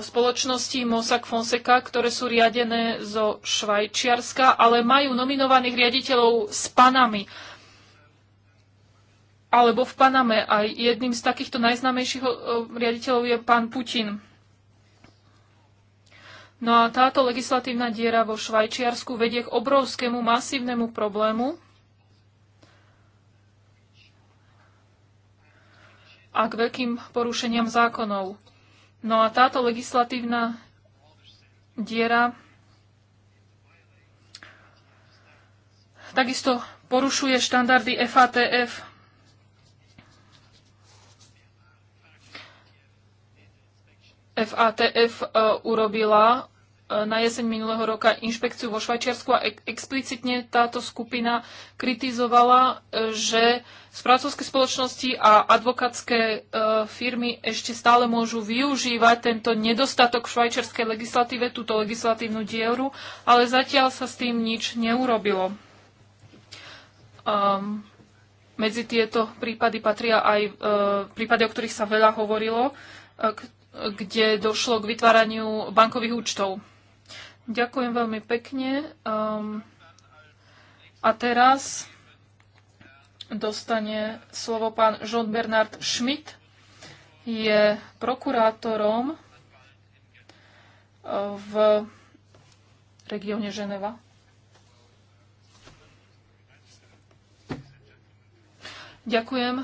spoločnosti Mossack Fonseca, ktoré sú riadené zo Švajčiarska, ale majú nominovaných riaditeľov s Panami. Alebo v Paname. A jedným z takýchto najznámejších e, riaditeľov je pán Putin. No a táto legislatívna diera vo Švajčiarsku vedie k obrovskému masívnemu problému a k veľkým porušeniam zákonov. No a táto legislatívna diera takisto porušuje štandardy FATF FATF e, urobila e, na jeseň minulého roka inšpekciu vo Švajčiarsku a explicitne táto skupina kritizovala, e, že správcovské spoločnosti a advokátske firmy ešte stále môžu využívať tento nedostatok v švajčiarskej legislatíve, túto legislatívnu dieru, ale zatiaľ sa s tým nič neurobilo. Um, medzi tieto prípady patria aj e, prípady, o ktorých sa veľa hovorilo, kde došlo k vytváraniu bankových účtov. Ďakujem veľmi pekne. Um, a teraz dostane slovo pán Jean-Bernard Schmidt. Je prokurátorom uh, v regióne Ženeva. Ďakujem, uh,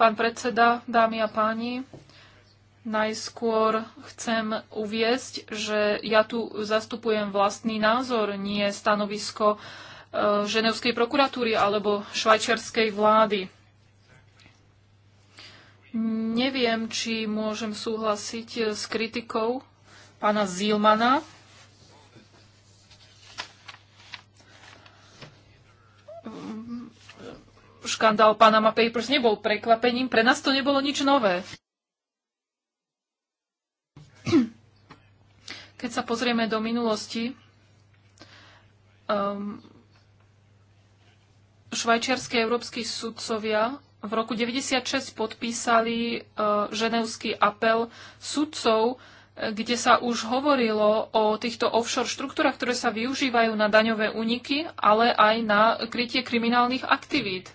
pán predseda, dámy a páni. Najskôr chcem uviesť, že ja tu zastupujem vlastný názor, nie stanovisko e, ženevskej prokuratúry alebo švajčiarskej vlády. Neviem, či môžem súhlasiť e, s kritikou pána Zilmana. Škandál Panama Papers nebol prekvapením, pre nás to nebolo nič nové. Keď sa pozrieme do minulosti, um, ehm, švajčiarskí európsky sudcovia v roku 96 podpísali uh, ženevský apel sudcov, kde sa už hovorilo o týchto offshore štruktúrach, ktoré sa využívajú na daňové úniky, ale aj na krytie kriminálnych aktivít.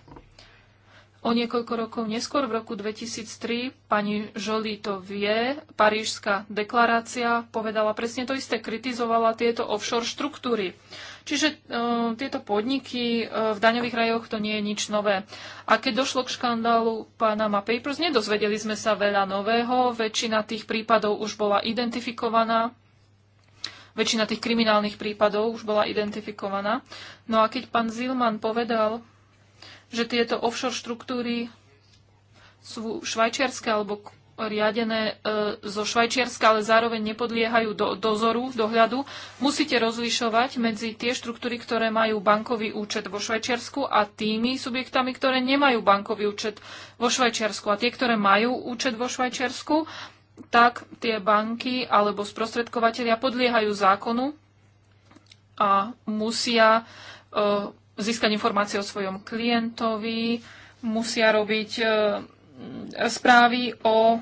O niekoľko rokov neskôr, v roku 2003, pani Jolie to vie, Parížská deklarácia povedala presne to isté, kritizovala tieto offshore štruktúry. Čiže e, tieto podniky e, v daňových rajoch to nie je nič nové. A keď došlo k škandálu Panama Papers, nedozvedeli sme sa veľa nového, väčšina tých prípadov už bola identifikovaná, väčšina tých kriminálnych prípadov už bola identifikovaná. No a keď pán Zilman povedal, že tieto offshore štruktúry sú švajčiarske alebo riadené e, zo Švajčiarska, ale zároveň nepodliehajú do, dozoru, dohľadu. Musíte rozlišovať medzi tie štruktúry, ktoré majú bankový účet vo Švajčiarsku a tými subjektami, ktoré nemajú bankový účet vo Švajčiarsku. A tie, ktoré majú účet vo Švajčiarsku, tak tie banky alebo sprostredkovateľia podliehajú zákonu a musia e, získať informácie o svojom klientovi, musia robiť e, správy o, o e,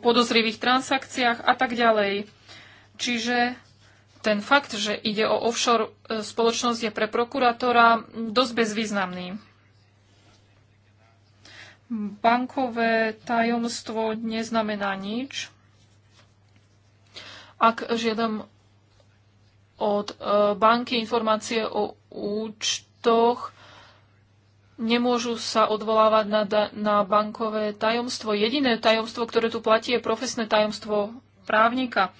podozrivých transakciách a tak ďalej. Čiže ten fakt, že ide o offshore e, spoločnosť je pre prokurátora dosť bezvýznamný. Bankové tajomstvo neznamená nič. Ak žiadam od banky informácie o účte, štátoch nemôžu sa odvolávať na, na bankové tajomstvo. Jediné tajomstvo, ktoré tu platí, je profesné tajomstvo právnika.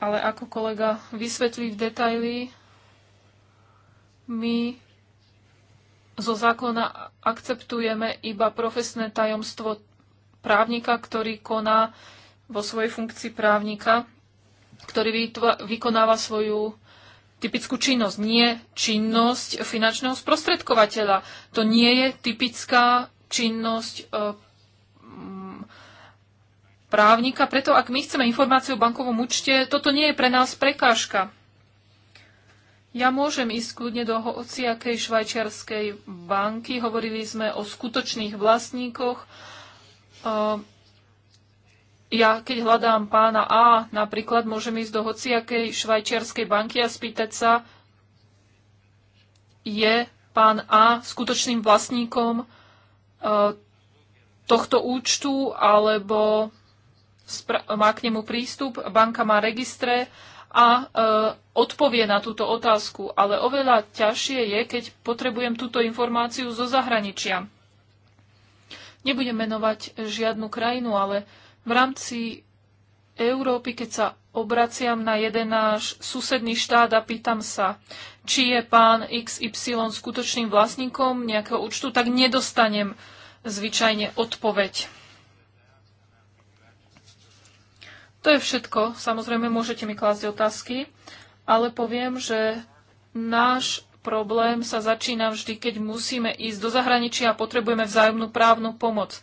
Ale ako kolega vysvetlí v detaily, my zo zákona akceptujeme iba profesné tajomstvo právnika, ktorý koná vo svojej funkcii právnika, ktorý vykonáva svoju typickú činnosť, nie činnosť finančného sprostredkovateľa. To nie je typická činnosť e, mm, právnika, preto ak my chceme informáciu o bankovom účte, toto nie je pre nás prekážka. Ja môžem ísť kľudne do hociakej švajčiarskej banky, hovorili sme o skutočných vlastníkoch, e, ja, keď hľadám pána A, napríklad môžem ísť do hociakej švajčiarskej banky a spýtať sa, je pán A skutočným vlastníkom e, tohto účtu, alebo má k nemu prístup, banka má registre a e, odpovie na túto otázku. Ale oveľa ťažšie je, keď potrebujem túto informáciu zo zahraničia. Nebudem menovať žiadnu krajinu, ale v rámci Európy, keď sa obraciam na jeden náš susedný štát a pýtam sa, či je pán XY skutočným vlastníkom nejakého účtu, tak nedostanem zvyčajne odpoveď. To je všetko. Samozrejme, môžete mi klásť otázky, ale poviem, že náš problém sa začína vždy, keď musíme ísť do zahraničia a potrebujeme vzájomnú právnu pomoc.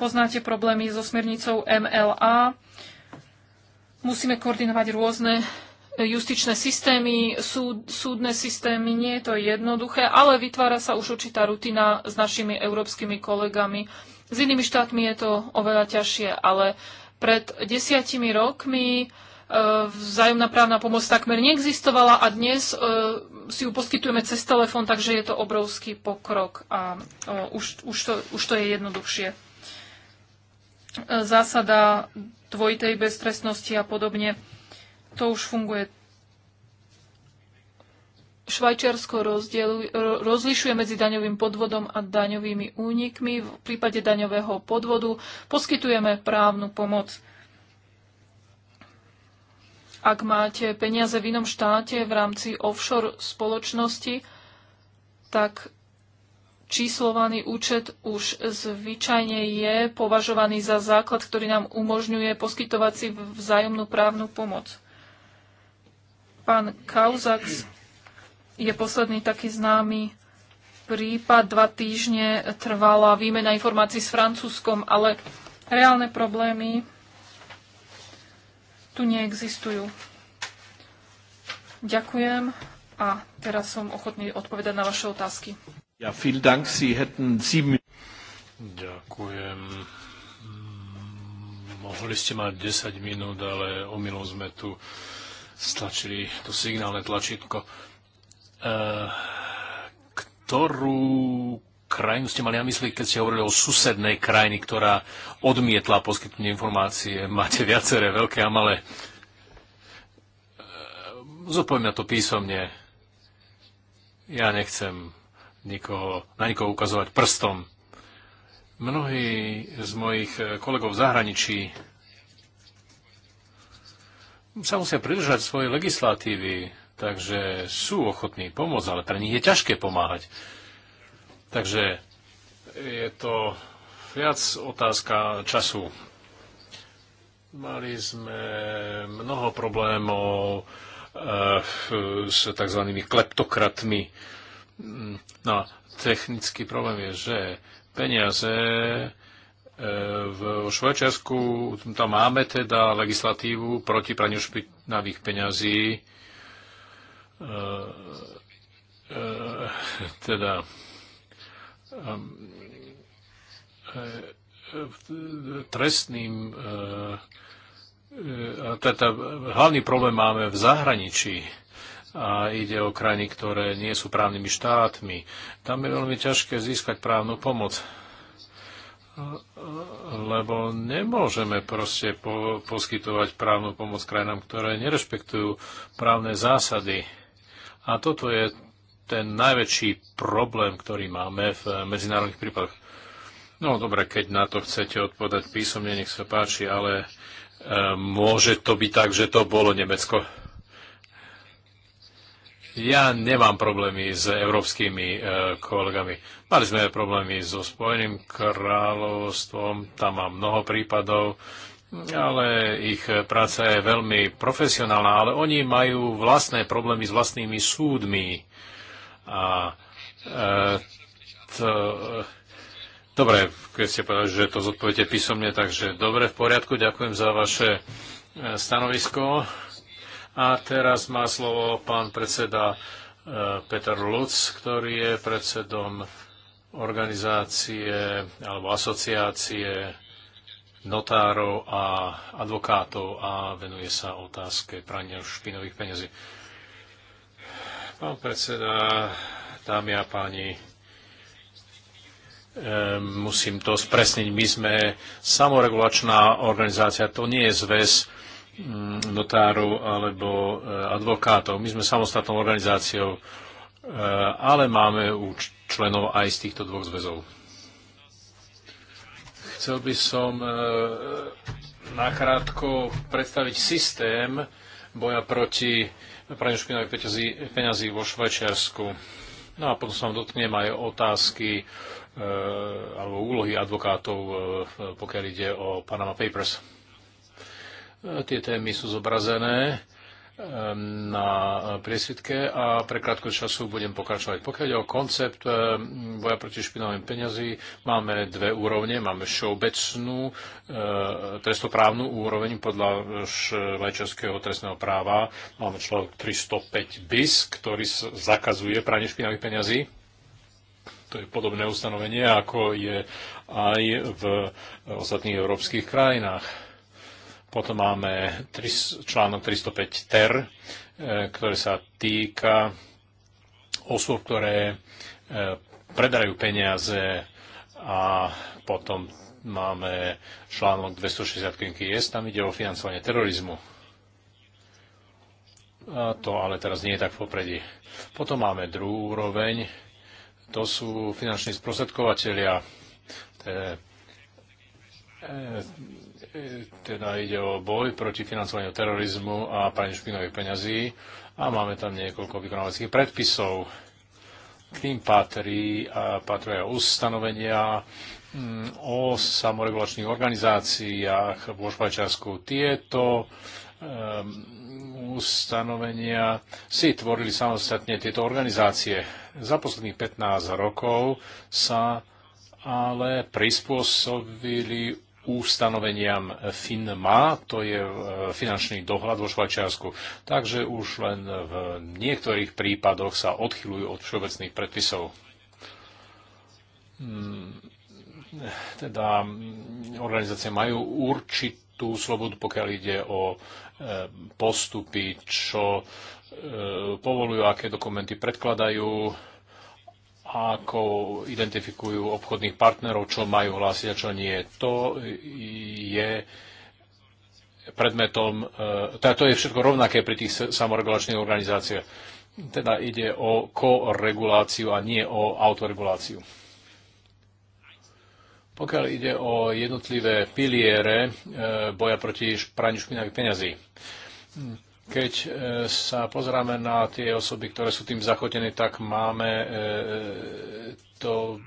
Poznáte problémy so smernicou MLA. Musíme koordinovať rôzne justičné systémy, súd, súdne systémy. Nie je to jednoduché, ale vytvára sa už určitá rutina s našimi európskymi kolegami. S inými štátmi je to oveľa ťažšie, ale pred desiatimi rokmi e, vzájomná právna pomoc takmer neexistovala a dnes e, si ju poskytujeme cez telefón, takže je to obrovský pokrok a e, už, už, to, už to je jednoduchšie zásada dvojitej beztrestnosti a podobne. To už funguje. Švajčiarsko rozlišuje medzi daňovým podvodom a daňovými únikmi. V prípade daňového podvodu poskytujeme právnu pomoc. Ak máte peniaze v inom štáte v rámci offshore spoločnosti, tak číslovaný účet už zvyčajne je považovaný za základ, ktorý nám umožňuje poskytovať si vzájomnú právnu pomoc. Pán Kauzax je posledný taký známy prípad. Dva týždne trvala výmena informácií s Francúzskom, ale reálne problémy tu neexistujú. Ďakujem a teraz som ochotný odpovedať na vaše otázky. Ja, vielen Dank, Sie hätten sieben... Ďakujem. Mm, mohli ste mať 10 minút, ale omylom sme tu stlačili to signálne tlačítko. E, ktorú krajinu ste mali na mysli, keď ste hovorili o susednej krajiny, ktorá odmietla poskytnúť informácie? Máte viaceré veľké a malé. E, Zopoviem na to písomne. Ja nechcem nikoho, na nikoho ukazovať prstom. Mnohí z mojich kolegov v zahraničí sa musia pridržať svojej legislatívy, takže sú ochotní pomôcť, ale pre nich je ťažké pomáhať. Takže je to viac otázka času. Mali sme mnoho problémov e, s tzv. kleptokratmi, Mm, no technický problém je, že peniaze e, v Švajčiarsku tam máme teda legislatívu proti praniu špinavých peňazí. E, e, teda um, trestným teda hlavný problém máme v zahraničí a ide o krajiny, ktoré nie sú právnymi štátmi. Tam je veľmi ťažké získať právnu pomoc, lebo nemôžeme proste po, poskytovať právnu pomoc krajinám, ktoré nerešpektujú právne zásady. A toto je ten najväčší problém, ktorý máme v medzinárodných prípadoch. No dobre, keď na to chcete odpovedať písomne, nech sa páči, ale e, môže to byť tak, že to bolo Nemecko. Ja nemám problémy s európskymi e, kolegami. Mali sme problémy so Spojeným kráľovstvom, tam mám mnoho prípadov, ale ich práca je veľmi profesionálna, ale oni majú vlastné problémy s vlastnými súdmi. A e, to, e, dobre, keď ste povedali, že to zodpoviete písomne, takže dobre, v poriadku, ďakujem za vaše e, stanovisko. A teraz má slovo pán predseda e, Peter Luc, ktorý je predsedom organizácie alebo asociácie notárov a advokátov a venuje sa otázke prania špinových peniazí. Pán predseda, dámy a páni, e, musím to spresniť. My sme samoregulačná organizácia, to nie je zväz Mm, notárov alebo eh, advokátov. My sme samostatnou organizáciou, eh, ale máme členov aj z týchto dvoch zväzov. Chcel by som eh, nakrátko predstaviť systém boja proti praniu špinavých peňazí vo Švajčiarsku. No a potom sa vám dotknem aj otázky alebo úlohy advokátov, pokiaľ ide o Panama Papers. Tie témy sú zobrazené ehm, na priesvitke a pre krátko času budem pokračovať. Pokiaľ ide o koncept ehm, boja proti špinavým peniazy, máme dve úrovne. Máme všeobecnú ehm, trestoprávnu úroveň podľa švajčiarského trestného práva. Máme článok 305 bis, ktorý zakazuje pranie špinavých peňazí. To je podobné ustanovenie, ako je aj v ostatných európskych krajinách potom máme článok 305 TER, e, ktorý sa týka osôb, ktoré e, predajú peniaze a potom máme článok 260 KIS, tam ide o financovanie terorizmu. A to ale teraz nie je tak v popredí. Potom máme druhú úroveň, to sú finanční sprostredkovateľia, to je E, e, teda ide o boj proti financovaniu terorizmu a praniu špinových peňazí a máme tam niekoľko vykonávacích predpisov. K tým patrí, a aj ustanovenia mm, o samoregulačných organizáciách vo Švajčiarsku. Tieto um, ustanovenia si tvorili samostatne tieto organizácie. Za posledných 15 rokov sa ale prispôsobili ustanoveniam FINMA, to je e, finančný dohľad vo Švajčiarsku. Takže už len v niektorých prípadoch sa odchyľujú od všeobecných predpisov. Hmm, teda mm, organizácie majú určitú slobodu, pokiaľ ide o e, postupy, čo e, povolujú, aké dokumenty predkladajú, ako identifikujú obchodných partnerov, čo majú hlásiť a čo nie. To je predmetom, e, teda to je všetko rovnaké pri tých samoregulačných organizáciách. Teda ide o koreguláciu a nie o autoreguláciu. Pokiaľ ide o jednotlivé piliere e, boja proti praniu špinavých peňazí, keď e, sa pozráme na tie osoby, ktoré sú tým zachotené, tak máme e, to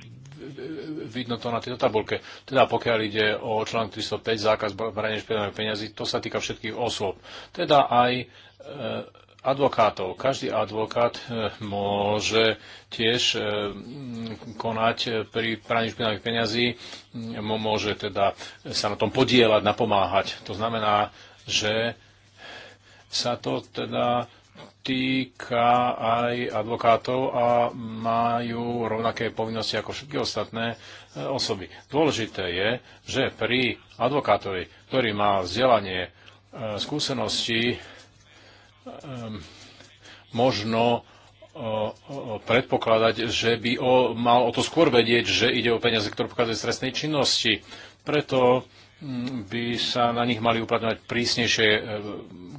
vidno to na tejto tabulke. Teda pokiaľ ide o článok 305, zákaz brania špinavých peňazí, to sa týka všetkých osôb. Teda aj e, advokátov. Každý advokát môže tiež konať pri praní špinavých peňazí, môže teda sa na tom podielať, napomáhať. To znamená, že sa to teda týka aj advokátov a majú rovnaké povinnosti ako všetky ostatné e, osoby. Dôležité je, že pri advokátovi, ktorý má vzdelanie, e, skúsenosti, e, možno predpokladať, že by o, mal o to skôr vedieť, že ide o peniaze, ktoré pokazujú z trestnej činnosti. Preto by sa na nich mali uplatňovať prísnejšie e,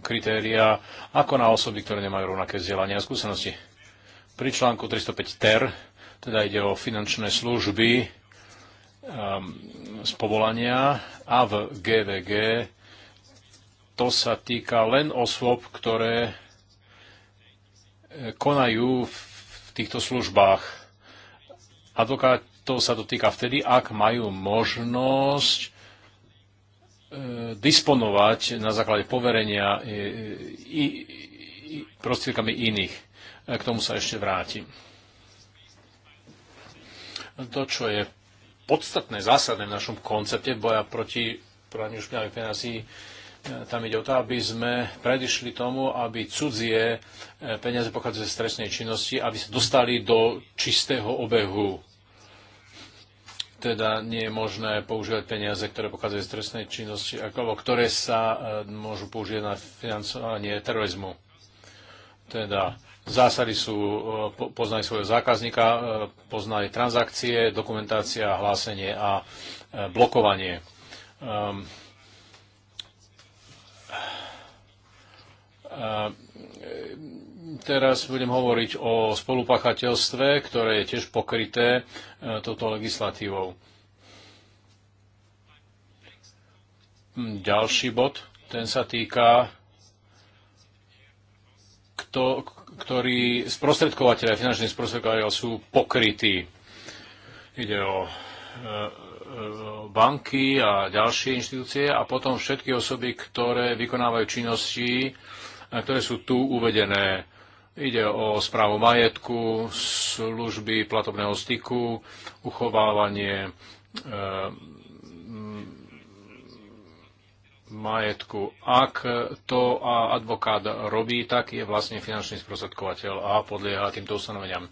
kritéria ako na osoby, ktoré nemajú rovnaké vzdelanie a skúsenosti. Pri článku 305 TER, teda ide o finančné služby e, z povolania a v GVG to sa týka len osôb, ktoré e, konajú v týchto službách. Advokátov sa to týka vtedy, ak majú možnosť E, disponovať na základe poverenia e, e, i, i, prostriedkami iných. K tomu sa ešte vrátim. To, čo je podstatné, zásadné v našom koncepte boja proti praniu špinavých peniazí, tam ide o to, aby sme predišli tomu, aby cudzie peniaze pochádzajúce z trestnej činnosti, aby sa dostali do čistého obehu teda nie je možné používať peniaze, ktoré pochádzajú z trestnej činnosti, alebo ktoré sa e, môžu použiť na financovanie terorizmu. Teda zásady sú, e, poznaj svojho zákazníka, e, poznaj transakcie, dokumentácia, hlásenie a blokovanie. Um, Teraz budem hovoriť o spolupachateľstve, ktoré je tiež pokryté e, touto legislatívou. Hm, ďalší bod, ten sa týka, kto, ktorí sprostredkovateľe, finanční sprostredkovateľ sú pokrytí. Ide o e, e, banky a ďalšie inštitúcie a potom všetky osoby, ktoré vykonávajú činnosti, ktoré sú tu uvedené. Ide o správu majetku, služby platobného styku, uchovávanie e, majetku. Ak to advokát robí, tak je vlastne finančný sprostredkovateľ a podlieha týmto ustanoveniam.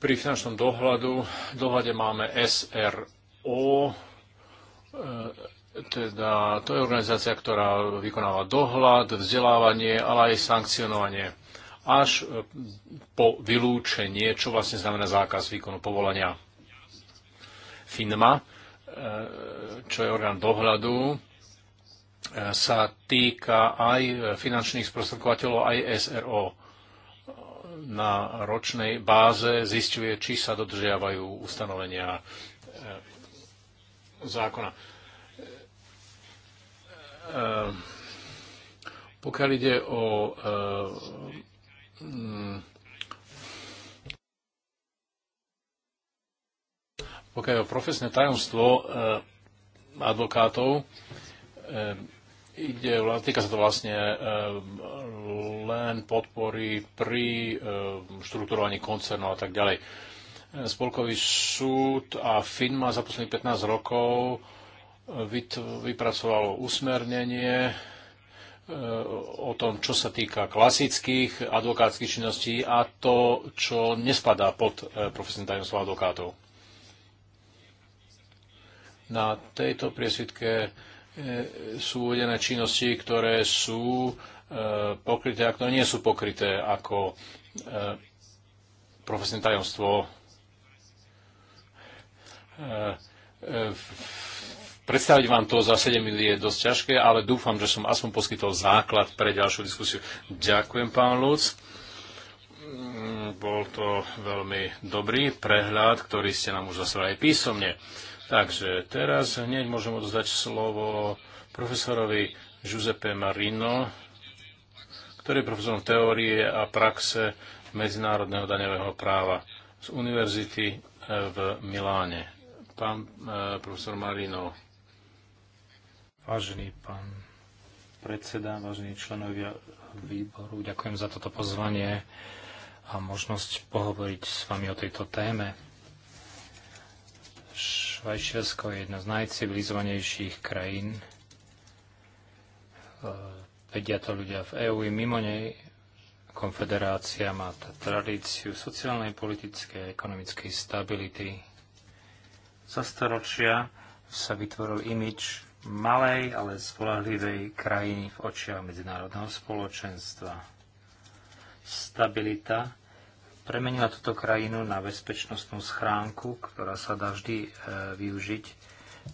Pri finančnom dohľadu, dohľade máme SRO, eh, teda to je organizácia, ktorá vykonáva dohľad, vzdelávanie, ale aj sankcionovanie až e, po vylúčenie, čo vlastne znamená zákaz výkonu povolania. FINMA, e, čo je orgán dohľadu, e, sa týka aj finančných sprostredkovateľov, aj SRO. Na ročnej báze zistuje, či sa dodržiavajú ustanovenia zákona. Pokiaľ ide o Mm. pokiaľ je profesné tajomstvo eh, advokátov, eh, ide, týka sa to vlastne eh, len podpory pri štruktúrovaní koncernov a tak ďalej. Spolkový súd a FINMA za posledných 15 rokov vypracovalo usmernenie o tom, čo sa týka klasických advokátskych činností a to, čo nespadá pod e, profesné tajomstvo advokátov. Na tejto priesvitke e, sú uvedené činnosti, ktoré sú e, pokryté a ktoré nie sú pokryté ako profesionálne tajomstvo v Predstaviť vám to za 7 minút je dosť ťažké, ale dúfam, že som aspoň poskytol základ pre ďalšiu diskusiu. Ďakujem, pán Luc. Mm, bol to veľmi dobrý prehľad, ktorý ste nám už zaslali aj písomne. Takže teraz hneď môžem odozdať slovo profesorovi Giuseppe Marino, ktorý je profesorom teórie a praxe medzinárodného daňového práva z univerzity eh, v Miláne. Pán e, profesor Marino, Vážený pán predseda, vážení členovia výboru, ďakujem za toto pozvanie a možnosť pohovoriť s vami o tejto téme. Švajčiarsko je jedna z najcivilizovanejších krajín. E, vedia to ľudia v EÚ i mimo nej. Konfederácia má tradíciu sociálnej, politickej a ekonomickej stability. Za staročia sa vytvoril imič malej, ale spolahlivej krajiny v očiach medzinárodného spoločenstva. Stabilita premenila túto krajinu na bezpečnostnú schránku, ktorá sa dá vždy e, využiť,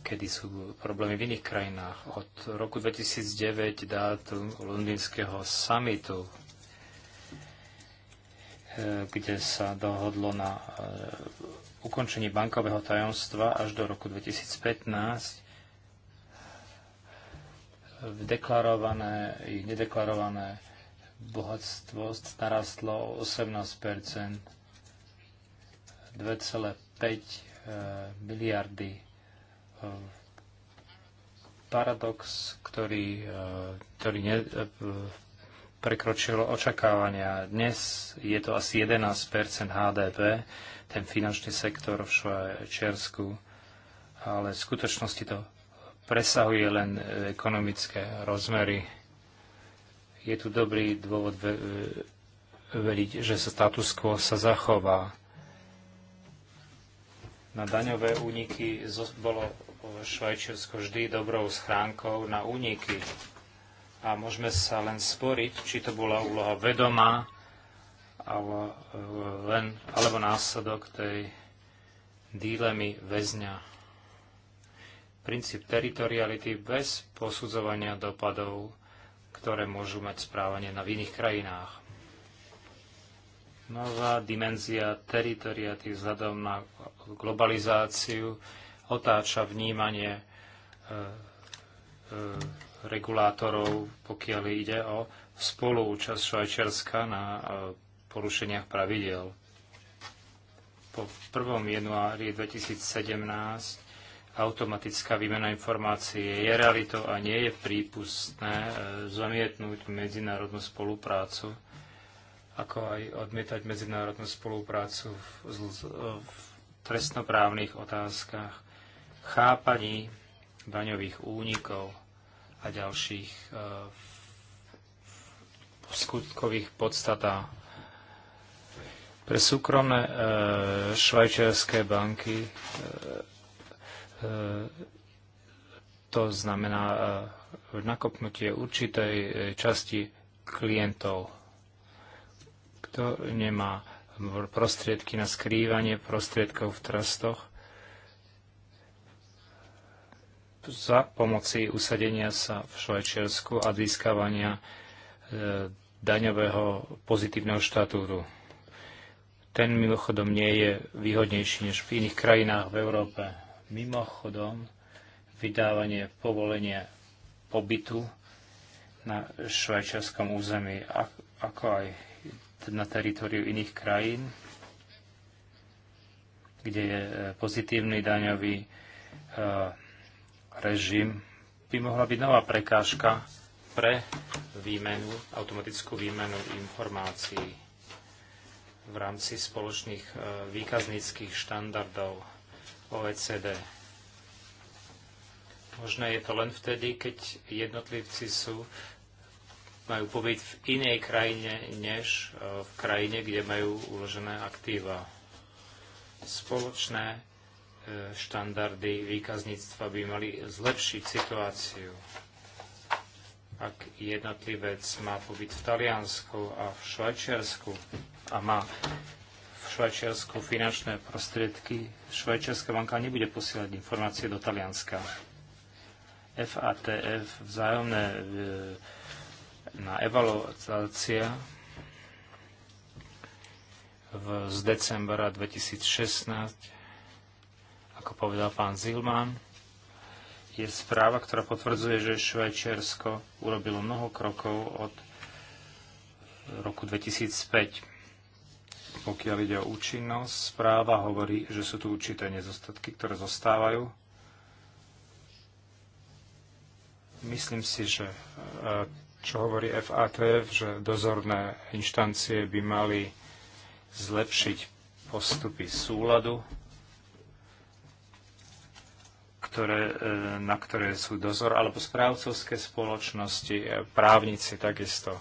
kedy sú problémy v iných krajinách. Od roku 2009 dátum londýnskeho samitu, e, kde sa dohodlo na e, ukončení bankového tajomstva až do roku 2015, deklarované i nedeklarované bohatstvo narastlo o 18 2,5 e, miliardy. E, paradox, ktorý, e, ktorý ne, prekročil očakávania. Dnes je to asi 11 HDP, ten finančný sektor v Švajčiarsku, ale v skutočnosti to presahuje len e, ekonomické rozmery. Je tu dobrý dôvod e, veriť, že sa status quo sa zachová. Na daňové úniky bolo Švajčiarsko vždy dobrou schránkou na úniky. A môžeme sa len sporiť, či to bola úloha vedomá, ale, e, len, alebo následok tej dílemy väzňa princíp teritoriality bez posudzovania dopadov, ktoré môžu mať správanie na v iných krajinách. Nová dimenzia teritoriaty vzhľadom na globalizáciu otáča vnímanie e, e, regulátorov, pokiaľ ide o spoluúčasť Švajčiarska na e, porušeniach pravidel. Po 1. januári 2017 automatická výmena informácií je realitou a nie je prípustné e, zamietnúť medzinárodnú spoluprácu, ako aj odmietať medzinárodnú spoluprácu v, v trestnoprávnych otázkach, chápaní daňových únikov a ďalších e, skutkových podstatách. Pre súkromné e, švajčiarské banky to znamená e, nakopnutie určitej e, časti klientov, kto nemá prostriedky na skrývanie prostriedkov v trastoch za pomoci usadenia sa v Švajčiarsku a získavania e, daňového pozitívneho štatúru. Ten mimochodom nie je výhodnejší než v iných krajinách v Európe. Mimochodom, vydávanie povolenia pobytu na švajčiarskom území, ako aj na teritoriu iných krajín, kde je e, pozitívny daňový e, režim, by mohla byť nová prekážka pre výmenu, automatickú výmenu informácií v rámci spoločných e, výkazníckých štandardov OECD. Možné je to len vtedy, keď jednotlivci sú, majú pobyt v inej krajine, než e, v krajine, kde majú uložené aktíva. Spoločné e, štandardy výkazníctva by mali zlepšiť situáciu. Ak jednotlivec má pobyt v Taliansku a v Švajčiarsku a má Švajčiarsku finančné prostriedky, Švajčiarska banka nebude posielať informácie do Talianska. FATF, vzájomné e, na evaluácia v, z decembra 2016, ako povedal pán Zilman, je správa, ktorá potvrdzuje, že Švajčiarsko urobilo mnoho krokov od roku 2005 pokiaľ ide o účinnosť, správa hovorí, že sú tu určité nedostatky, ktoré zostávajú. Myslím si, že e, čo hovorí FATF, že dozorné inštancie by mali zlepšiť postupy súladu, ktoré, e, na ktoré sú dozor, alebo správcovské spoločnosti, e, právnici takisto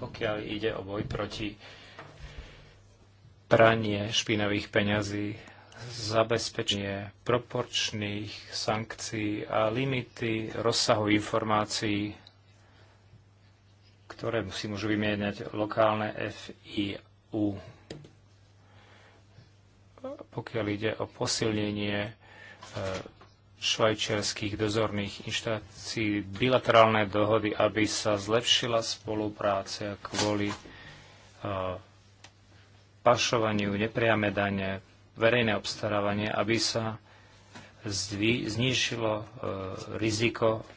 pokiaľ ide o boj proti pranie špinavých peňazí, zabezpečenie proporčných sankcií a limity rozsahu informácií, ktoré si môžu vymieňať lokálne FIU. Pokiaľ ide o posilnenie e, švajčiarských dozorných inštitúcií bilaterálne dohody, aby sa zlepšila spolupráca kvôli uh, pašovaniu, nepriame dane, verejné obstarávanie, aby sa zdví, znižilo uh, e, riziko,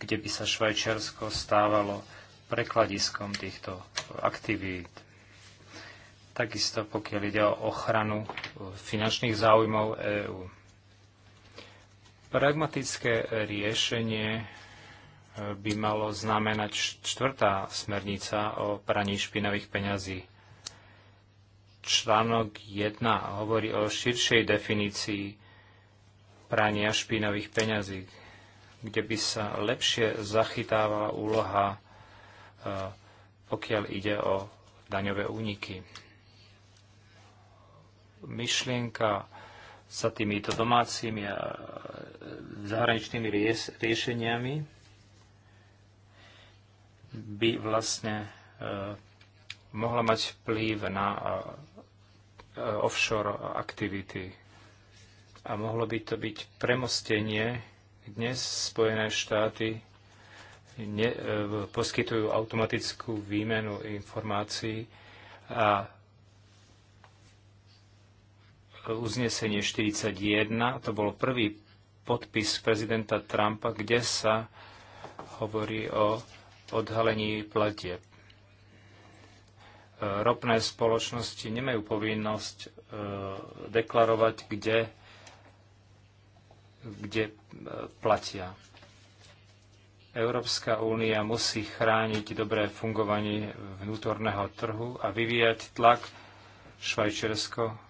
kde by sa Švajčiarsko stávalo prekladiskom týchto aktivít. Takisto pokiaľ ide o ochranu e, finančných záujmov EÚ. Pragmatické riešenie eh, by malo znamenať štvrtá smernica o praní špinavých peňazí. Článok 1 hovorí o širšej definícii prania špinavých peňazí, kde by sa lepšie zachytávala úloha, eh, pokiaľ ide o daňové úniky. Myšlienka sa týmito domácimi a e, zahraničnými ries- riešeniami by vlastne e, mohla mať vplyv na e, e, offshore aktivity. A mohlo by to byť premostenie. Dnes Spojené štáty ne, e, poskytujú automatickú výmenu informácií a uznesenie 41, to bol prvý podpis prezidenta Trumpa, kde sa hovorí o odhalení platieb. E, ropné spoločnosti nemajú povinnosť e, deklarovať, kde, kde e, platia. Európska únia musí chrániť dobré fungovanie vnútorného trhu a vyvíjať tlak Švajčiarsko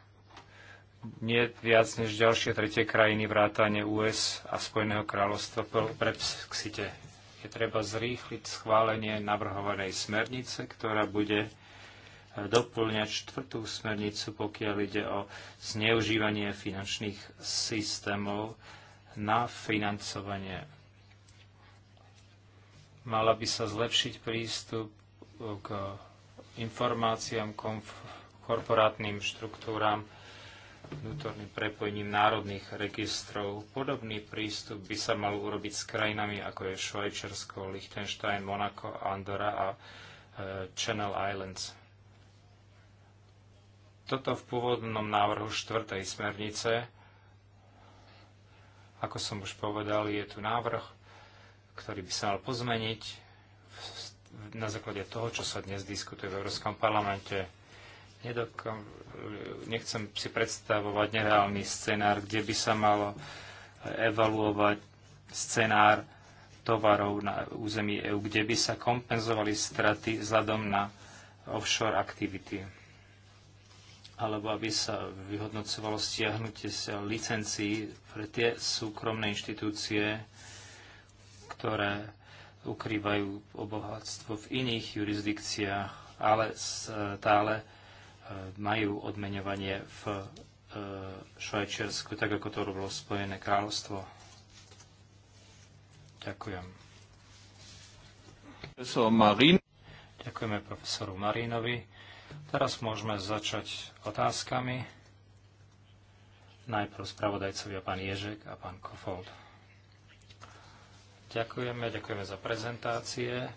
nie viac než ďalšie tretie krajiny vrátane US a Spojeného kráľovstva pre Brexite. Je treba zrýchliť schválenie navrhovanej smernice, ktorá bude e, doplňať štvrtú smernicu, pokiaľ ide o zneužívanie finančných systémov na financovanie. Mala by sa zlepšiť prístup e, k informáciám, korporátnym štruktúram, vnútorným prepojením národných registrov. Podobný prístup by sa mal urobiť s krajinami ako je Švajčiarsko, Liechtenstein, Monako, Andorra a e, Channel Islands. Toto v pôvodnom návrhu štvrtej smernice, ako som už povedal, je tu návrh, ktorý by sa mal pozmeniť na základe toho, čo sa dnes diskutuje v Európskom parlamente nechcem si predstavovať nereálny scenár, kde by sa malo evaluovať scenár tovarov na území EÚ, kde by sa kompenzovali straty vzhľadom na offshore aktivity. Alebo aby sa vyhodnocovalo stiahnutie sa licencií pre tie súkromné inštitúcie, ktoré ukrývajú obohatstvo v iných jurisdikciách, ale stále majú odmeňovanie v e, Švajčiarsku, tak ako to robilo Spojené kráľovstvo. Ďakujem. Profesor Marín. Ďakujeme profesoru Marínovi. Teraz môžeme začať otázkami. Najprv spravodajcovia pán Ježek a pán Kofold. Ďakujeme, ďakujeme za prezentácie.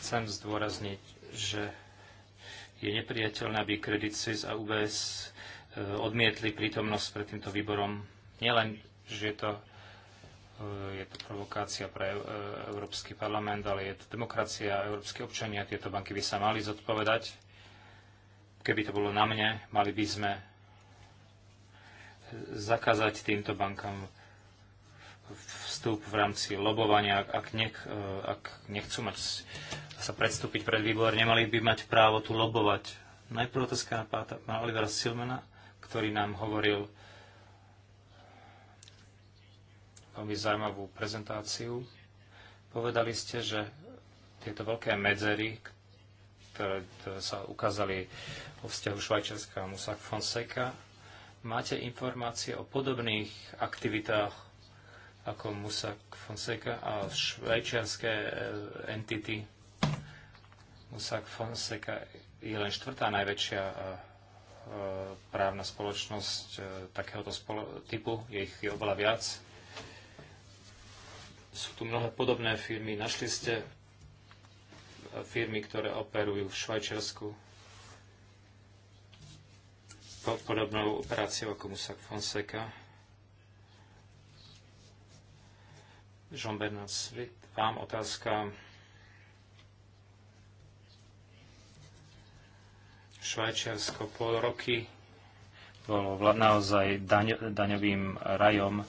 Chcem zdôrazniť, že je nepriateľné, aby Credit Suisse a UBS e, odmietli prítomnosť pred týmto výborom. Nielen, že je to, e, je to provokácia pre e, Európsky parlament, ale je to demokracia a európsky občania. Tieto banky by sa mali zodpovedať. Keby to bolo na mne, mali by sme zakázať týmto bankám vstup v rámci lobovania, ak, nech, ak nechcú mať sa predstúpiť pred výbor, nemali by mať právo tu lobovať. Najprv otázka na pána Olivera Silmana, ktorý nám hovoril veľmi zaujímavú prezentáciu. Povedali ste, že tieto veľké medzery, ktoré sa ukázali vo vzťahu Švajčiarska a Musak Fonseca, máte informácie o podobných aktivitách ako Musak Fonseca a švajčiarske eh, entity Mossack Fonseca je len štvrtá najväčšia e, e, právna spoločnosť e, takéhoto typu, je ich je oveľa viac. Sú tu mnohé podobné firmy. Našli ste firmy, ktoré operujú v Švajčiarsku pod podobnou operáciou ako Musak Fonseca. Jean-Bernard Svit, vám otázka. Švajčiarsko pol roky bolo naozaj daň, daňovým rajom,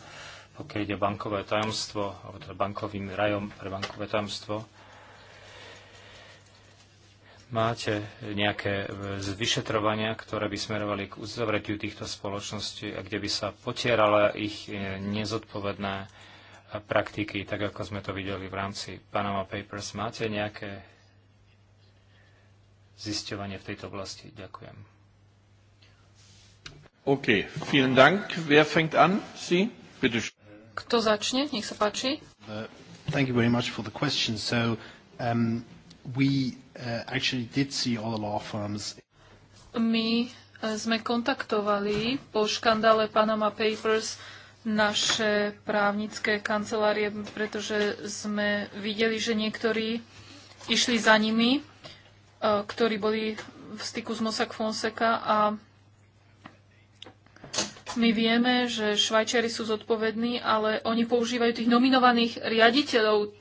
pokiaľ ide bankové tajomstvo, alebo teda bankovým rajom pre bankové tajomstvo. Máte nejaké e, vyšetrovania, ktoré by smerovali k uzavretiu týchto spoločností a kde by sa potierala ich e, nezodpovedné e, praktiky, tak ako sme to videli v rámci Panama Papers. Máte nejaké zisťovanie v tejto oblasti. Ďakujem. OK, vielen Dank. Wer fängt an? Sie? Bitte. schön. Kto začne? Nech sa páči. Uh, thank you very much for the question. So, um, we uh, actually did see all the law firms. My uh, sme kontaktovali po škandále Panama Papers naše právnické kancelárie, pretože sme videli, že niektorí išli za nimi E, ktorí boli v styku s Mossack Fonseca a my vieme, že Švajčiari sú zodpovední, ale oni používajú tých nominovaných riaditeľov.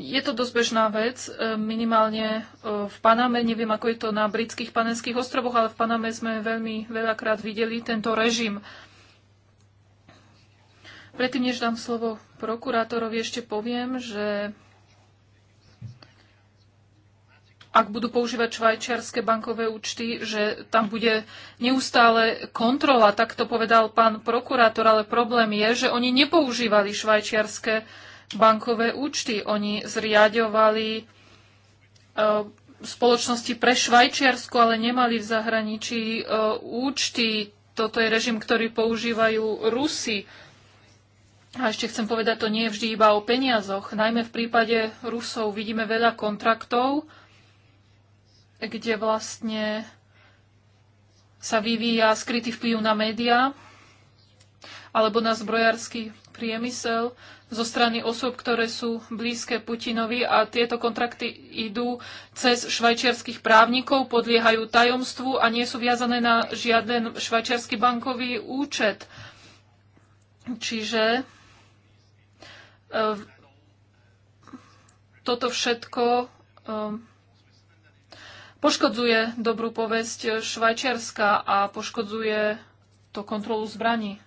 Je to dosť bežná vec, e, minimálne e, v Paname, neviem ako je to na britských panenských ostrovoch, ale v Paname sme veľmi veľakrát videli tento režim. Predtým, než dám slovo prokurátorovi, ešte poviem, že ak budú používať švajčiarske bankové účty, že tam bude neustále kontrola, tak to povedal pán prokurátor, ale problém je, že oni nepoužívali švajčiarske bankové účty. Oni zriadovali uh, spoločnosti pre Švajčiarsko, ale nemali v zahraničí uh, účty. Toto je režim, ktorý používajú Rusi. A ešte chcem povedať, to nie je vždy iba o peniazoch. Najmä v prípade Rusov vidíme veľa kontraktov, kde vlastne sa vyvíja skrytý vplyv na médiá alebo na zbrojársky priemysel zo strany osôb, ktoré sú blízke Putinovi a tieto kontrakty idú cez švajčiarských právnikov, podliehajú tajomstvu a nie sú viazané na žiaden švajčiarsky bankový účet. Čiže e, toto všetko um, poškodzuje dobrú povesť Švajčiarska a poškodzuje to kontrolu zbraní.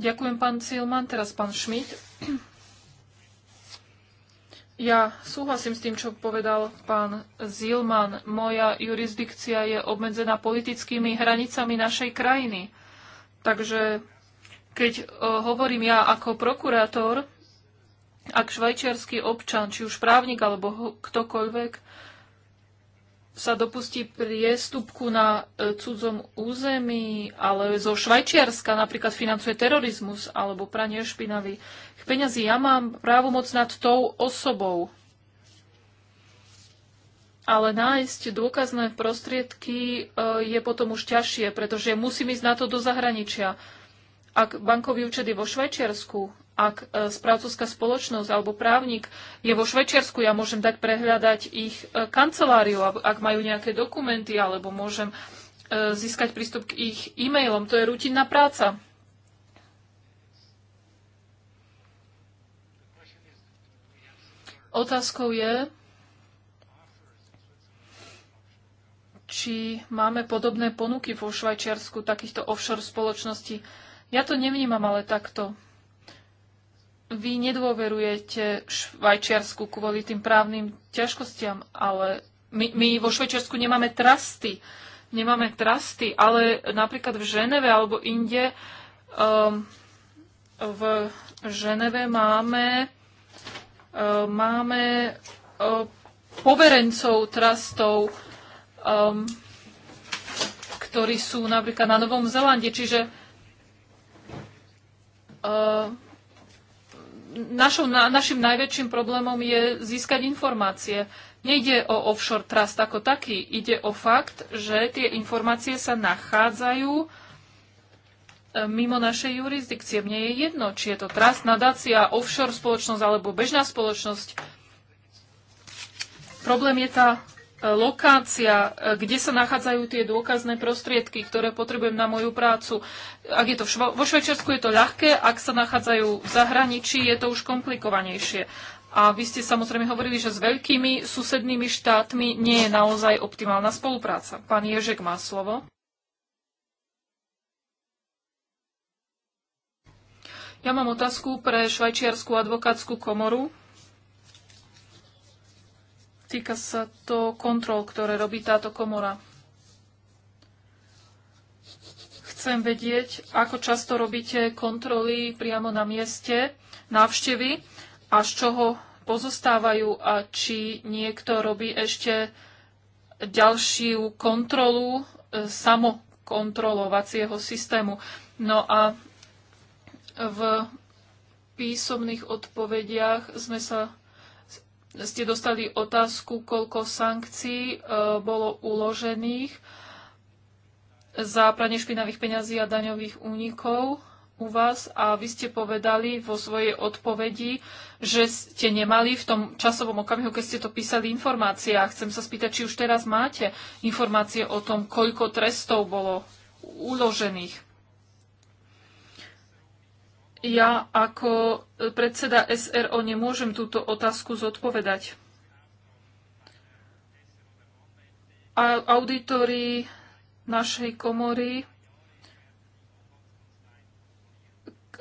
Ďakujem, pán Silman. Teraz pán Šmit. Ja súhlasím s tým, čo povedal pán Zilman. Moja jurisdikcia je obmedzená politickými hranicami našej krajiny. Takže keď e, hovorím ja ako prokurátor, ak švajčiarsky občan, či už právnik alebo ktokoľvek, sa dopustí priestupku na e, cudzom území, ale zo Švajčiarska napríklad financuje terorizmus alebo pranie špinavých peňazí. Ja mám právomoc nad tou osobou. Ale nájsť dôkazné prostriedky e, je potom už ťažšie, pretože musím ísť na to do zahraničia. Ak bankový účet je vo Švajčiarsku ak e, správcovská spoločnosť alebo právnik je vo Švečiarsku, ja môžem dať prehľadať ich e, kanceláriu, ak majú nejaké dokumenty, alebo môžem e, získať prístup k ich e-mailom. To je rutinná práca. Otázkou je, či máme podobné ponuky vo Švajčiarsku takýchto offshore spoločností. Ja to nevnímam ale takto vy nedôverujete Švajčiarsku kvôli tým právnym ťažkostiam, ale my, my vo Švajčiarsku nemáme trasty. Nemáme trasty, ale napríklad v Ženeve alebo inde um, v Ženeve máme, um, máme um, poverencov trastov, um, ktorí sú napríklad na Novom Zelande. Čiže um, našou, na, našim najväčším problémom je získať informácie. Nejde o offshore trust ako taký, ide o fakt, že tie informácie sa nachádzajú e, mimo našej jurisdikcie. Mne je jedno, či je to trust, nadácia, offshore spoločnosť alebo bežná spoločnosť. Problém je tá lokácia, kde sa nachádzajú tie dôkazné prostriedky, ktoré potrebujem na moju prácu. Ak je to šva- vo Švajčiarsku je to ľahké, ak sa nachádzajú v zahraničí, je to už komplikovanejšie. A vy ste samozrejme hovorili, že s veľkými susednými štátmi nie je naozaj optimálna spolupráca. Pán Ježek má slovo. Ja mám otázku pre Švajčiarskú advokátskú komoru. Týka sa to kontrol, ktoré robí táto komora. Chcem vedieť, ako často robíte kontroly priamo na mieste, návštevy a z čoho pozostávajú a či niekto robí ešte ďalšiu kontrolu e, samokontrolovacieho systému. No a v písomných odpovediach sme sa ste dostali otázku, koľko sankcií e, bolo uložených za pranie špinavých peňazí a daňových únikov u vás a vy ste povedali vo svojej odpovedi, že ste nemali v tom časovom okamihu, keď ste to písali, informácie. A chcem sa spýtať, či už teraz máte informácie o tom, koľko trestov bolo uložených ja ako e, predseda SRO nemôžem túto otázku zodpovedať. A auditori našej komory e,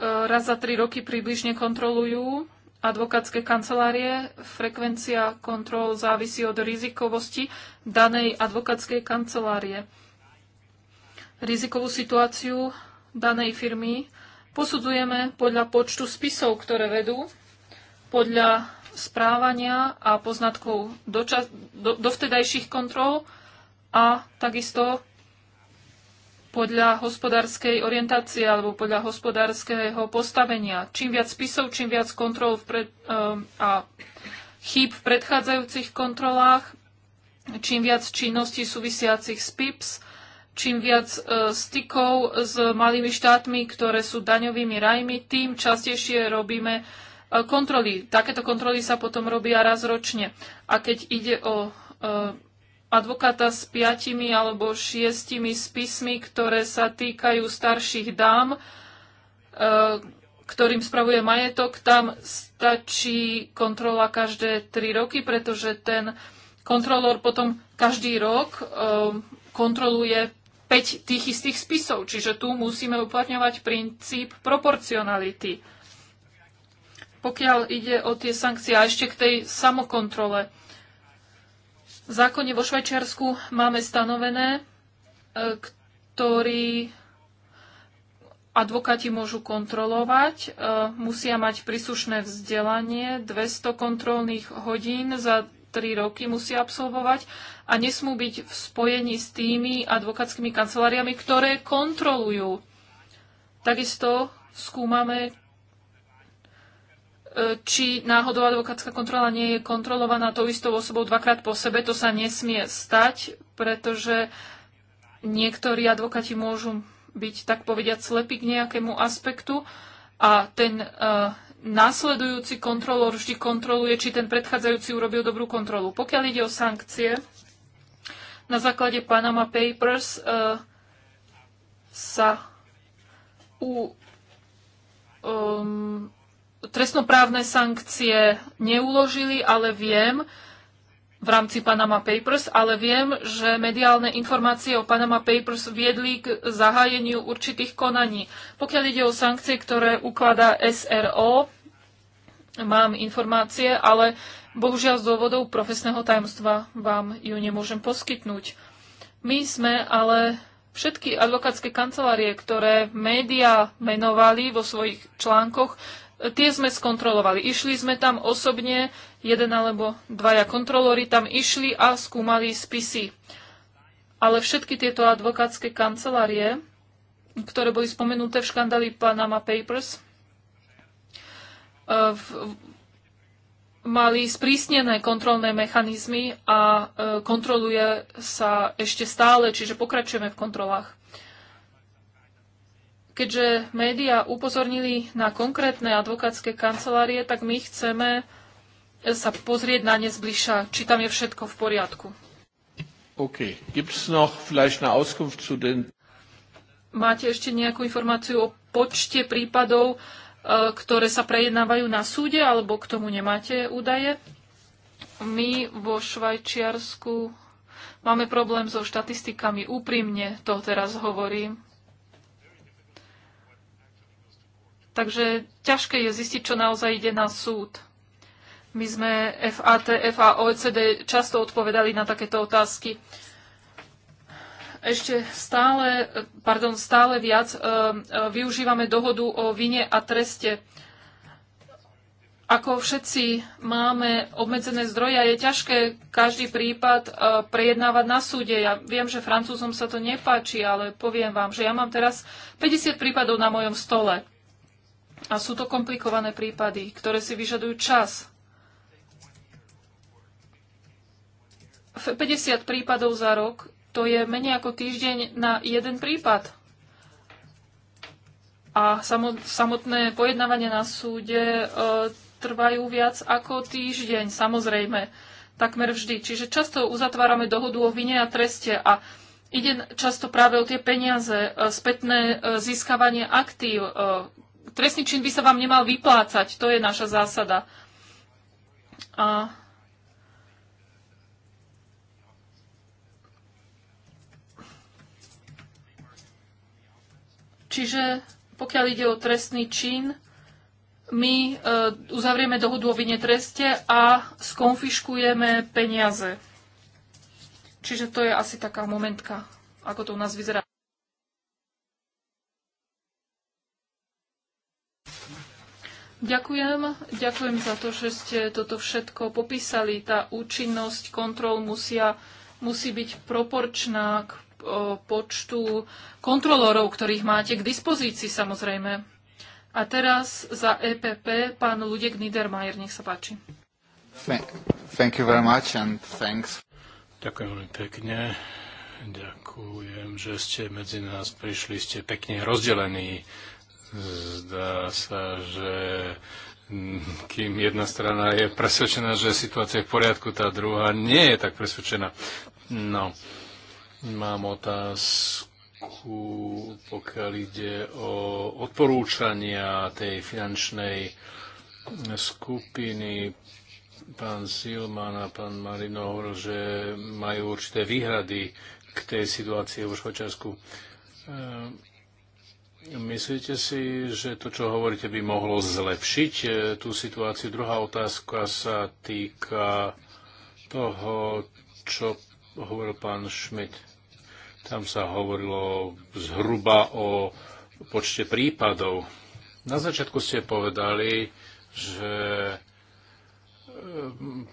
raz za tri roky približne kontrolujú advokátske kancelárie. Frekvencia kontrol závisí od rizikovosti danej advokátskej kancelárie. Rizikovú situáciu danej firmy Posudzujeme podľa počtu spisov, ktoré vedú, podľa správania a poznatkov dočas, do, dovtedajších kontrol a takisto podľa hospodárskej orientácie alebo podľa hospodárskeho postavenia. Čím viac spisov, čím viac kontrol pred, um, a chýb v predchádzajúcich kontrolách, čím viac činností súvisiacich s PIPS, čím viac e, stykov s malými štátmi, ktoré sú daňovými rajmi, tým častejšie robíme e, kontroly. Takéto kontroly sa potom robia raz ročne. A keď ide o e, advokáta s piatimi alebo šiestimi spismi, ktoré sa týkajú starších dám, ktorým spravuje majetok, tam stačí kontrola každé tri roky, pretože ten kontrolór potom každý rok kontroluje 5 tých istých spisov, čiže tu musíme uplatňovať princíp proporcionality. Pokiaľ ide o tie sankcie a ešte k tej samokontrole. V zákone vo Švajčiarsku máme stanovené, e, ktorý advokáti môžu kontrolovať, e, musia mať príslušné vzdelanie, 200 kontrolných hodín za 3 roky musia absolvovať a nesmú byť v spojení s tými advokátskymi kanceláriami, ktoré kontrolujú. Takisto skúmame, e, či náhodou advokátska kontrola nie je kontrolovaná tou istou osobou dvakrát po sebe. To sa nesmie stať, pretože niektorí advokáti môžu byť, tak povediať, slepí k nejakému aspektu a ten uh, následujúci kontrolór vždy kontroluje, či ten predchádzajúci urobil dobrú kontrolu. Pokiaľ ide o sankcie, na základe Panama Papers uh, sa u um, trestnoprávne sankcie neuložili, ale viem, v rámci Panama Papers, ale viem, že mediálne informácie o Panama Papers viedli k zahájeniu určitých konaní. Pokiaľ ide o sankcie, ktoré ukladá SRO, mám informácie, ale Bohužiaľ z dôvodov profesného tajomstva vám ju nemôžem poskytnúť. My sme ale všetky advokátske kancelárie, ktoré médiá menovali vo svojich článkoch, tie sme skontrolovali. Išli sme tam osobne, jeden alebo dvaja kontrolóri tam išli a skúmali spisy. Ale všetky tieto advokátske kancelárie, ktoré boli spomenuté v škandáli Panama Papers, mali sprísnené kontrolné mechanizmy a e, kontroluje sa ešte stále, čiže pokračujeme v kontrolách. Keďže médiá upozornili na konkrétne advokátske kancelárie, tak my chceme sa pozrieť na ne zbližša, či tam je všetko v poriadku. OK. Gibt's noch vielleicht eine Auskunft zu den... Máte ešte nejakú informáciu o počte prípadov, E, ktoré sa prejednávajú na súde, alebo k tomu nemáte údaje? My vo Švajčiarsku máme problém so štatistikami. Úprimne to teraz hovorím. Takže ťažké je zistiť, čo naozaj ide na súd. My sme FATF a OECD často odpovedali na takéto otázky ešte stále, pardon, stále viac e, e, využívame dohodu o vine a treste. Ako všetci máme obmedzené zdroje a je ťažké každý prípad e, prejednávať na súde. Ja viem, že Francúzom sa to nepáči, ale poviem vám, že ja mám teraz 50 prípadov na mojom stole. A sú to komplikované prípady, ktoré si vyžadujú čas, 50 prípadov za rok to je menej ako týždeň na jeden prípad. A samotné pojednávania na súde e, trvajú viac ako týždeň, samozrejme, takmer vždy. Čiže často uzatvárame dohodu o vine a treste a ide často práve o tie peniaze, e, spätné e, získavanie aktív. E, trestný čin by sa vám nemal vyplácať, to je naša zásada. A Čiže pokiaľ ide o trestný čin, my e, uzavrieme dohodu o vine treste a skonfiškujeme peniaze. Čiže to je asi taká momentka, ako to u nás vyzerá. Ďakujem. Ďakujem za to, že ste toto všetko popísali. Tá účinnosť kontrol musia, musí byť proporčná k počtu kontrolorov, ktorých máte k dispozícii samozrejme. A teraz za EPP pán Ludek Niedermayer, nech sa páči. Thank you very much and thanks. Ďakujem veľmi pekne. Ďakujem, že ste medzi nás prišli, ste pekne rozdelení. Zdá sa, že mm, kým jedna strana je presvedčená, že situácia je v poriadku, tá druhá nie je tak presvedčená. No, Mám otázku, pokiaľ ide o odporúčania tej finančnej skupiny. Pán Silman a pán Marino hovoril, že majú určité výhrady k tej situácii vo Švajčiarsku. E, myslíte si, že to, čo hovoríte, by mohlo zlepšiť e, tú situáciu? Druhá otázka sa týka toho, čo hovoril pán Schmidt. Tam sa hovorilo zhruba o počte prípadov. Na začiatku ste povedali, že e,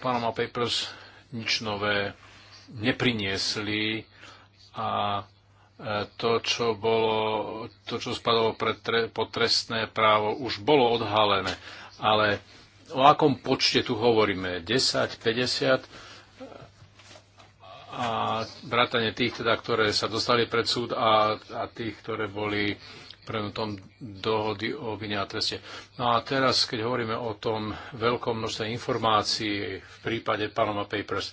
Panama Papers nič nové nepriniesli a e, to, čo, bolo, to, čo spadalo pre, tre, pod trestné právo, už bolo odhalené. Ale o akom počte tu hovoríme? 10, 50? a vrátanie tých, teda, ktoré sa dostali pred súd a, a tých, ktoré boli tom dohody o vine a treste. No a teraz, keď hovoríme o tom veľkom množstve informácií v prípade Panama Papers,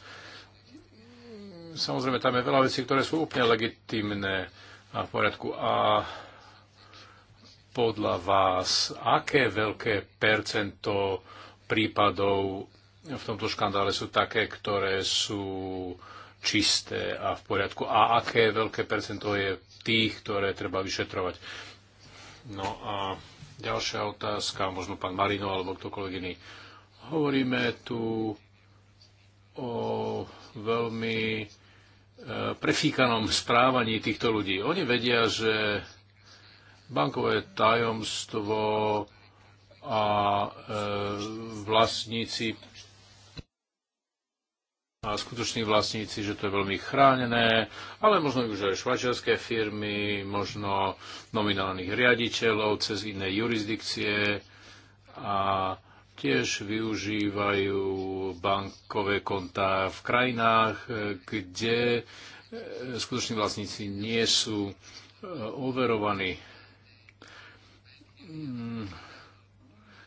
samozrejme tam je veľa vecí, ktoré sú úplne legitimné a v poriadku. A podľa vás, aké veľké percento prípadov v tomto škandále sú také, ktoré sú čisté a v poriadku a aké veľké percento je tých, ktoré treba vyšetrovať. No a ďalšia otázka, možno pán Marino alebo ktokoľvek iný. Hovoríme tu o veľmi e, prefíkanom správaní týchto ľudí. Oni vedia, že bankové tajomstvo a e, vlastníci a skutoční vlastníci, že to je veľmi chránené, ale možno už aj švačiarské firmy, možno nominálnych riaditeľov cez iné jurisdikcie a tiež využívajú bankové kontá v krajinách, kde e, skutoční vlastníci nie sú e, overovaní. Mm.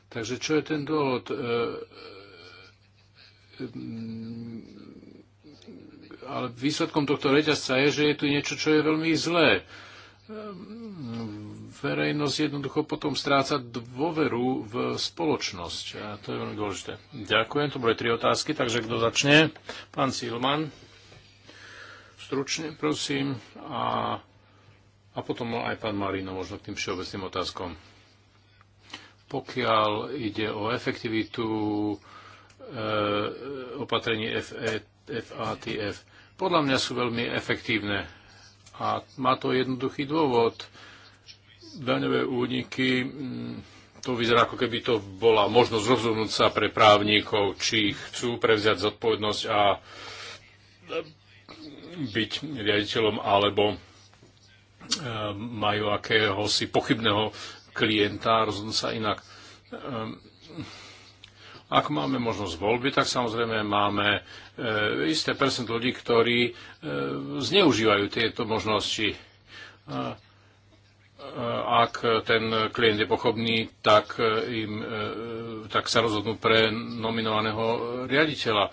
Takže čo je ten dôvod? E, Ehm, ale výsledkom tohto reťazca je, že je tu niečo, čo je veľmi zlé. Ehm, verejnosť jednoducho potom stráca dôveru v spoločnosť a to je veľmi dôležité. Ďakujem, to boli tri otázky, takže kto začne? Pán Silman, stručne prosím a, a potom aj pán Marino možno k tým všeobecným otázkom. Pokiaľ ide o efektivitu, E, opatrení FATF. E, Podľa mňa sú veľmi efektívne a má to jednoduchý dôvod. Daňové úniky, mm, to vyzerá ako keby to bola možnosť rozhodnúť sa pre právnikov, či chcú prevziať zodpovednosť a byť riaditeľom, alebo e, majú akéhosi pochybného klienta rozhodnú sa inak ak máme možnosť voľby, tak samozrejme máme e, isté percent ľudí, ktorí e, zneužívajú tieto možnosti. E, e ak ten klient je pochopný, tak, e, im, e, tak sa rozhodnú pre nominovaného riaditeľa.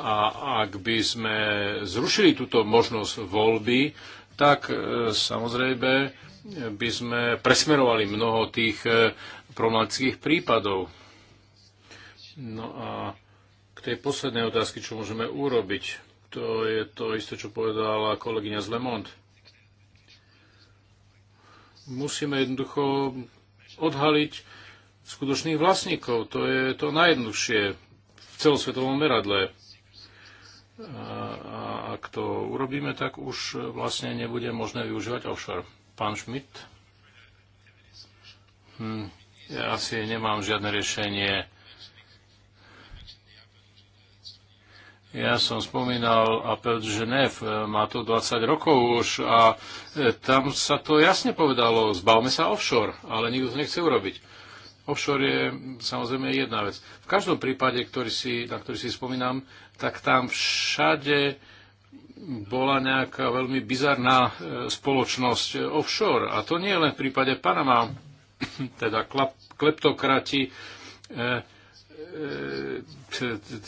A ak by sme zrušili túto možnosť voľby, tak e, samozrejme by sme presmerovali mnoho tých e, problematických prípadov. No a k tej poslednej otázky, čo môžeme urobiť, to je to isté, čo povedala kolegyňa z Lemont. Musíme jednoducho odhaliť skutočných vlastníkov. To je to najjednoduchšie v celosvetovom meradle. A ak to urobíme, tak už vlastne nebude možné využívať offshore. Pán Schmidt? Hm. Ja asi nemám žiadne riešenie. Ja som spomínal apel Ženev, má to 20 rokov už a e, tam sa to jasne povedalo, zbavme sa offshore, ale nikto to nechce urobiť. Offshore je samozrejme jedna vec. V každom prípade, ktorý si, na ktorý si spomínam, tak tam všade bola nejaká veľmi bizarná e, spoločnosť offshore. A to nie len v prípade Panama, teda klap, kleptokrati e, e,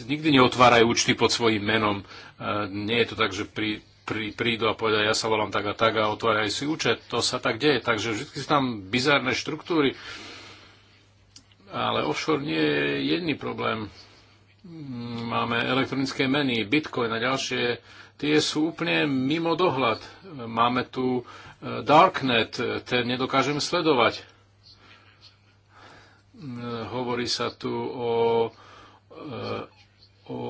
nikdy neotvárajú účty pod svojim menom. E, nie je to tak, že pri, prídu a povedia, ja sa volám tak a tak a otvárajú si účet. To sa tak deje. Takže vždy sú tam bizárne štruktúry. Ale offshore nie je jedný problém. Máme elektronické meny, bitcoin a ďalšie. Tie sú úplne mimo dohľad. Máme tu darknet, ten nedokážeme sledovať Eh, hovorí sa tu o, eh, o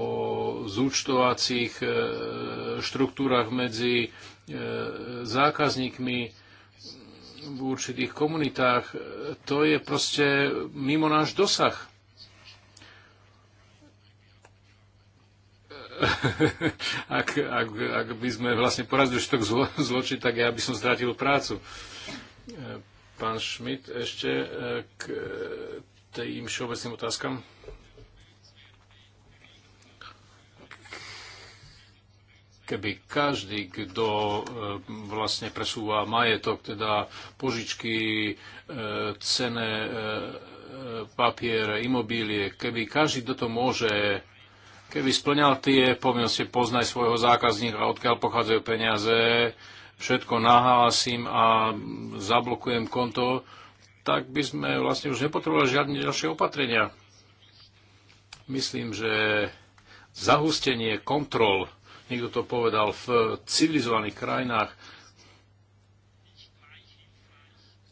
zúčtovacích eh, štruktúrach medzi zákazníkmi v určitých komunitách. To je proste mimo náš dosah. ak, ak, ak by sme vlastne porazili všetok zlo, zločin, tak ja by som strátil prácu. Pán Schmidt, ešte e, k e, tým všeobecným otázkam. Keby každý, kto e, vlastne presúva majetok, teda požičky, cené papiere, imobílie, keby každý, kto to môže keby splňal tie povinnosti, poznaj svojho zákazníka, odkiaľ pochádzajú peniaze, všetko nahlásim a zablokujem konto, tak by sme vlastne už nepotrebovali žiadne ďalšie opatrenia. Myslím, že zahustenie kontrol, niekto to povedal, v civilizovaných krajinách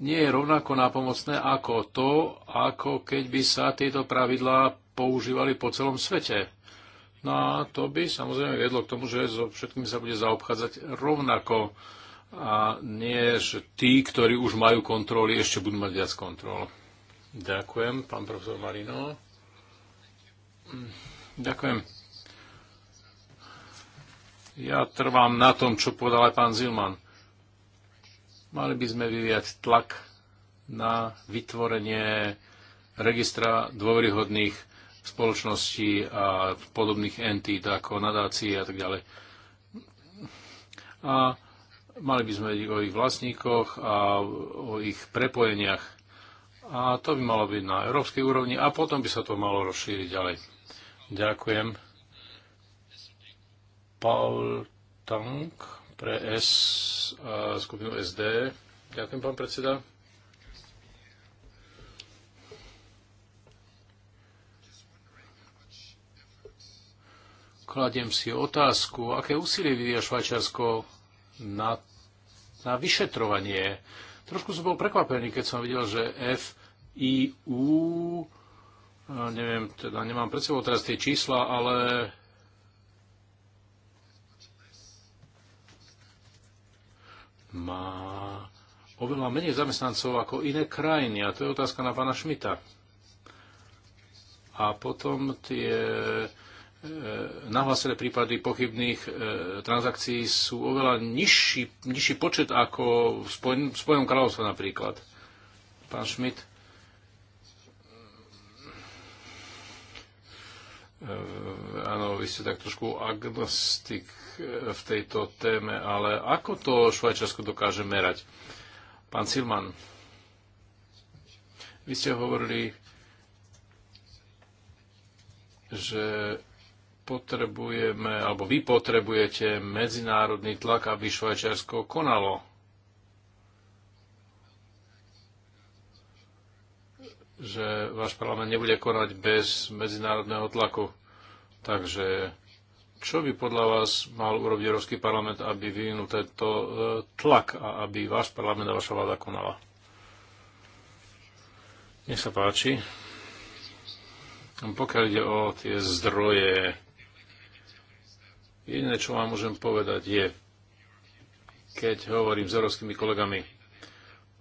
nie je rovnako nápomocné ako to, ako keď by sa tieto pravidlá používali po celom svete. No a to by samozrejme viedlo k tomu, že so všetkým sa bude zaobchádzať rovnako. A nie, že tí, ktorí už majú kontroly, ešte budú mať viac kontrol. Ďakujem, pán profesor Marino. Ďakujem. Ja trvám na tom, čo povedal aj pán Zilman. Mali by sme vyviať tlak na vytvorenie registra dôveryhodných spoločností a podobných entít ako nadácií a tak ďalej. A Mali by sme vedieť o ich vlastníkoch a o ich prepojeniach. A to by malo byť na európskej úrovni a potom by sa to malo rozšíriť ďalej. Ďakujem. Paul Tank pre S, skupinu SD. Ďakujem, pán predseda. Kladiem si otázku, aké úsilie vyvíja Švajčiarsko na na vyšetrovanie. Trošku som bol prekvapený, keď som videl, že FIU, neviem, teda nemám pred sebou teraz tie čísla, ale má oveľa menej zamestnancov ako iné krajiny. A to je otázka na pána Šmita. A potom tie E, nahlásené prípady pochybných e, transakcií sú oveľa nižší, nižší počet ako v, Spojen, v Spojenom kráľovstve napríklad. Pán Schmidt. E, áno, vy ste tak trošku agnostik v tejto téme, ale ako to Švajčiarsko dokáže merať? Pán Silman, vy ste hovorili, že potrebujeme, alebo vy potrebujete medzinárodný tlak, aby Švajčiarsko konalo. Že váš parlament nebude konať bez medzinárodného tlaku. Takže čo by podľa vás mal urobiť Európsky parlament, aby vyvinul tento e, tlak a aby váš parlament a vaša vláda konala? Nech sa páči. Pokiaľ ide o tie zdroje, Jediné, čo vám môžem povedať, je, keď hovorím s európskymi kolegami,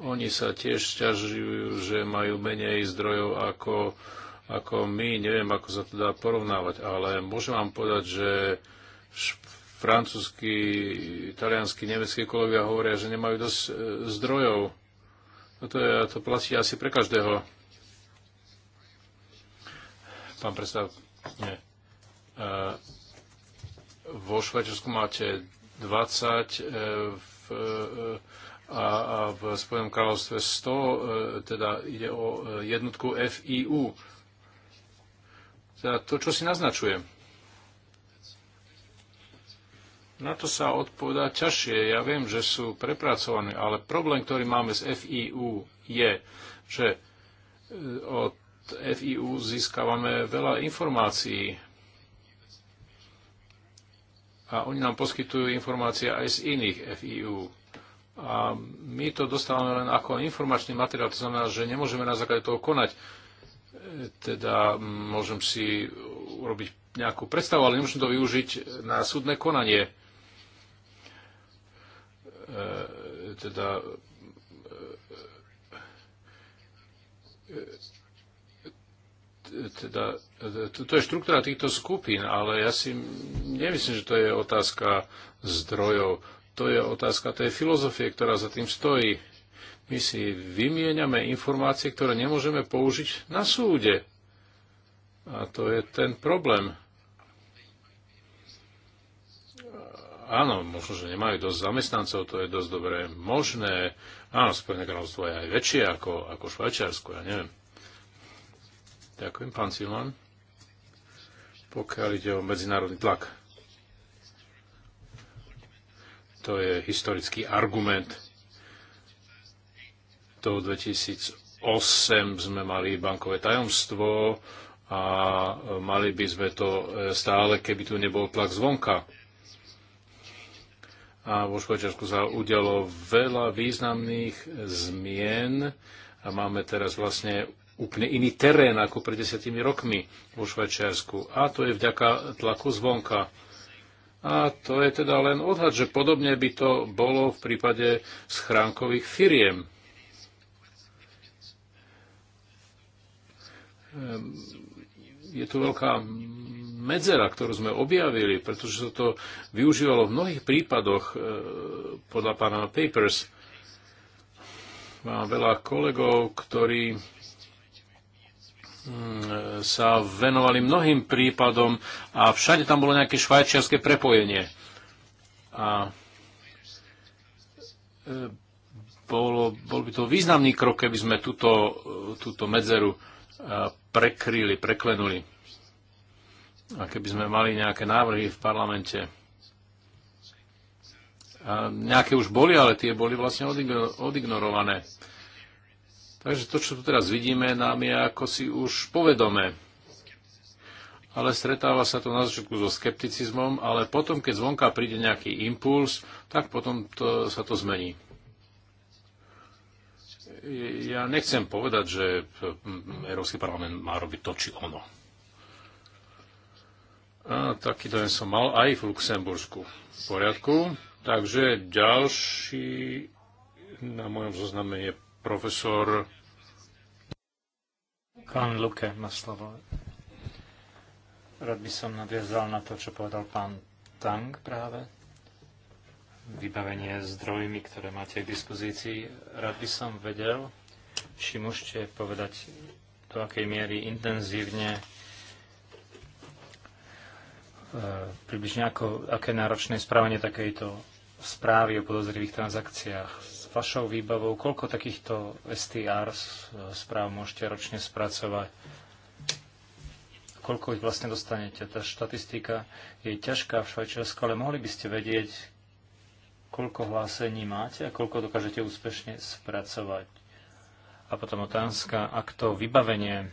oni sa tiež ťažujú, že majú menej zdrojov ako, ako my. Neviem, ako sa to dá porovnávať, ale môžem vám povedať, že francúzsky, italianskí, nemeckí kolegovia hovoria, že nemajú dosť e, zdrojov. A to, je, to platí asi pre každého. Pán predstav, nie. Uh, vo Švajčiarsku máte 20 e, v, e, a, a v Spojenom kráľovstve 100, e, teda ide o jednotku FIU. Teda to, čo si naznačuje? Na to sa odpovedá ťažšie. Ja viem, že sú prepracované, ale problém, ktorý máme s FIU, je, že od FIU získavame veľa informácií a oni nám poskytujú informácie aj z iných FIU. A my to dostávame len ako informačný materiál, to znamená, že nemôžeme na základe toho konať. E, teda môžem si urobiť nejakú predstavu, ale nemôžem to využiť na súdne konanie. E, teda e, teda, e, to je štruktúra týchto skupín, ale ja si nemyslím, že to je otázka zdrojov. To je otázka tej filozofie, ktorá za tým stojí. My si vymieňame informácie, ktoré nemôžeme použiť na súde. A to je ten problém. Áno, možno, že nemajú dosť zamestnancov, to je dosť dobre možné. Áno, Spojené kráľovstvo je aj väčšie ako, ako Švajčiarsko, ja neviem. Ďakujem, pán Silman. Pokiaľ ide o medzinárodný tlak, to je historický argument. Do 2008 sme mali bankové tajomstvo a mali by sme to e, stále, keby tu nebol tlak zvonka. A vo Švajčiarsku sa udialo veľa významných zmien a máme teraz vlastne úplne iný terén ako pred desiatimi rokmi vo Švajčiarsku. A to je vďaka tlaku zvonka. A to je teda len odhad, že podobne by to bolo v prípade schránkových firiem. Ehm, je tu veľká medzera, ktorú sme objavili, pretože sa to využívalo v mnohých prípadoch e, podľa pána Papers. Mám veľa kolegov, ktorí Mm, sa venovali mnohým prípadom a všade tam bolo nejaké švajčiarske prepojenie. A e, bolo, bol by to významný krok, keby sme túto, túto medzeru e, prekryli, preklenuli. A keby sme mali nejaké návrhy v parlamente. A nejaké už boli, ale tie boli vlastne odignorované. Takže to, čo tu teraz vidíme, nám je ako si už povedomé. Ale stretáva sa to na začiatku so skepticizmom, ale potom, keď zvonka príde nejaký impuls, tak potom to, sa to zmení. Ja nechcem povedať, že Európsky parlament má robiť to či ono. A, taký dojem som mal aj v Luxembursku. V poriadku. Takže ďalší na mojom zozname je profesor... Pán Luke má slovo. Rád by som nadviazal na to, čo povedal pán Tang práve. Vybavenie zdrojmi, ktoré máte k dispozícii. Rád by som vedel, či môžete povedať, do akej miery intenzívne e, približne ako, aké náročné správanie takejto správy o podozrivých transakciách vašou výbavou, koľko takýchto STR správ môžete ročne spracovať? Koľko ich vlastne dostanete? Tá štatistika je ťažká v Švajčiarsku, ale mohli by ste vedieť, koľko hlásení máte a koľko dokážete úspešne spracovať. A potom otázka, ak to vybavenie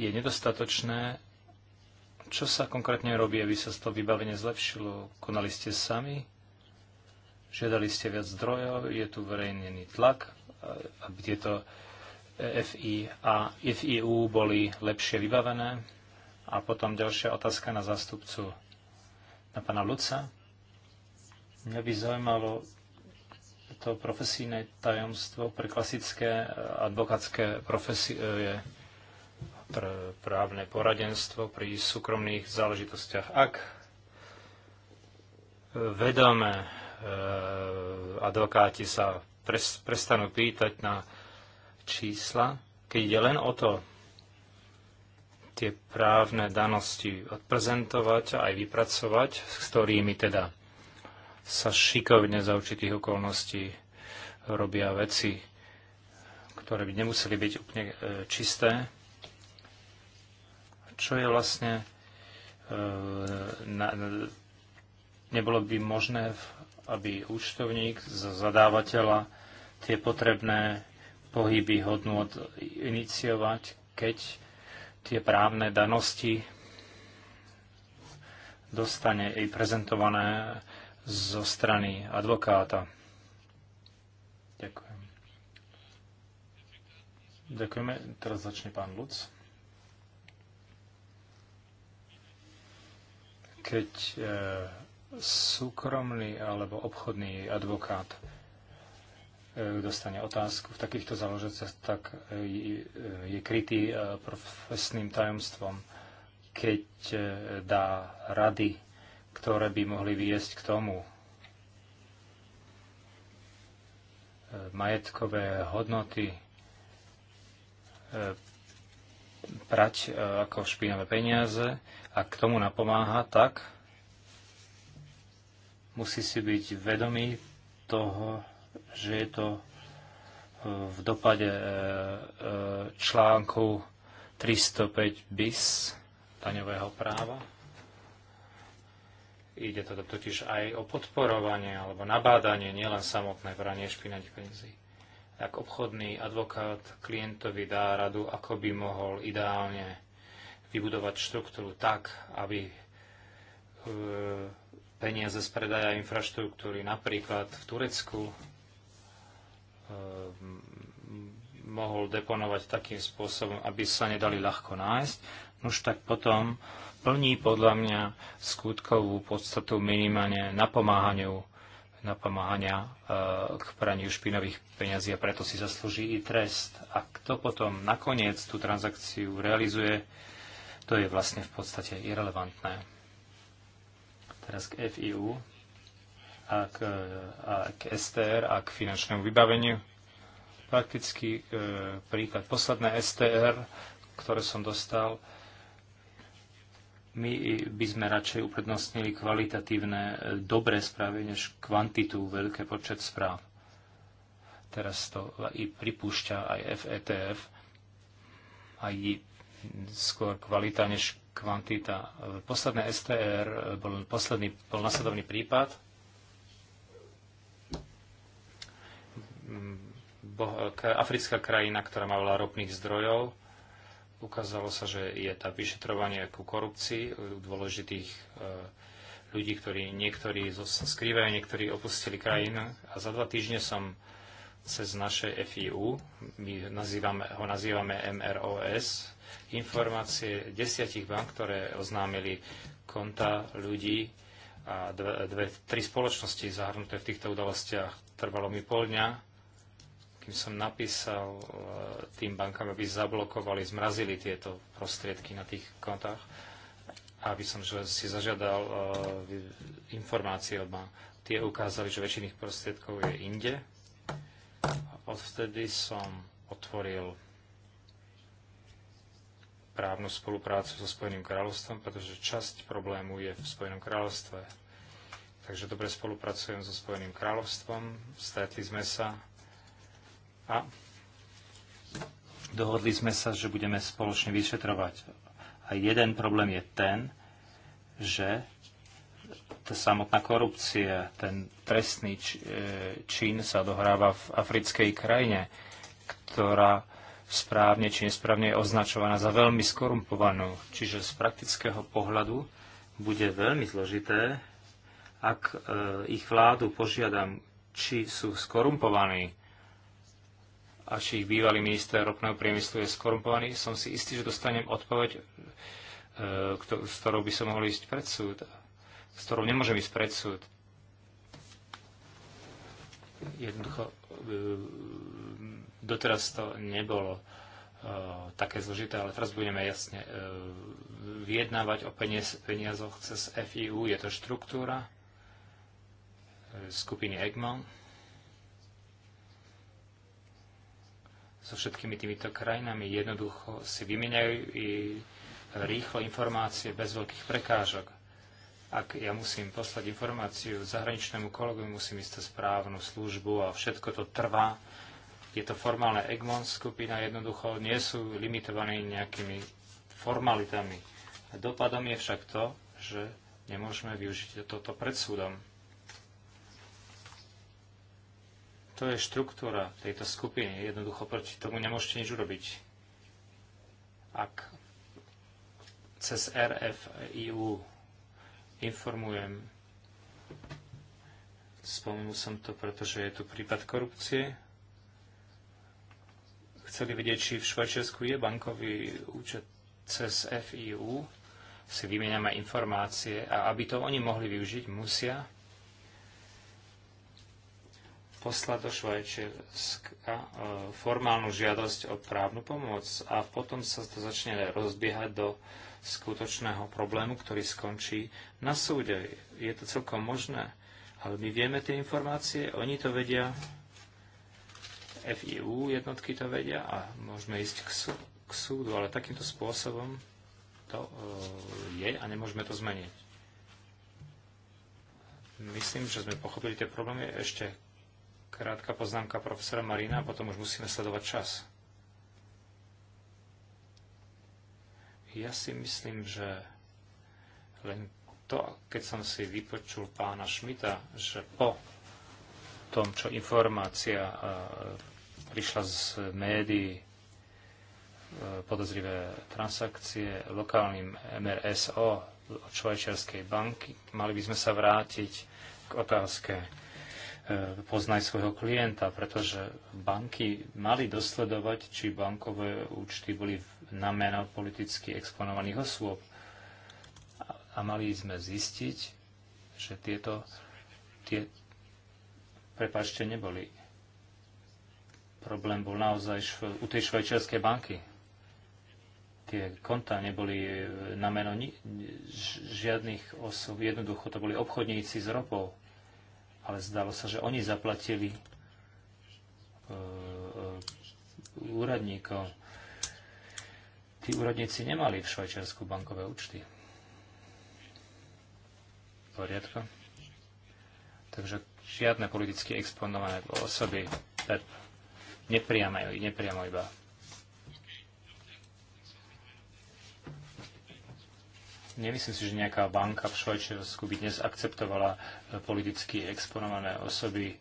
je nedostatočné, čo sa konkrétne robí, aby sa to vybavenie zlepšilo? Konali ste sami? Žiadali ste viac zdrojov, je tu verejnený tlak, aby tieto FI a FIU e boli lepšie vybavené. A potom ďalšia otázka na zástupcu, na pána Luca. Mňa by zaujímalo to profesijné tajomstvo pre klasické advokátske profesie, pr- právne poradenstvo pri súkromných záležitostiach. Ak vedome Eh, advokáti sa prestanú pýtať na čísla, keď ide len o to tie právne danosti odprezentovať a aj vypracovať, s ktorými teda sa šikovne za určitých okolností robia veci, ktoré by nemuseli byť úplne eh, čisté. Čo je vlastne... Eh, nebolo by možné aby účtovník z zadávateľa tie potrebné pohyby hodnú iniciovať, keď tie právne danosti dostane i prezentované zo strany advokáta. Ďakujem. Ďakujeme. Teraz začne pán Luc. Keď e, súkromný alebo obchodný advokát e, dostane otázku v takýchto záležitostiach, tak e, je krytý e, profesným tajomstvom, keď dá rady, ktoré by mohli viesť k tomu majetkové hodnoty prať ako špinavé peniaze a k tomu napomáha tak, Musí si byť vedomý toho, že je to e, v dopade e, e, článku 305 bis daňového práva. Ide to totiž aj o podporovanie alebo nabádanie, nielen samotné pranie špinavých peniazí. Ak obchodný advokát klientovi dá radu, ako by mohol ideálne vybudovať štruktúru tak, aby peniaze z predaja infraštruktúry napríklad v Turecku e, mohol deponovať takým spôsobom, aby sa nedali ľahko nájsť, už tak potom plní podľa mňa skutkovú podstatu minimálne napomáhaniu napomáhania e, k praniu špinových peniazí a preto si zaslúži i trest. A kto potom nakoniec tú transakciu realizuje, to je vlastne v podstate irrelevantné teraz k FIU a k, a k STR a k finančnému vybaveniu. Prakticky e, príklad. Posledné STR, ktoré som dostal, my by sme radšej uprednostnili kvalitatívne e, dobré správy, než kvantitu, veľké počet správ. Teraz to i pripúšťa aj FETF, aj skôr kvalita než kvantita. E, posledné STR e, bol, posledný, bol nasledovný prípad. Mm, Bo, e, africká krajina, ktorá má veľa ropných zdrojov, ukázalo sa, že je tá vyšetrovanie ku korupcii u dôležitých ľudí, ktorí niektorí skrývajú, niektorí opustili krajinu. A za dva týždne som cez naše FIU, my nazývame, ho nazývame MROS, informácie desiatich bank, ktoré oznámili konta ľudí a dve, dve, tri spoločnosti zahrnuté v týchto udalostiach. Trvalo mi pol dňa, kým som napísal e, tým bankám, aby zablokovali, zmrazili tieto prostriedky na tých kontách, aby som si zažiadal e, informácie od bank. Tie ukázali, že väčšiných prostriedkov je inde. Odvtedy som otvoril právnu spoluprácu so Spojeným kráľovstvom, pretože časť problému je v Spojenom kráľovstve. Takže dobre spolupracujem so Spojeným kráľovstvom, stretli sme sa a dohodli sme sa, že budeme spoločne vyšetrovať. A jeden problém je ten, že tá samotná korupcia, ten trestný čín e, sa dohráva v africkej krajine, ktorá správne či nesprávne je označovaná za veľmi skorumpovanú. Čiže z praktického pohľadu bude veľmi zložité, ak e, ich vládu požiadam, či sú skorumpovaní a či ich bývalý minister ropného priemyslu je skorumpovaný, som si istý, že dostanem odpoveď, e, kto, s ktorou by som mohol ísť pred súd, s ktorou nemôžem ísť pred súd jednoducho e, Doteraz to nebolo e, také zložité, ale teraz budeme jasne e, vyjednávať o peniazoch cez FIU. Je to štruktúra e, skupiny Egmon so všetkými týmito krajinami. Jednoducho si vymieňajú i rýchlo informácie bez veľkých prekážok. Ak ja musím poslať informáciu zahraničnému kolegovi, musím ísť správnu službu a všetko to trvá je to formálne Egmont skupina, jednoducho nie sú limitovaní nejakými formalitami. Dopadom je však to, že nemôžeme využiť toto pred súdom. To je štruktúra tejto skupiny. Jednoducho proti tomu nemôžete nič urobiť. Ak cez RFIU informujem, spomenul som to, pretože je tu prípad korupcie, chceli vedieť, či v Švajčiarsku je bankový účet cez FIU, si vymieňame informácie a aby to oni mohli využiť, musia poslať do Švajčiarska e, formálnu žiadosť o právnu pomoc a potom sa to začne rozbiehať do skutočného problému, ktorý skončí na súde. Je to celkom možné, ale my vieme tie informácie, oni to vedia, FIU jednotky to vedia a môžeme ísť k, sú, k súdu, ale takýmto spôsobom to e, je a nemôžeme to zmeniť. Myslím, že sme pochopili tie problémy. Ešte krátka poznámka profesora Marina a potom už musíme sledovať čas. Ja si myslím, že len to, keď som si vypočul pána Šmita, že po tom, čo informácia e, prišla z médií e, podozrivé transakcie lokálnym MRSO od Švajčiarskej banky. Mali by sme sa vrátiť k otázke e, poznaj svojho klienta, pretože banky mali dosledovať, či bankové účty boli na meno politicky exponovaných osôb. A mali sme zistiť, že tieto tie, prepačte neboli problém bol naozaj u tej švajčiarskej banky. Tie konta neboli e, na meno žiadnych osob. Jednoducho to boli obchodníci z ropou. Ale zdalo sa, že oni zaplatili e, e, úradníkom. Tí úradníci nemali v Švajčiarsku bankové účty. Poriadko. Takže žiadne politicky exponované osoby. Nepriamo, nepriamo iba. Nemyslím si, že nejaká banka v Švajčiarsku by dnes akceptovala e, politicky exponované osoby,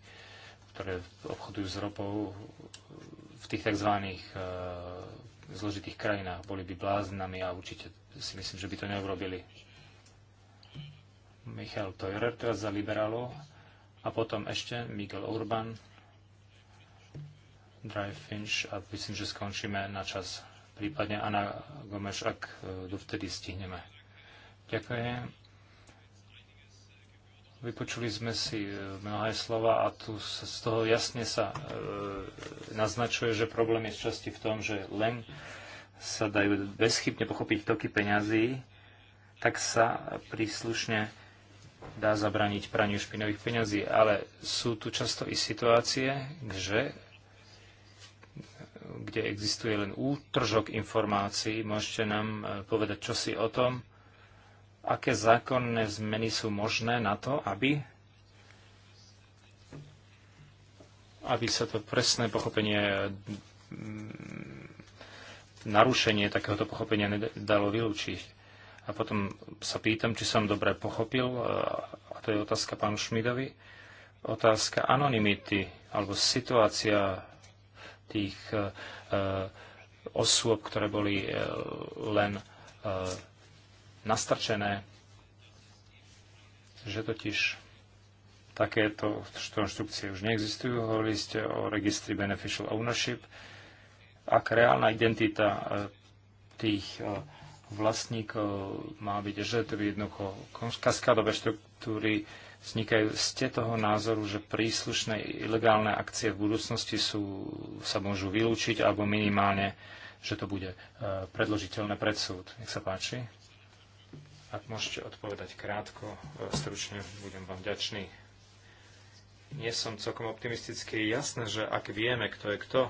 ktoré obchodujú s ropou e, v tých tzv. E, zložitých krajinách. Boli by bláznami a určite si myslím, že by to neurobili. Michal Teurer teraz za liberálov a potom ešte Miguel Urban Drive Finch a myslím, že skončíme na čas. Prípadne Ana Gomeš, ak dovtedy e, stihneme. Ďakujem. Vypočuli sme si e, mnohé slova a tu z toho jasne sa e, naznačuje, že problém je z časti v tom, že len sa dajú bezchybne pochopiť toky peňazí, tak sa príslušne dá zabraniť praniu špinových peňazí. Ale sú tu často i situácie, že kde existuje len útržok informácií. Môžete nám e, povedať čosi o tom, aké zákonné zmeny sú možné na to, aby aby sa to presné pochopenie e, narušenie takéhoto pochopenia nedalo vylúčiť. A potom sa pýtam, či som dobre pochopil, e, a to je otázka pánu Šmidovi, otázka anonymity alebo situácia tých eh, eh, osôb, ktoré boli eh, len nastrčené, že totiž takéto konštrukcie už neexistujú. Hovorili ste o registri beneficial ownership. Ak reálna identita tých vlastníkov má byť, že to by jednoducho kaskádové štruktúry vznikajú. Ste toho názoru, že príslušné ilegálne akcie v budúcnosti sú, sa môžu vylúčiť alebo minimálne, že to bude e, predložiteľné pred súd. Nech sa páči. Ak môžete odpovedať krátko, e, stručne, budem vám ďačný. Nie som celkom optimistický. Jasné, že ak vieme, kto je kto,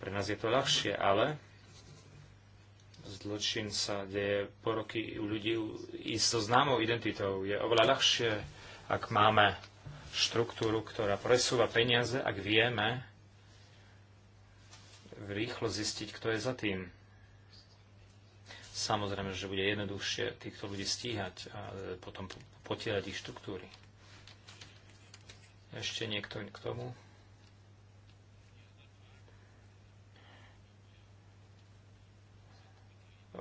pre nás je to ľahšie, ale Zločin sa deje po roky u ľudí so známou identitou. Je oveľa ľahšie, ak máme štruktúru, ktorá presúva peniaze, ak vieme rýchlo zistiť, kto je za tým. Samozrejme, že bude jednoduchšie týchto ľudí stíhať a potom potierať ich štruktúry. Ešte niekto k tomu?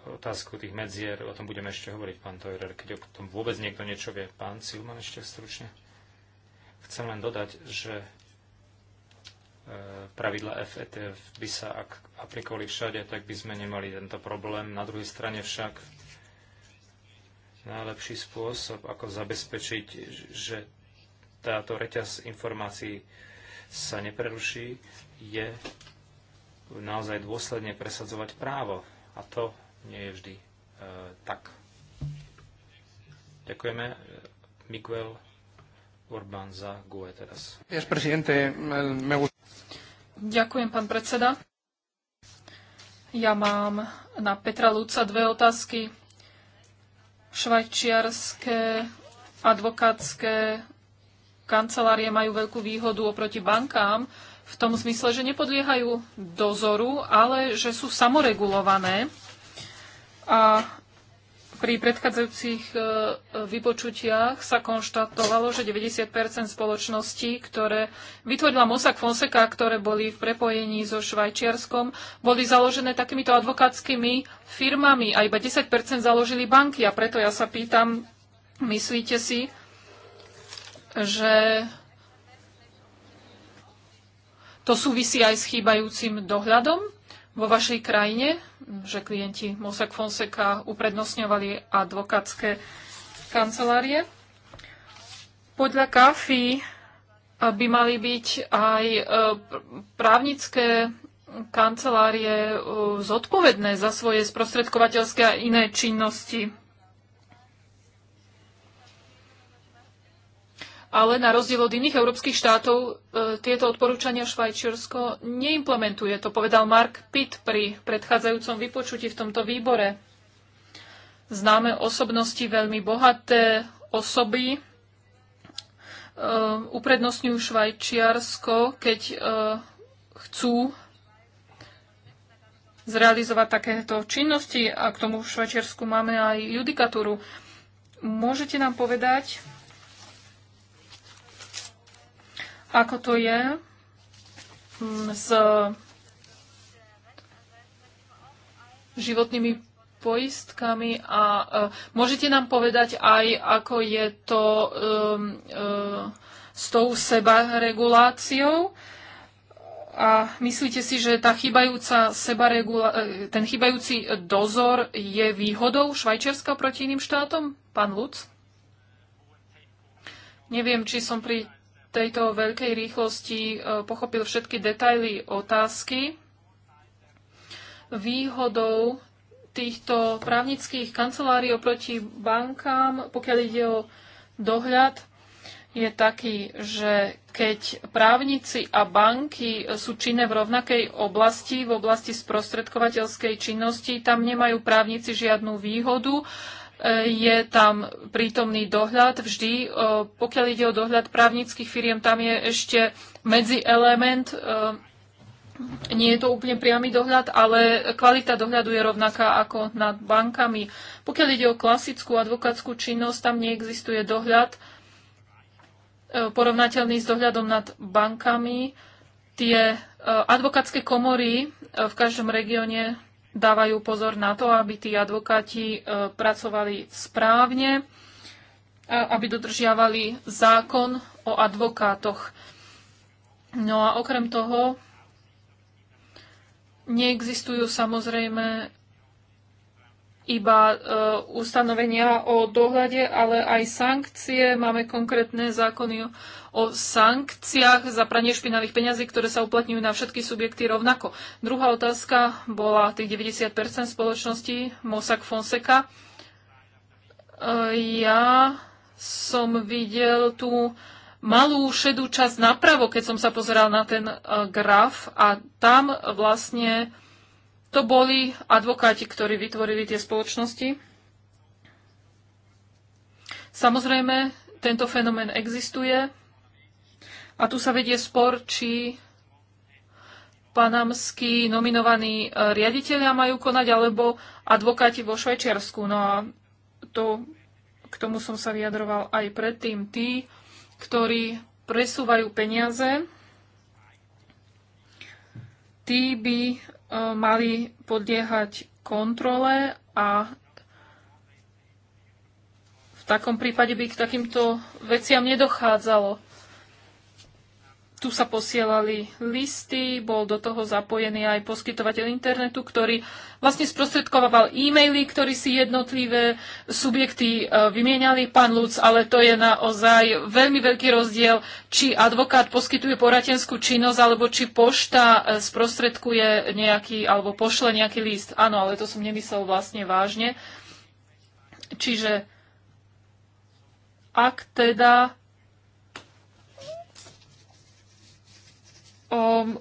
otázku tých medzier, o tom budeme ešte hovoriť, pán Tojrer, keď o tom vôbec niekto niečo vie. Pán Silman ešte stručne. Chcem len dodať, že e, pravidla FETF e by sa ak aplikovali všade, tak by sme nemali tento problém. Na druhej strane však najlepší spôsob, ako zabezpečiť, že táto reťaz informácií sa nepreruší, je naozaj dôsledne presadzovať právo. A to nie je vždy e, tak. Ďakujeme. Miguel Orbán za GUE teraz. Ďakujem, pán predseda. Ja mám na Petra Lúca dve otázky. Švajčiarské advokátske kancelárie majú veľkú výhodu oproti bankám v tom zmysle, že nepodliehajú dozoru, ale že sú samoregulované a pri predchádzajúcich e, vypočutiach sa konštatovalo, že 90 spoločností, ktoré vytvorila Mossack Fonseca, ktoré boli v prepojení so Švajčiarskom, boli založené takýmito advokátskymi firmami a iba 10 založili banky. A preto ja sa pýtam, myslíte si, že to súvisí aj s chýbajúcim dohľadom? vo vašej krajine, že klienti Mossack Fonseca uprednostňovali advokátske kancelárie. Podľa KAFI by mali byť aj e, právnické kancelárie e, zodpovedné za svoje sprostredkovateľské a iné činnosti. ale na rozdiel od iných európskych štátov e, tieto odporúčania Švajčiarsko neimplementuje. To povedal Mark Pitt pri predchádzajúcom vypočutí v tomto výbore. Známe osobnosti, veľmi bohaté osoby, e, uprednostňujú Švajčiarsko, keď e, chcú zrealizovať takéto činnosti a k tomu v Švajčiarsku máme aj judikatúru. Môžete nám povedať, ako to je mm, s životnými poistkami a uh, môžete nám povedať aj, ako je to um, uh, s tou sebareguláciou? A myslíte si, že tá chybajúca sebaregula- e, ten chybajúci dozor je výhodou Švajčiarska proti iným štátom? Pán Luc? Neviem, či som pri tejto veľkej rýchlosti e, pochopil všetky detaily otázky. Výhodou týchto právnických kancelárií oproti bankám, pokiaľ ide o dohľad, je taký, že keď právnici a banky sú činné v rovnakej oblasti, v oblasti sprostredkovateľskej činnosti, tam nemajú právnici žiadnu výhodu je tam prítomný dohľad vždy. E, pokiaľ ide o dohľad právnických firiem, tam je ešte medzi element. E, nie je to úplne priamy dohľad, ale kvalita dohľadu je rovnaká ako nad bankami. Pokiaľ ide o klasickú advokátsku činnosť, tam neexistuje dohľad e, porovnateľný s dohľadom nad bankami. Tie advokátske komory v každom regióne dávajú pozor na to, aby tí advokáti e, pracovali správne, aby dodržiavali zákon o advokátoch. No a okrem toho neexistujú samozrejme iba e, ustanovenia o dohľade, ale aj sankcie. Máme konkrétne zákony o o sankciách za pranie špinavých peňazí, ktoré sa uplatňujú na všetky subjekty rovnako. Druhá otázka bola tých 90% spoločnosti Mossack Fonseca. E, ja som videl tú malú šedú časť napravo, keď som sa pozeral na ten e, graf a tam vlastne to boli advokáti, ktorí vytvorili tie spoločnosti. Samozrejme, tento fenomén existuje. A tu sa vedie spor, či panamskí nominovaní e, riaditeľia majú konať, alebo advokáti vo Švajčiarsku. No a to, k tomu som sa vyjadroval aj predtým. Tí, ktorí presúvajú peniaze, tí by e, mali podliehať kontrole a v takom prípade by k takýmto veciam nedochádzalo tu sa posielali listy, bol do toho zapojený aj poskytovateľ internetu, ktorý vlastne sprostredkovával e-maily, ktorý si jednotlivé subjekty e, vymieniali. Pán Luc, ale to je naozaj veľmi veľký rozdiel, či advokát poskytuje poradenskú činnosť, alebo či pošta e, sprostredkuje nejaký, alebo pošle nejaký list. Áno, ale to som nemyslel vlastne vážne. Čiže ak teda um,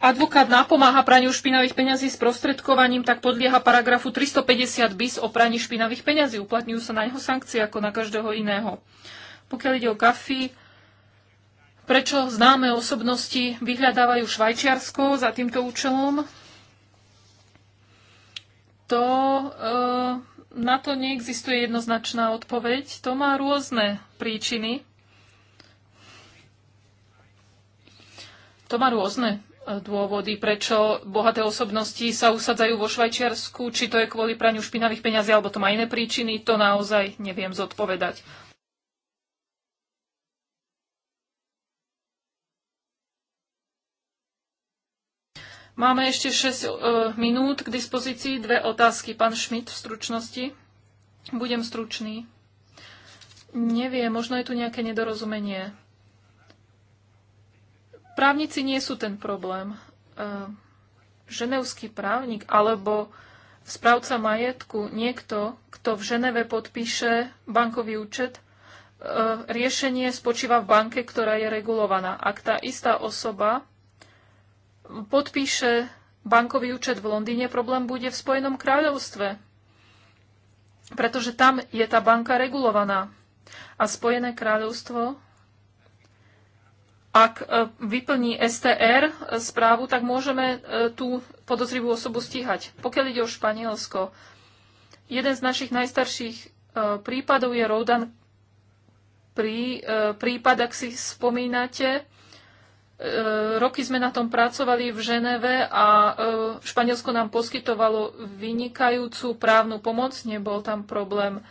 advokát napomáha praniu špinavých peňazí s prostredkovaním, tak podlieha paragrafu 350 bis o praní špinavých peňazí. Uplatňujú sa na neho sankcie ako na každého iného. Pokiaľ ide o kafi, prečo známe osobnosti vyhľadávajú Švajčiarsko za týmto účelom? To, e, na to neexistuje jednoznačná odpoveď. To má rôzne príčiny. To má rôzne e, dôvody, prečo bohaté osobnosti sa usadzajú vo Švajčiarsku, či to je kvôli praniu špinavých peňazí, alebo to má iné príčiny, to naozaj neviem zodpovedať. Máme ešte 6 e, minút k dispozícii, dve otázky. Pán Šmit v stručnosti. Budem stručný. Neviem, možno je tu nejaké nedorozumenie. Právnici nie sú ten problém. E, ženevský právnik alebo správca majetku, niekto, kto v Ženeve podpíše bankový účet, e, riešenie spočíva v banke, ktorá je regulovaná. Ak tá istá osoba podpíše bankový účet v Londýne, problém bude v Spojenom kráľovstve, pretože tam je tá banka regulovaná. A Spojené kráľovstvo ak e, vyplní STR e, správu, tak môžeme e, tú podozrivú osobu stíhať. Pokiaľ ide o Španielsko, jeden z našich najstarších prípadov je Rodan pri prípad, ak si spomínate. Roky sme na tom pracovali v Ženeve a Španielsko nám poskytovalo vynikajúcu právnu pomoc, nebol tam problém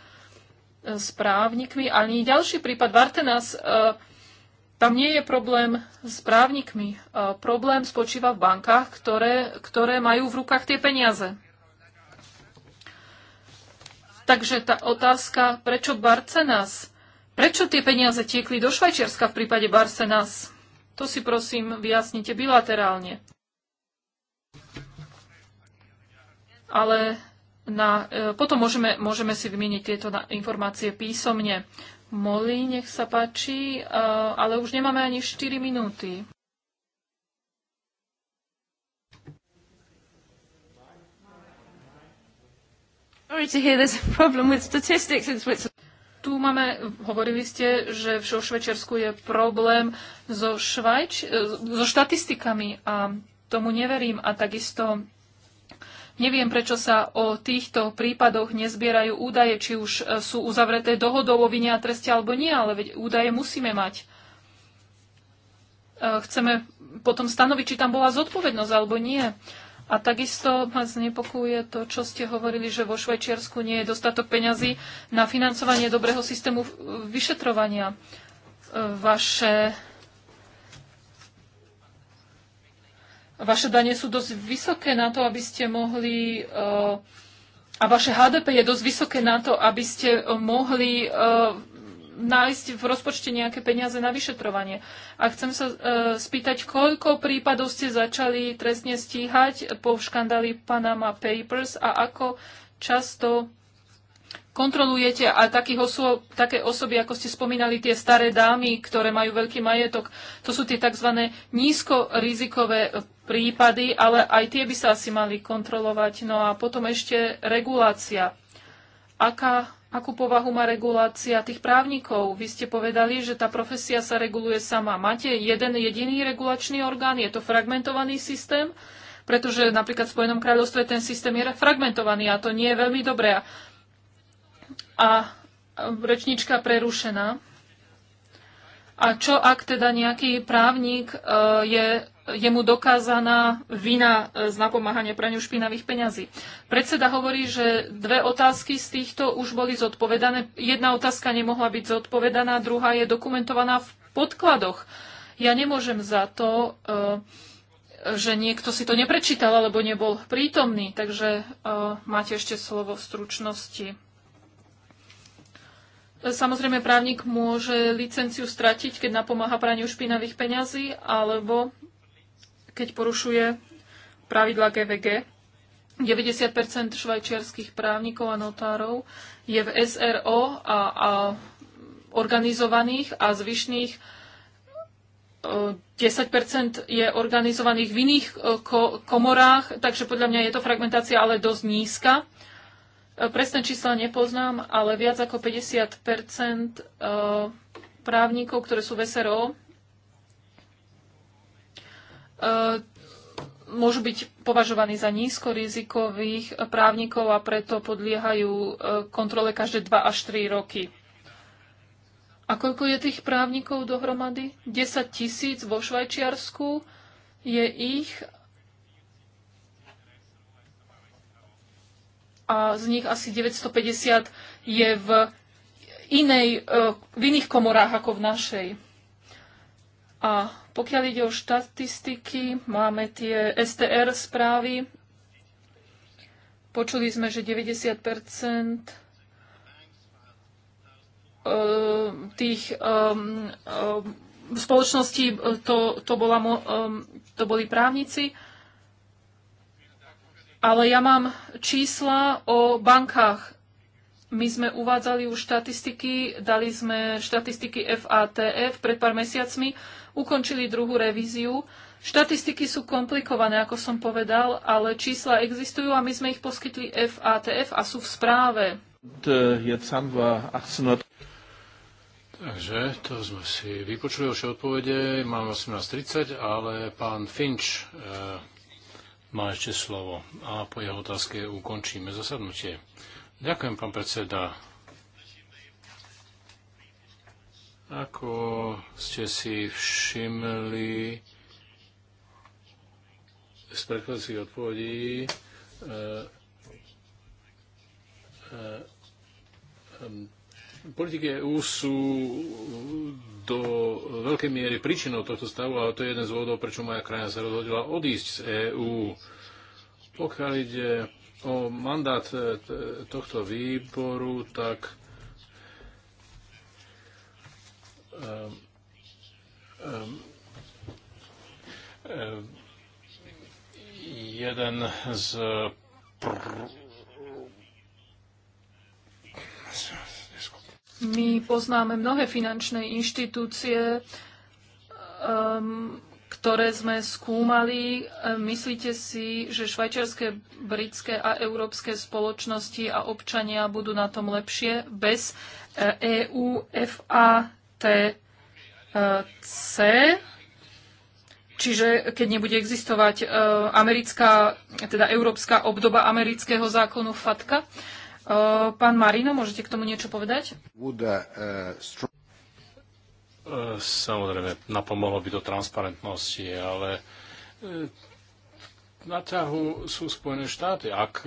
s právnikmi. Ani ďalší prípad Vartenas tam nie je problém s právnikmi. E, problém spočíva v bankách, ktoré, ktoré majú v rukách tie peniaze. Takže tá otázka, prečo Barcenas? Prečo tie peniaze tiekli do Švajčiarska v prípade Barcenas? To si prosím vyjasnite bilaterálne. Ale na, e, potom môžeme, môžeme si vymeniť tieto informácie písomne. Moli, nech sa páči, ale už nemáme ani 4 minúty. Tu máme, hovorili ste, že v Švečersku je problém so, švajč, so štatistikami a tomu neverím. A takisto Neviem, prečo sa o týchto prípadoch nezbierajú údaje, či už e, sú uzavreté dohodou o vine a treste alebo nie, ale veď údaje musíme mať. E, chceme potom stanoviť, či tam bola zodpovednosť alebo nie. A takisto ma znepokuje to, čo ste hovorili, že vo Švajčiarsku nie je dostatok peňazí na financovanie dobrého systému vyšetrovania. E, vaše Vaše dane sú dosť vysoké na to, aby ste mohli uh, a vaše HDP je dosť vysoké na to, aby ste eh, mohli uh, nájsť v rozpočte nejaké peniaze na vyšetrovanie. A chcem sa spýtať, koľko prípadov ste začali trestne stíhať po škandáli Panama Papers a ako často kontrolujete a takých také osoby, ako ste spomínali, tie staré dámy, ktoré majú veľký majetok, to sú tie tzv. nízkorizikové prípady, ale aj tie by sa asi mali kontrolovať. No a potom ešte regulácia. Aká, akú povahu má regulácia tých právnikov? Vy ste povedali, že tá profesia sa reguluje sama. Máte jeden jediný regulačný orgán? Je to fragmentovaný systém? Pretože napríklad v Spojenom kráľovstve ten systém je fragmentovaný a to nie je veľmi dobré. A rečnička prerušená. A čo ak teda nejaký právnik e, je je mu dokázaná vina e, z napomáhania praniu špinavých peňazí. Predseda hovorí, že dve otázky z týchto už boli zodpovedané. Jedna otázka nemohla byť zodpovedaná, druhá je dokumentovaná v podkladoch. Ja nemôžem za to, e, že niekto si to neprečítal alebo nebol prítomný, takže e, máte ešte slovo v stručnosti. Samozrejme, právnik môže licenciu stratiť, keď napomáha praniu špinavých peňazí, alebo keď porušuje pravidla GVG. 90 švajčiarských právnikov a notárov je v SRO a, a organizovaných a zvyšných 10 e, je organizovaných v iných e, komorách, takže podľa mňa je to fragmentácia ale dosť nízka. E, presné čísla nepoznám, ale viac ako 50 právnikov, ktoré sú v SRO, E, môžu byť považovaní za nízkorizikových právnikov a preto podliehajú e, kontrole každé 2 až 3 roky. A koľko je tých právnikov dohromady? 10 tisíc vo Švajčiarsku je ich a z nich asi 950 je v, inej, e, v iných komorách ako v našej. A pokiaľ ide o štatistiky, máme tie STR správy. Počuli sme, že 90 e, tých e, e, spoločností to, to, bola, to boli právnici. Ale ja mám čísla o bankách. My sme uvádzali už štatistiky, dali sme štatistiky FATF pred pár mesiacmi ukončili druhú revíziu. Štatistiky sú komplikované, ako som povedal, ale čísla existujú a my sme ich poskytli FATF a sú v správe. Takže to sme si vypočuli vaše odpovede. Mám 18.30, ale pán Finč e, má ešte slovo a po jeho otázke ukončíme zasadnutie. Ďakujem, pán predseda. Ako ste si všimli z predchádzajúcich odpovedí, eh, eh, eh, politiky EU sú do veľkej miery príčinou tohto stavu ale to je jeden z vôvodov, prečo moja krajina sa rozhodila odísť z EU. Pokiaľ ide o mandát tohto výboru, tak Ehm, ehm, ehm, jeden z my poznáme mnohé finančné inštitúcie, um, ktoré sme skúmali. Myslíte si, že švajčiarske, britské a európske spoločnosti a občania budú na tom lepšie bez EU, e FA, TC, e, Čiže keď nebude existovať e, americká, teda európska obdoba amerického zákonu FATKA. E, pán Marino, môžete k tomu niečo povedať? Uh, samozrejme, napomohlo by to transparentnosti, ale na ťahu sú Spojené štáty. Ak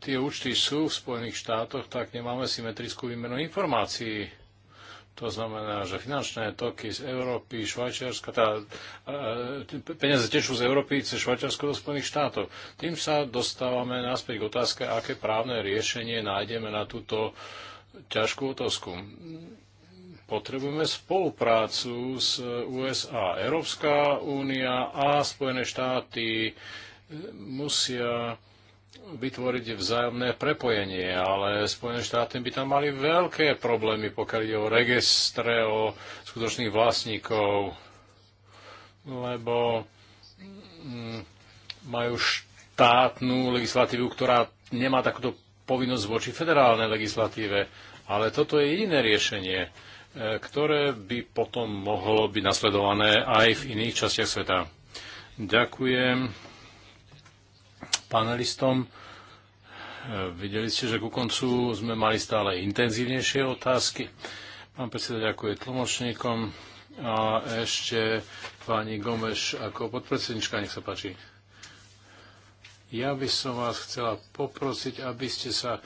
tie účty sú v Spojených štátoch, tak nemáme symetrickú výmenu informácií to znamená, že finančné toky z Európy, Švajčiarska, tá, e, peniaze tečú z Európy cez Švajčiarsko do Spojených štátov. Tým sa dostávame naspäť k otázke, aké právne riešenie nájdeme na túto ťažkú otázku. Potrebujeme spoluprácu s USA. Európska únia a Spojené štáty musia vytvoriť vzájomné prepojenie, ale Spojené štáty by tam mali veľké problémy, pokiaľ ide o registre, o skutočných vlastníkov, lebo mm, majú štátnu legislatívu, ktorá nemá takúto povinnosť voči federálnej legislatíve. Ale toto je jediné riešenie, e, ktoré by potom mohlo byť nasledované aj v iných častiach sveta. Ďakujem panelistom. E, videli ste, že ku koncu sme mali stále intenzívnejšie otázky. Pán predseda ďakuje tlmočníkom a ešte pani Gomeš ako podpredsednička, nech sa páči. Ja by som vás chcela poprosiť, aby ste sa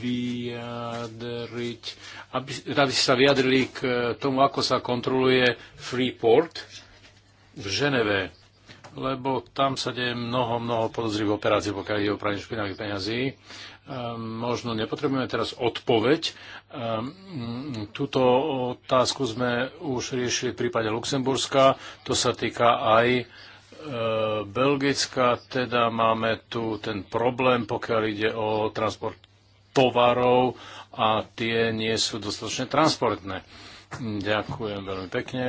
vyjadriť, aby, aby ste sa vyjadrili k tomu, ako sa kontroluje Freeport v Ženeve lebo tam sa deje mnoho, mnoho podozrivých operácií, pokiaľ ide o pranie špinavých peňazí. Ehm, možno nepotrebujeme teraz odpoveď. Ehm, túto otázku sme už riešili v prípade Luxemburska. To sa týka aj e, Belgická, teda máme tu ten problém, pokiaľ ide o transport tovarov a tie nie sú dostatočne transportné. Ďakujem veľmi pekne.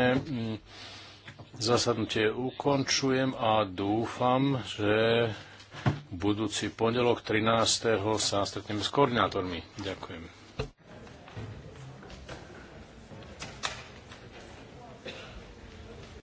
Zasadnutie ukončujem a dúfam, že budúci pondelok 13. sa stretneme s koordinátormi. Ďakujem.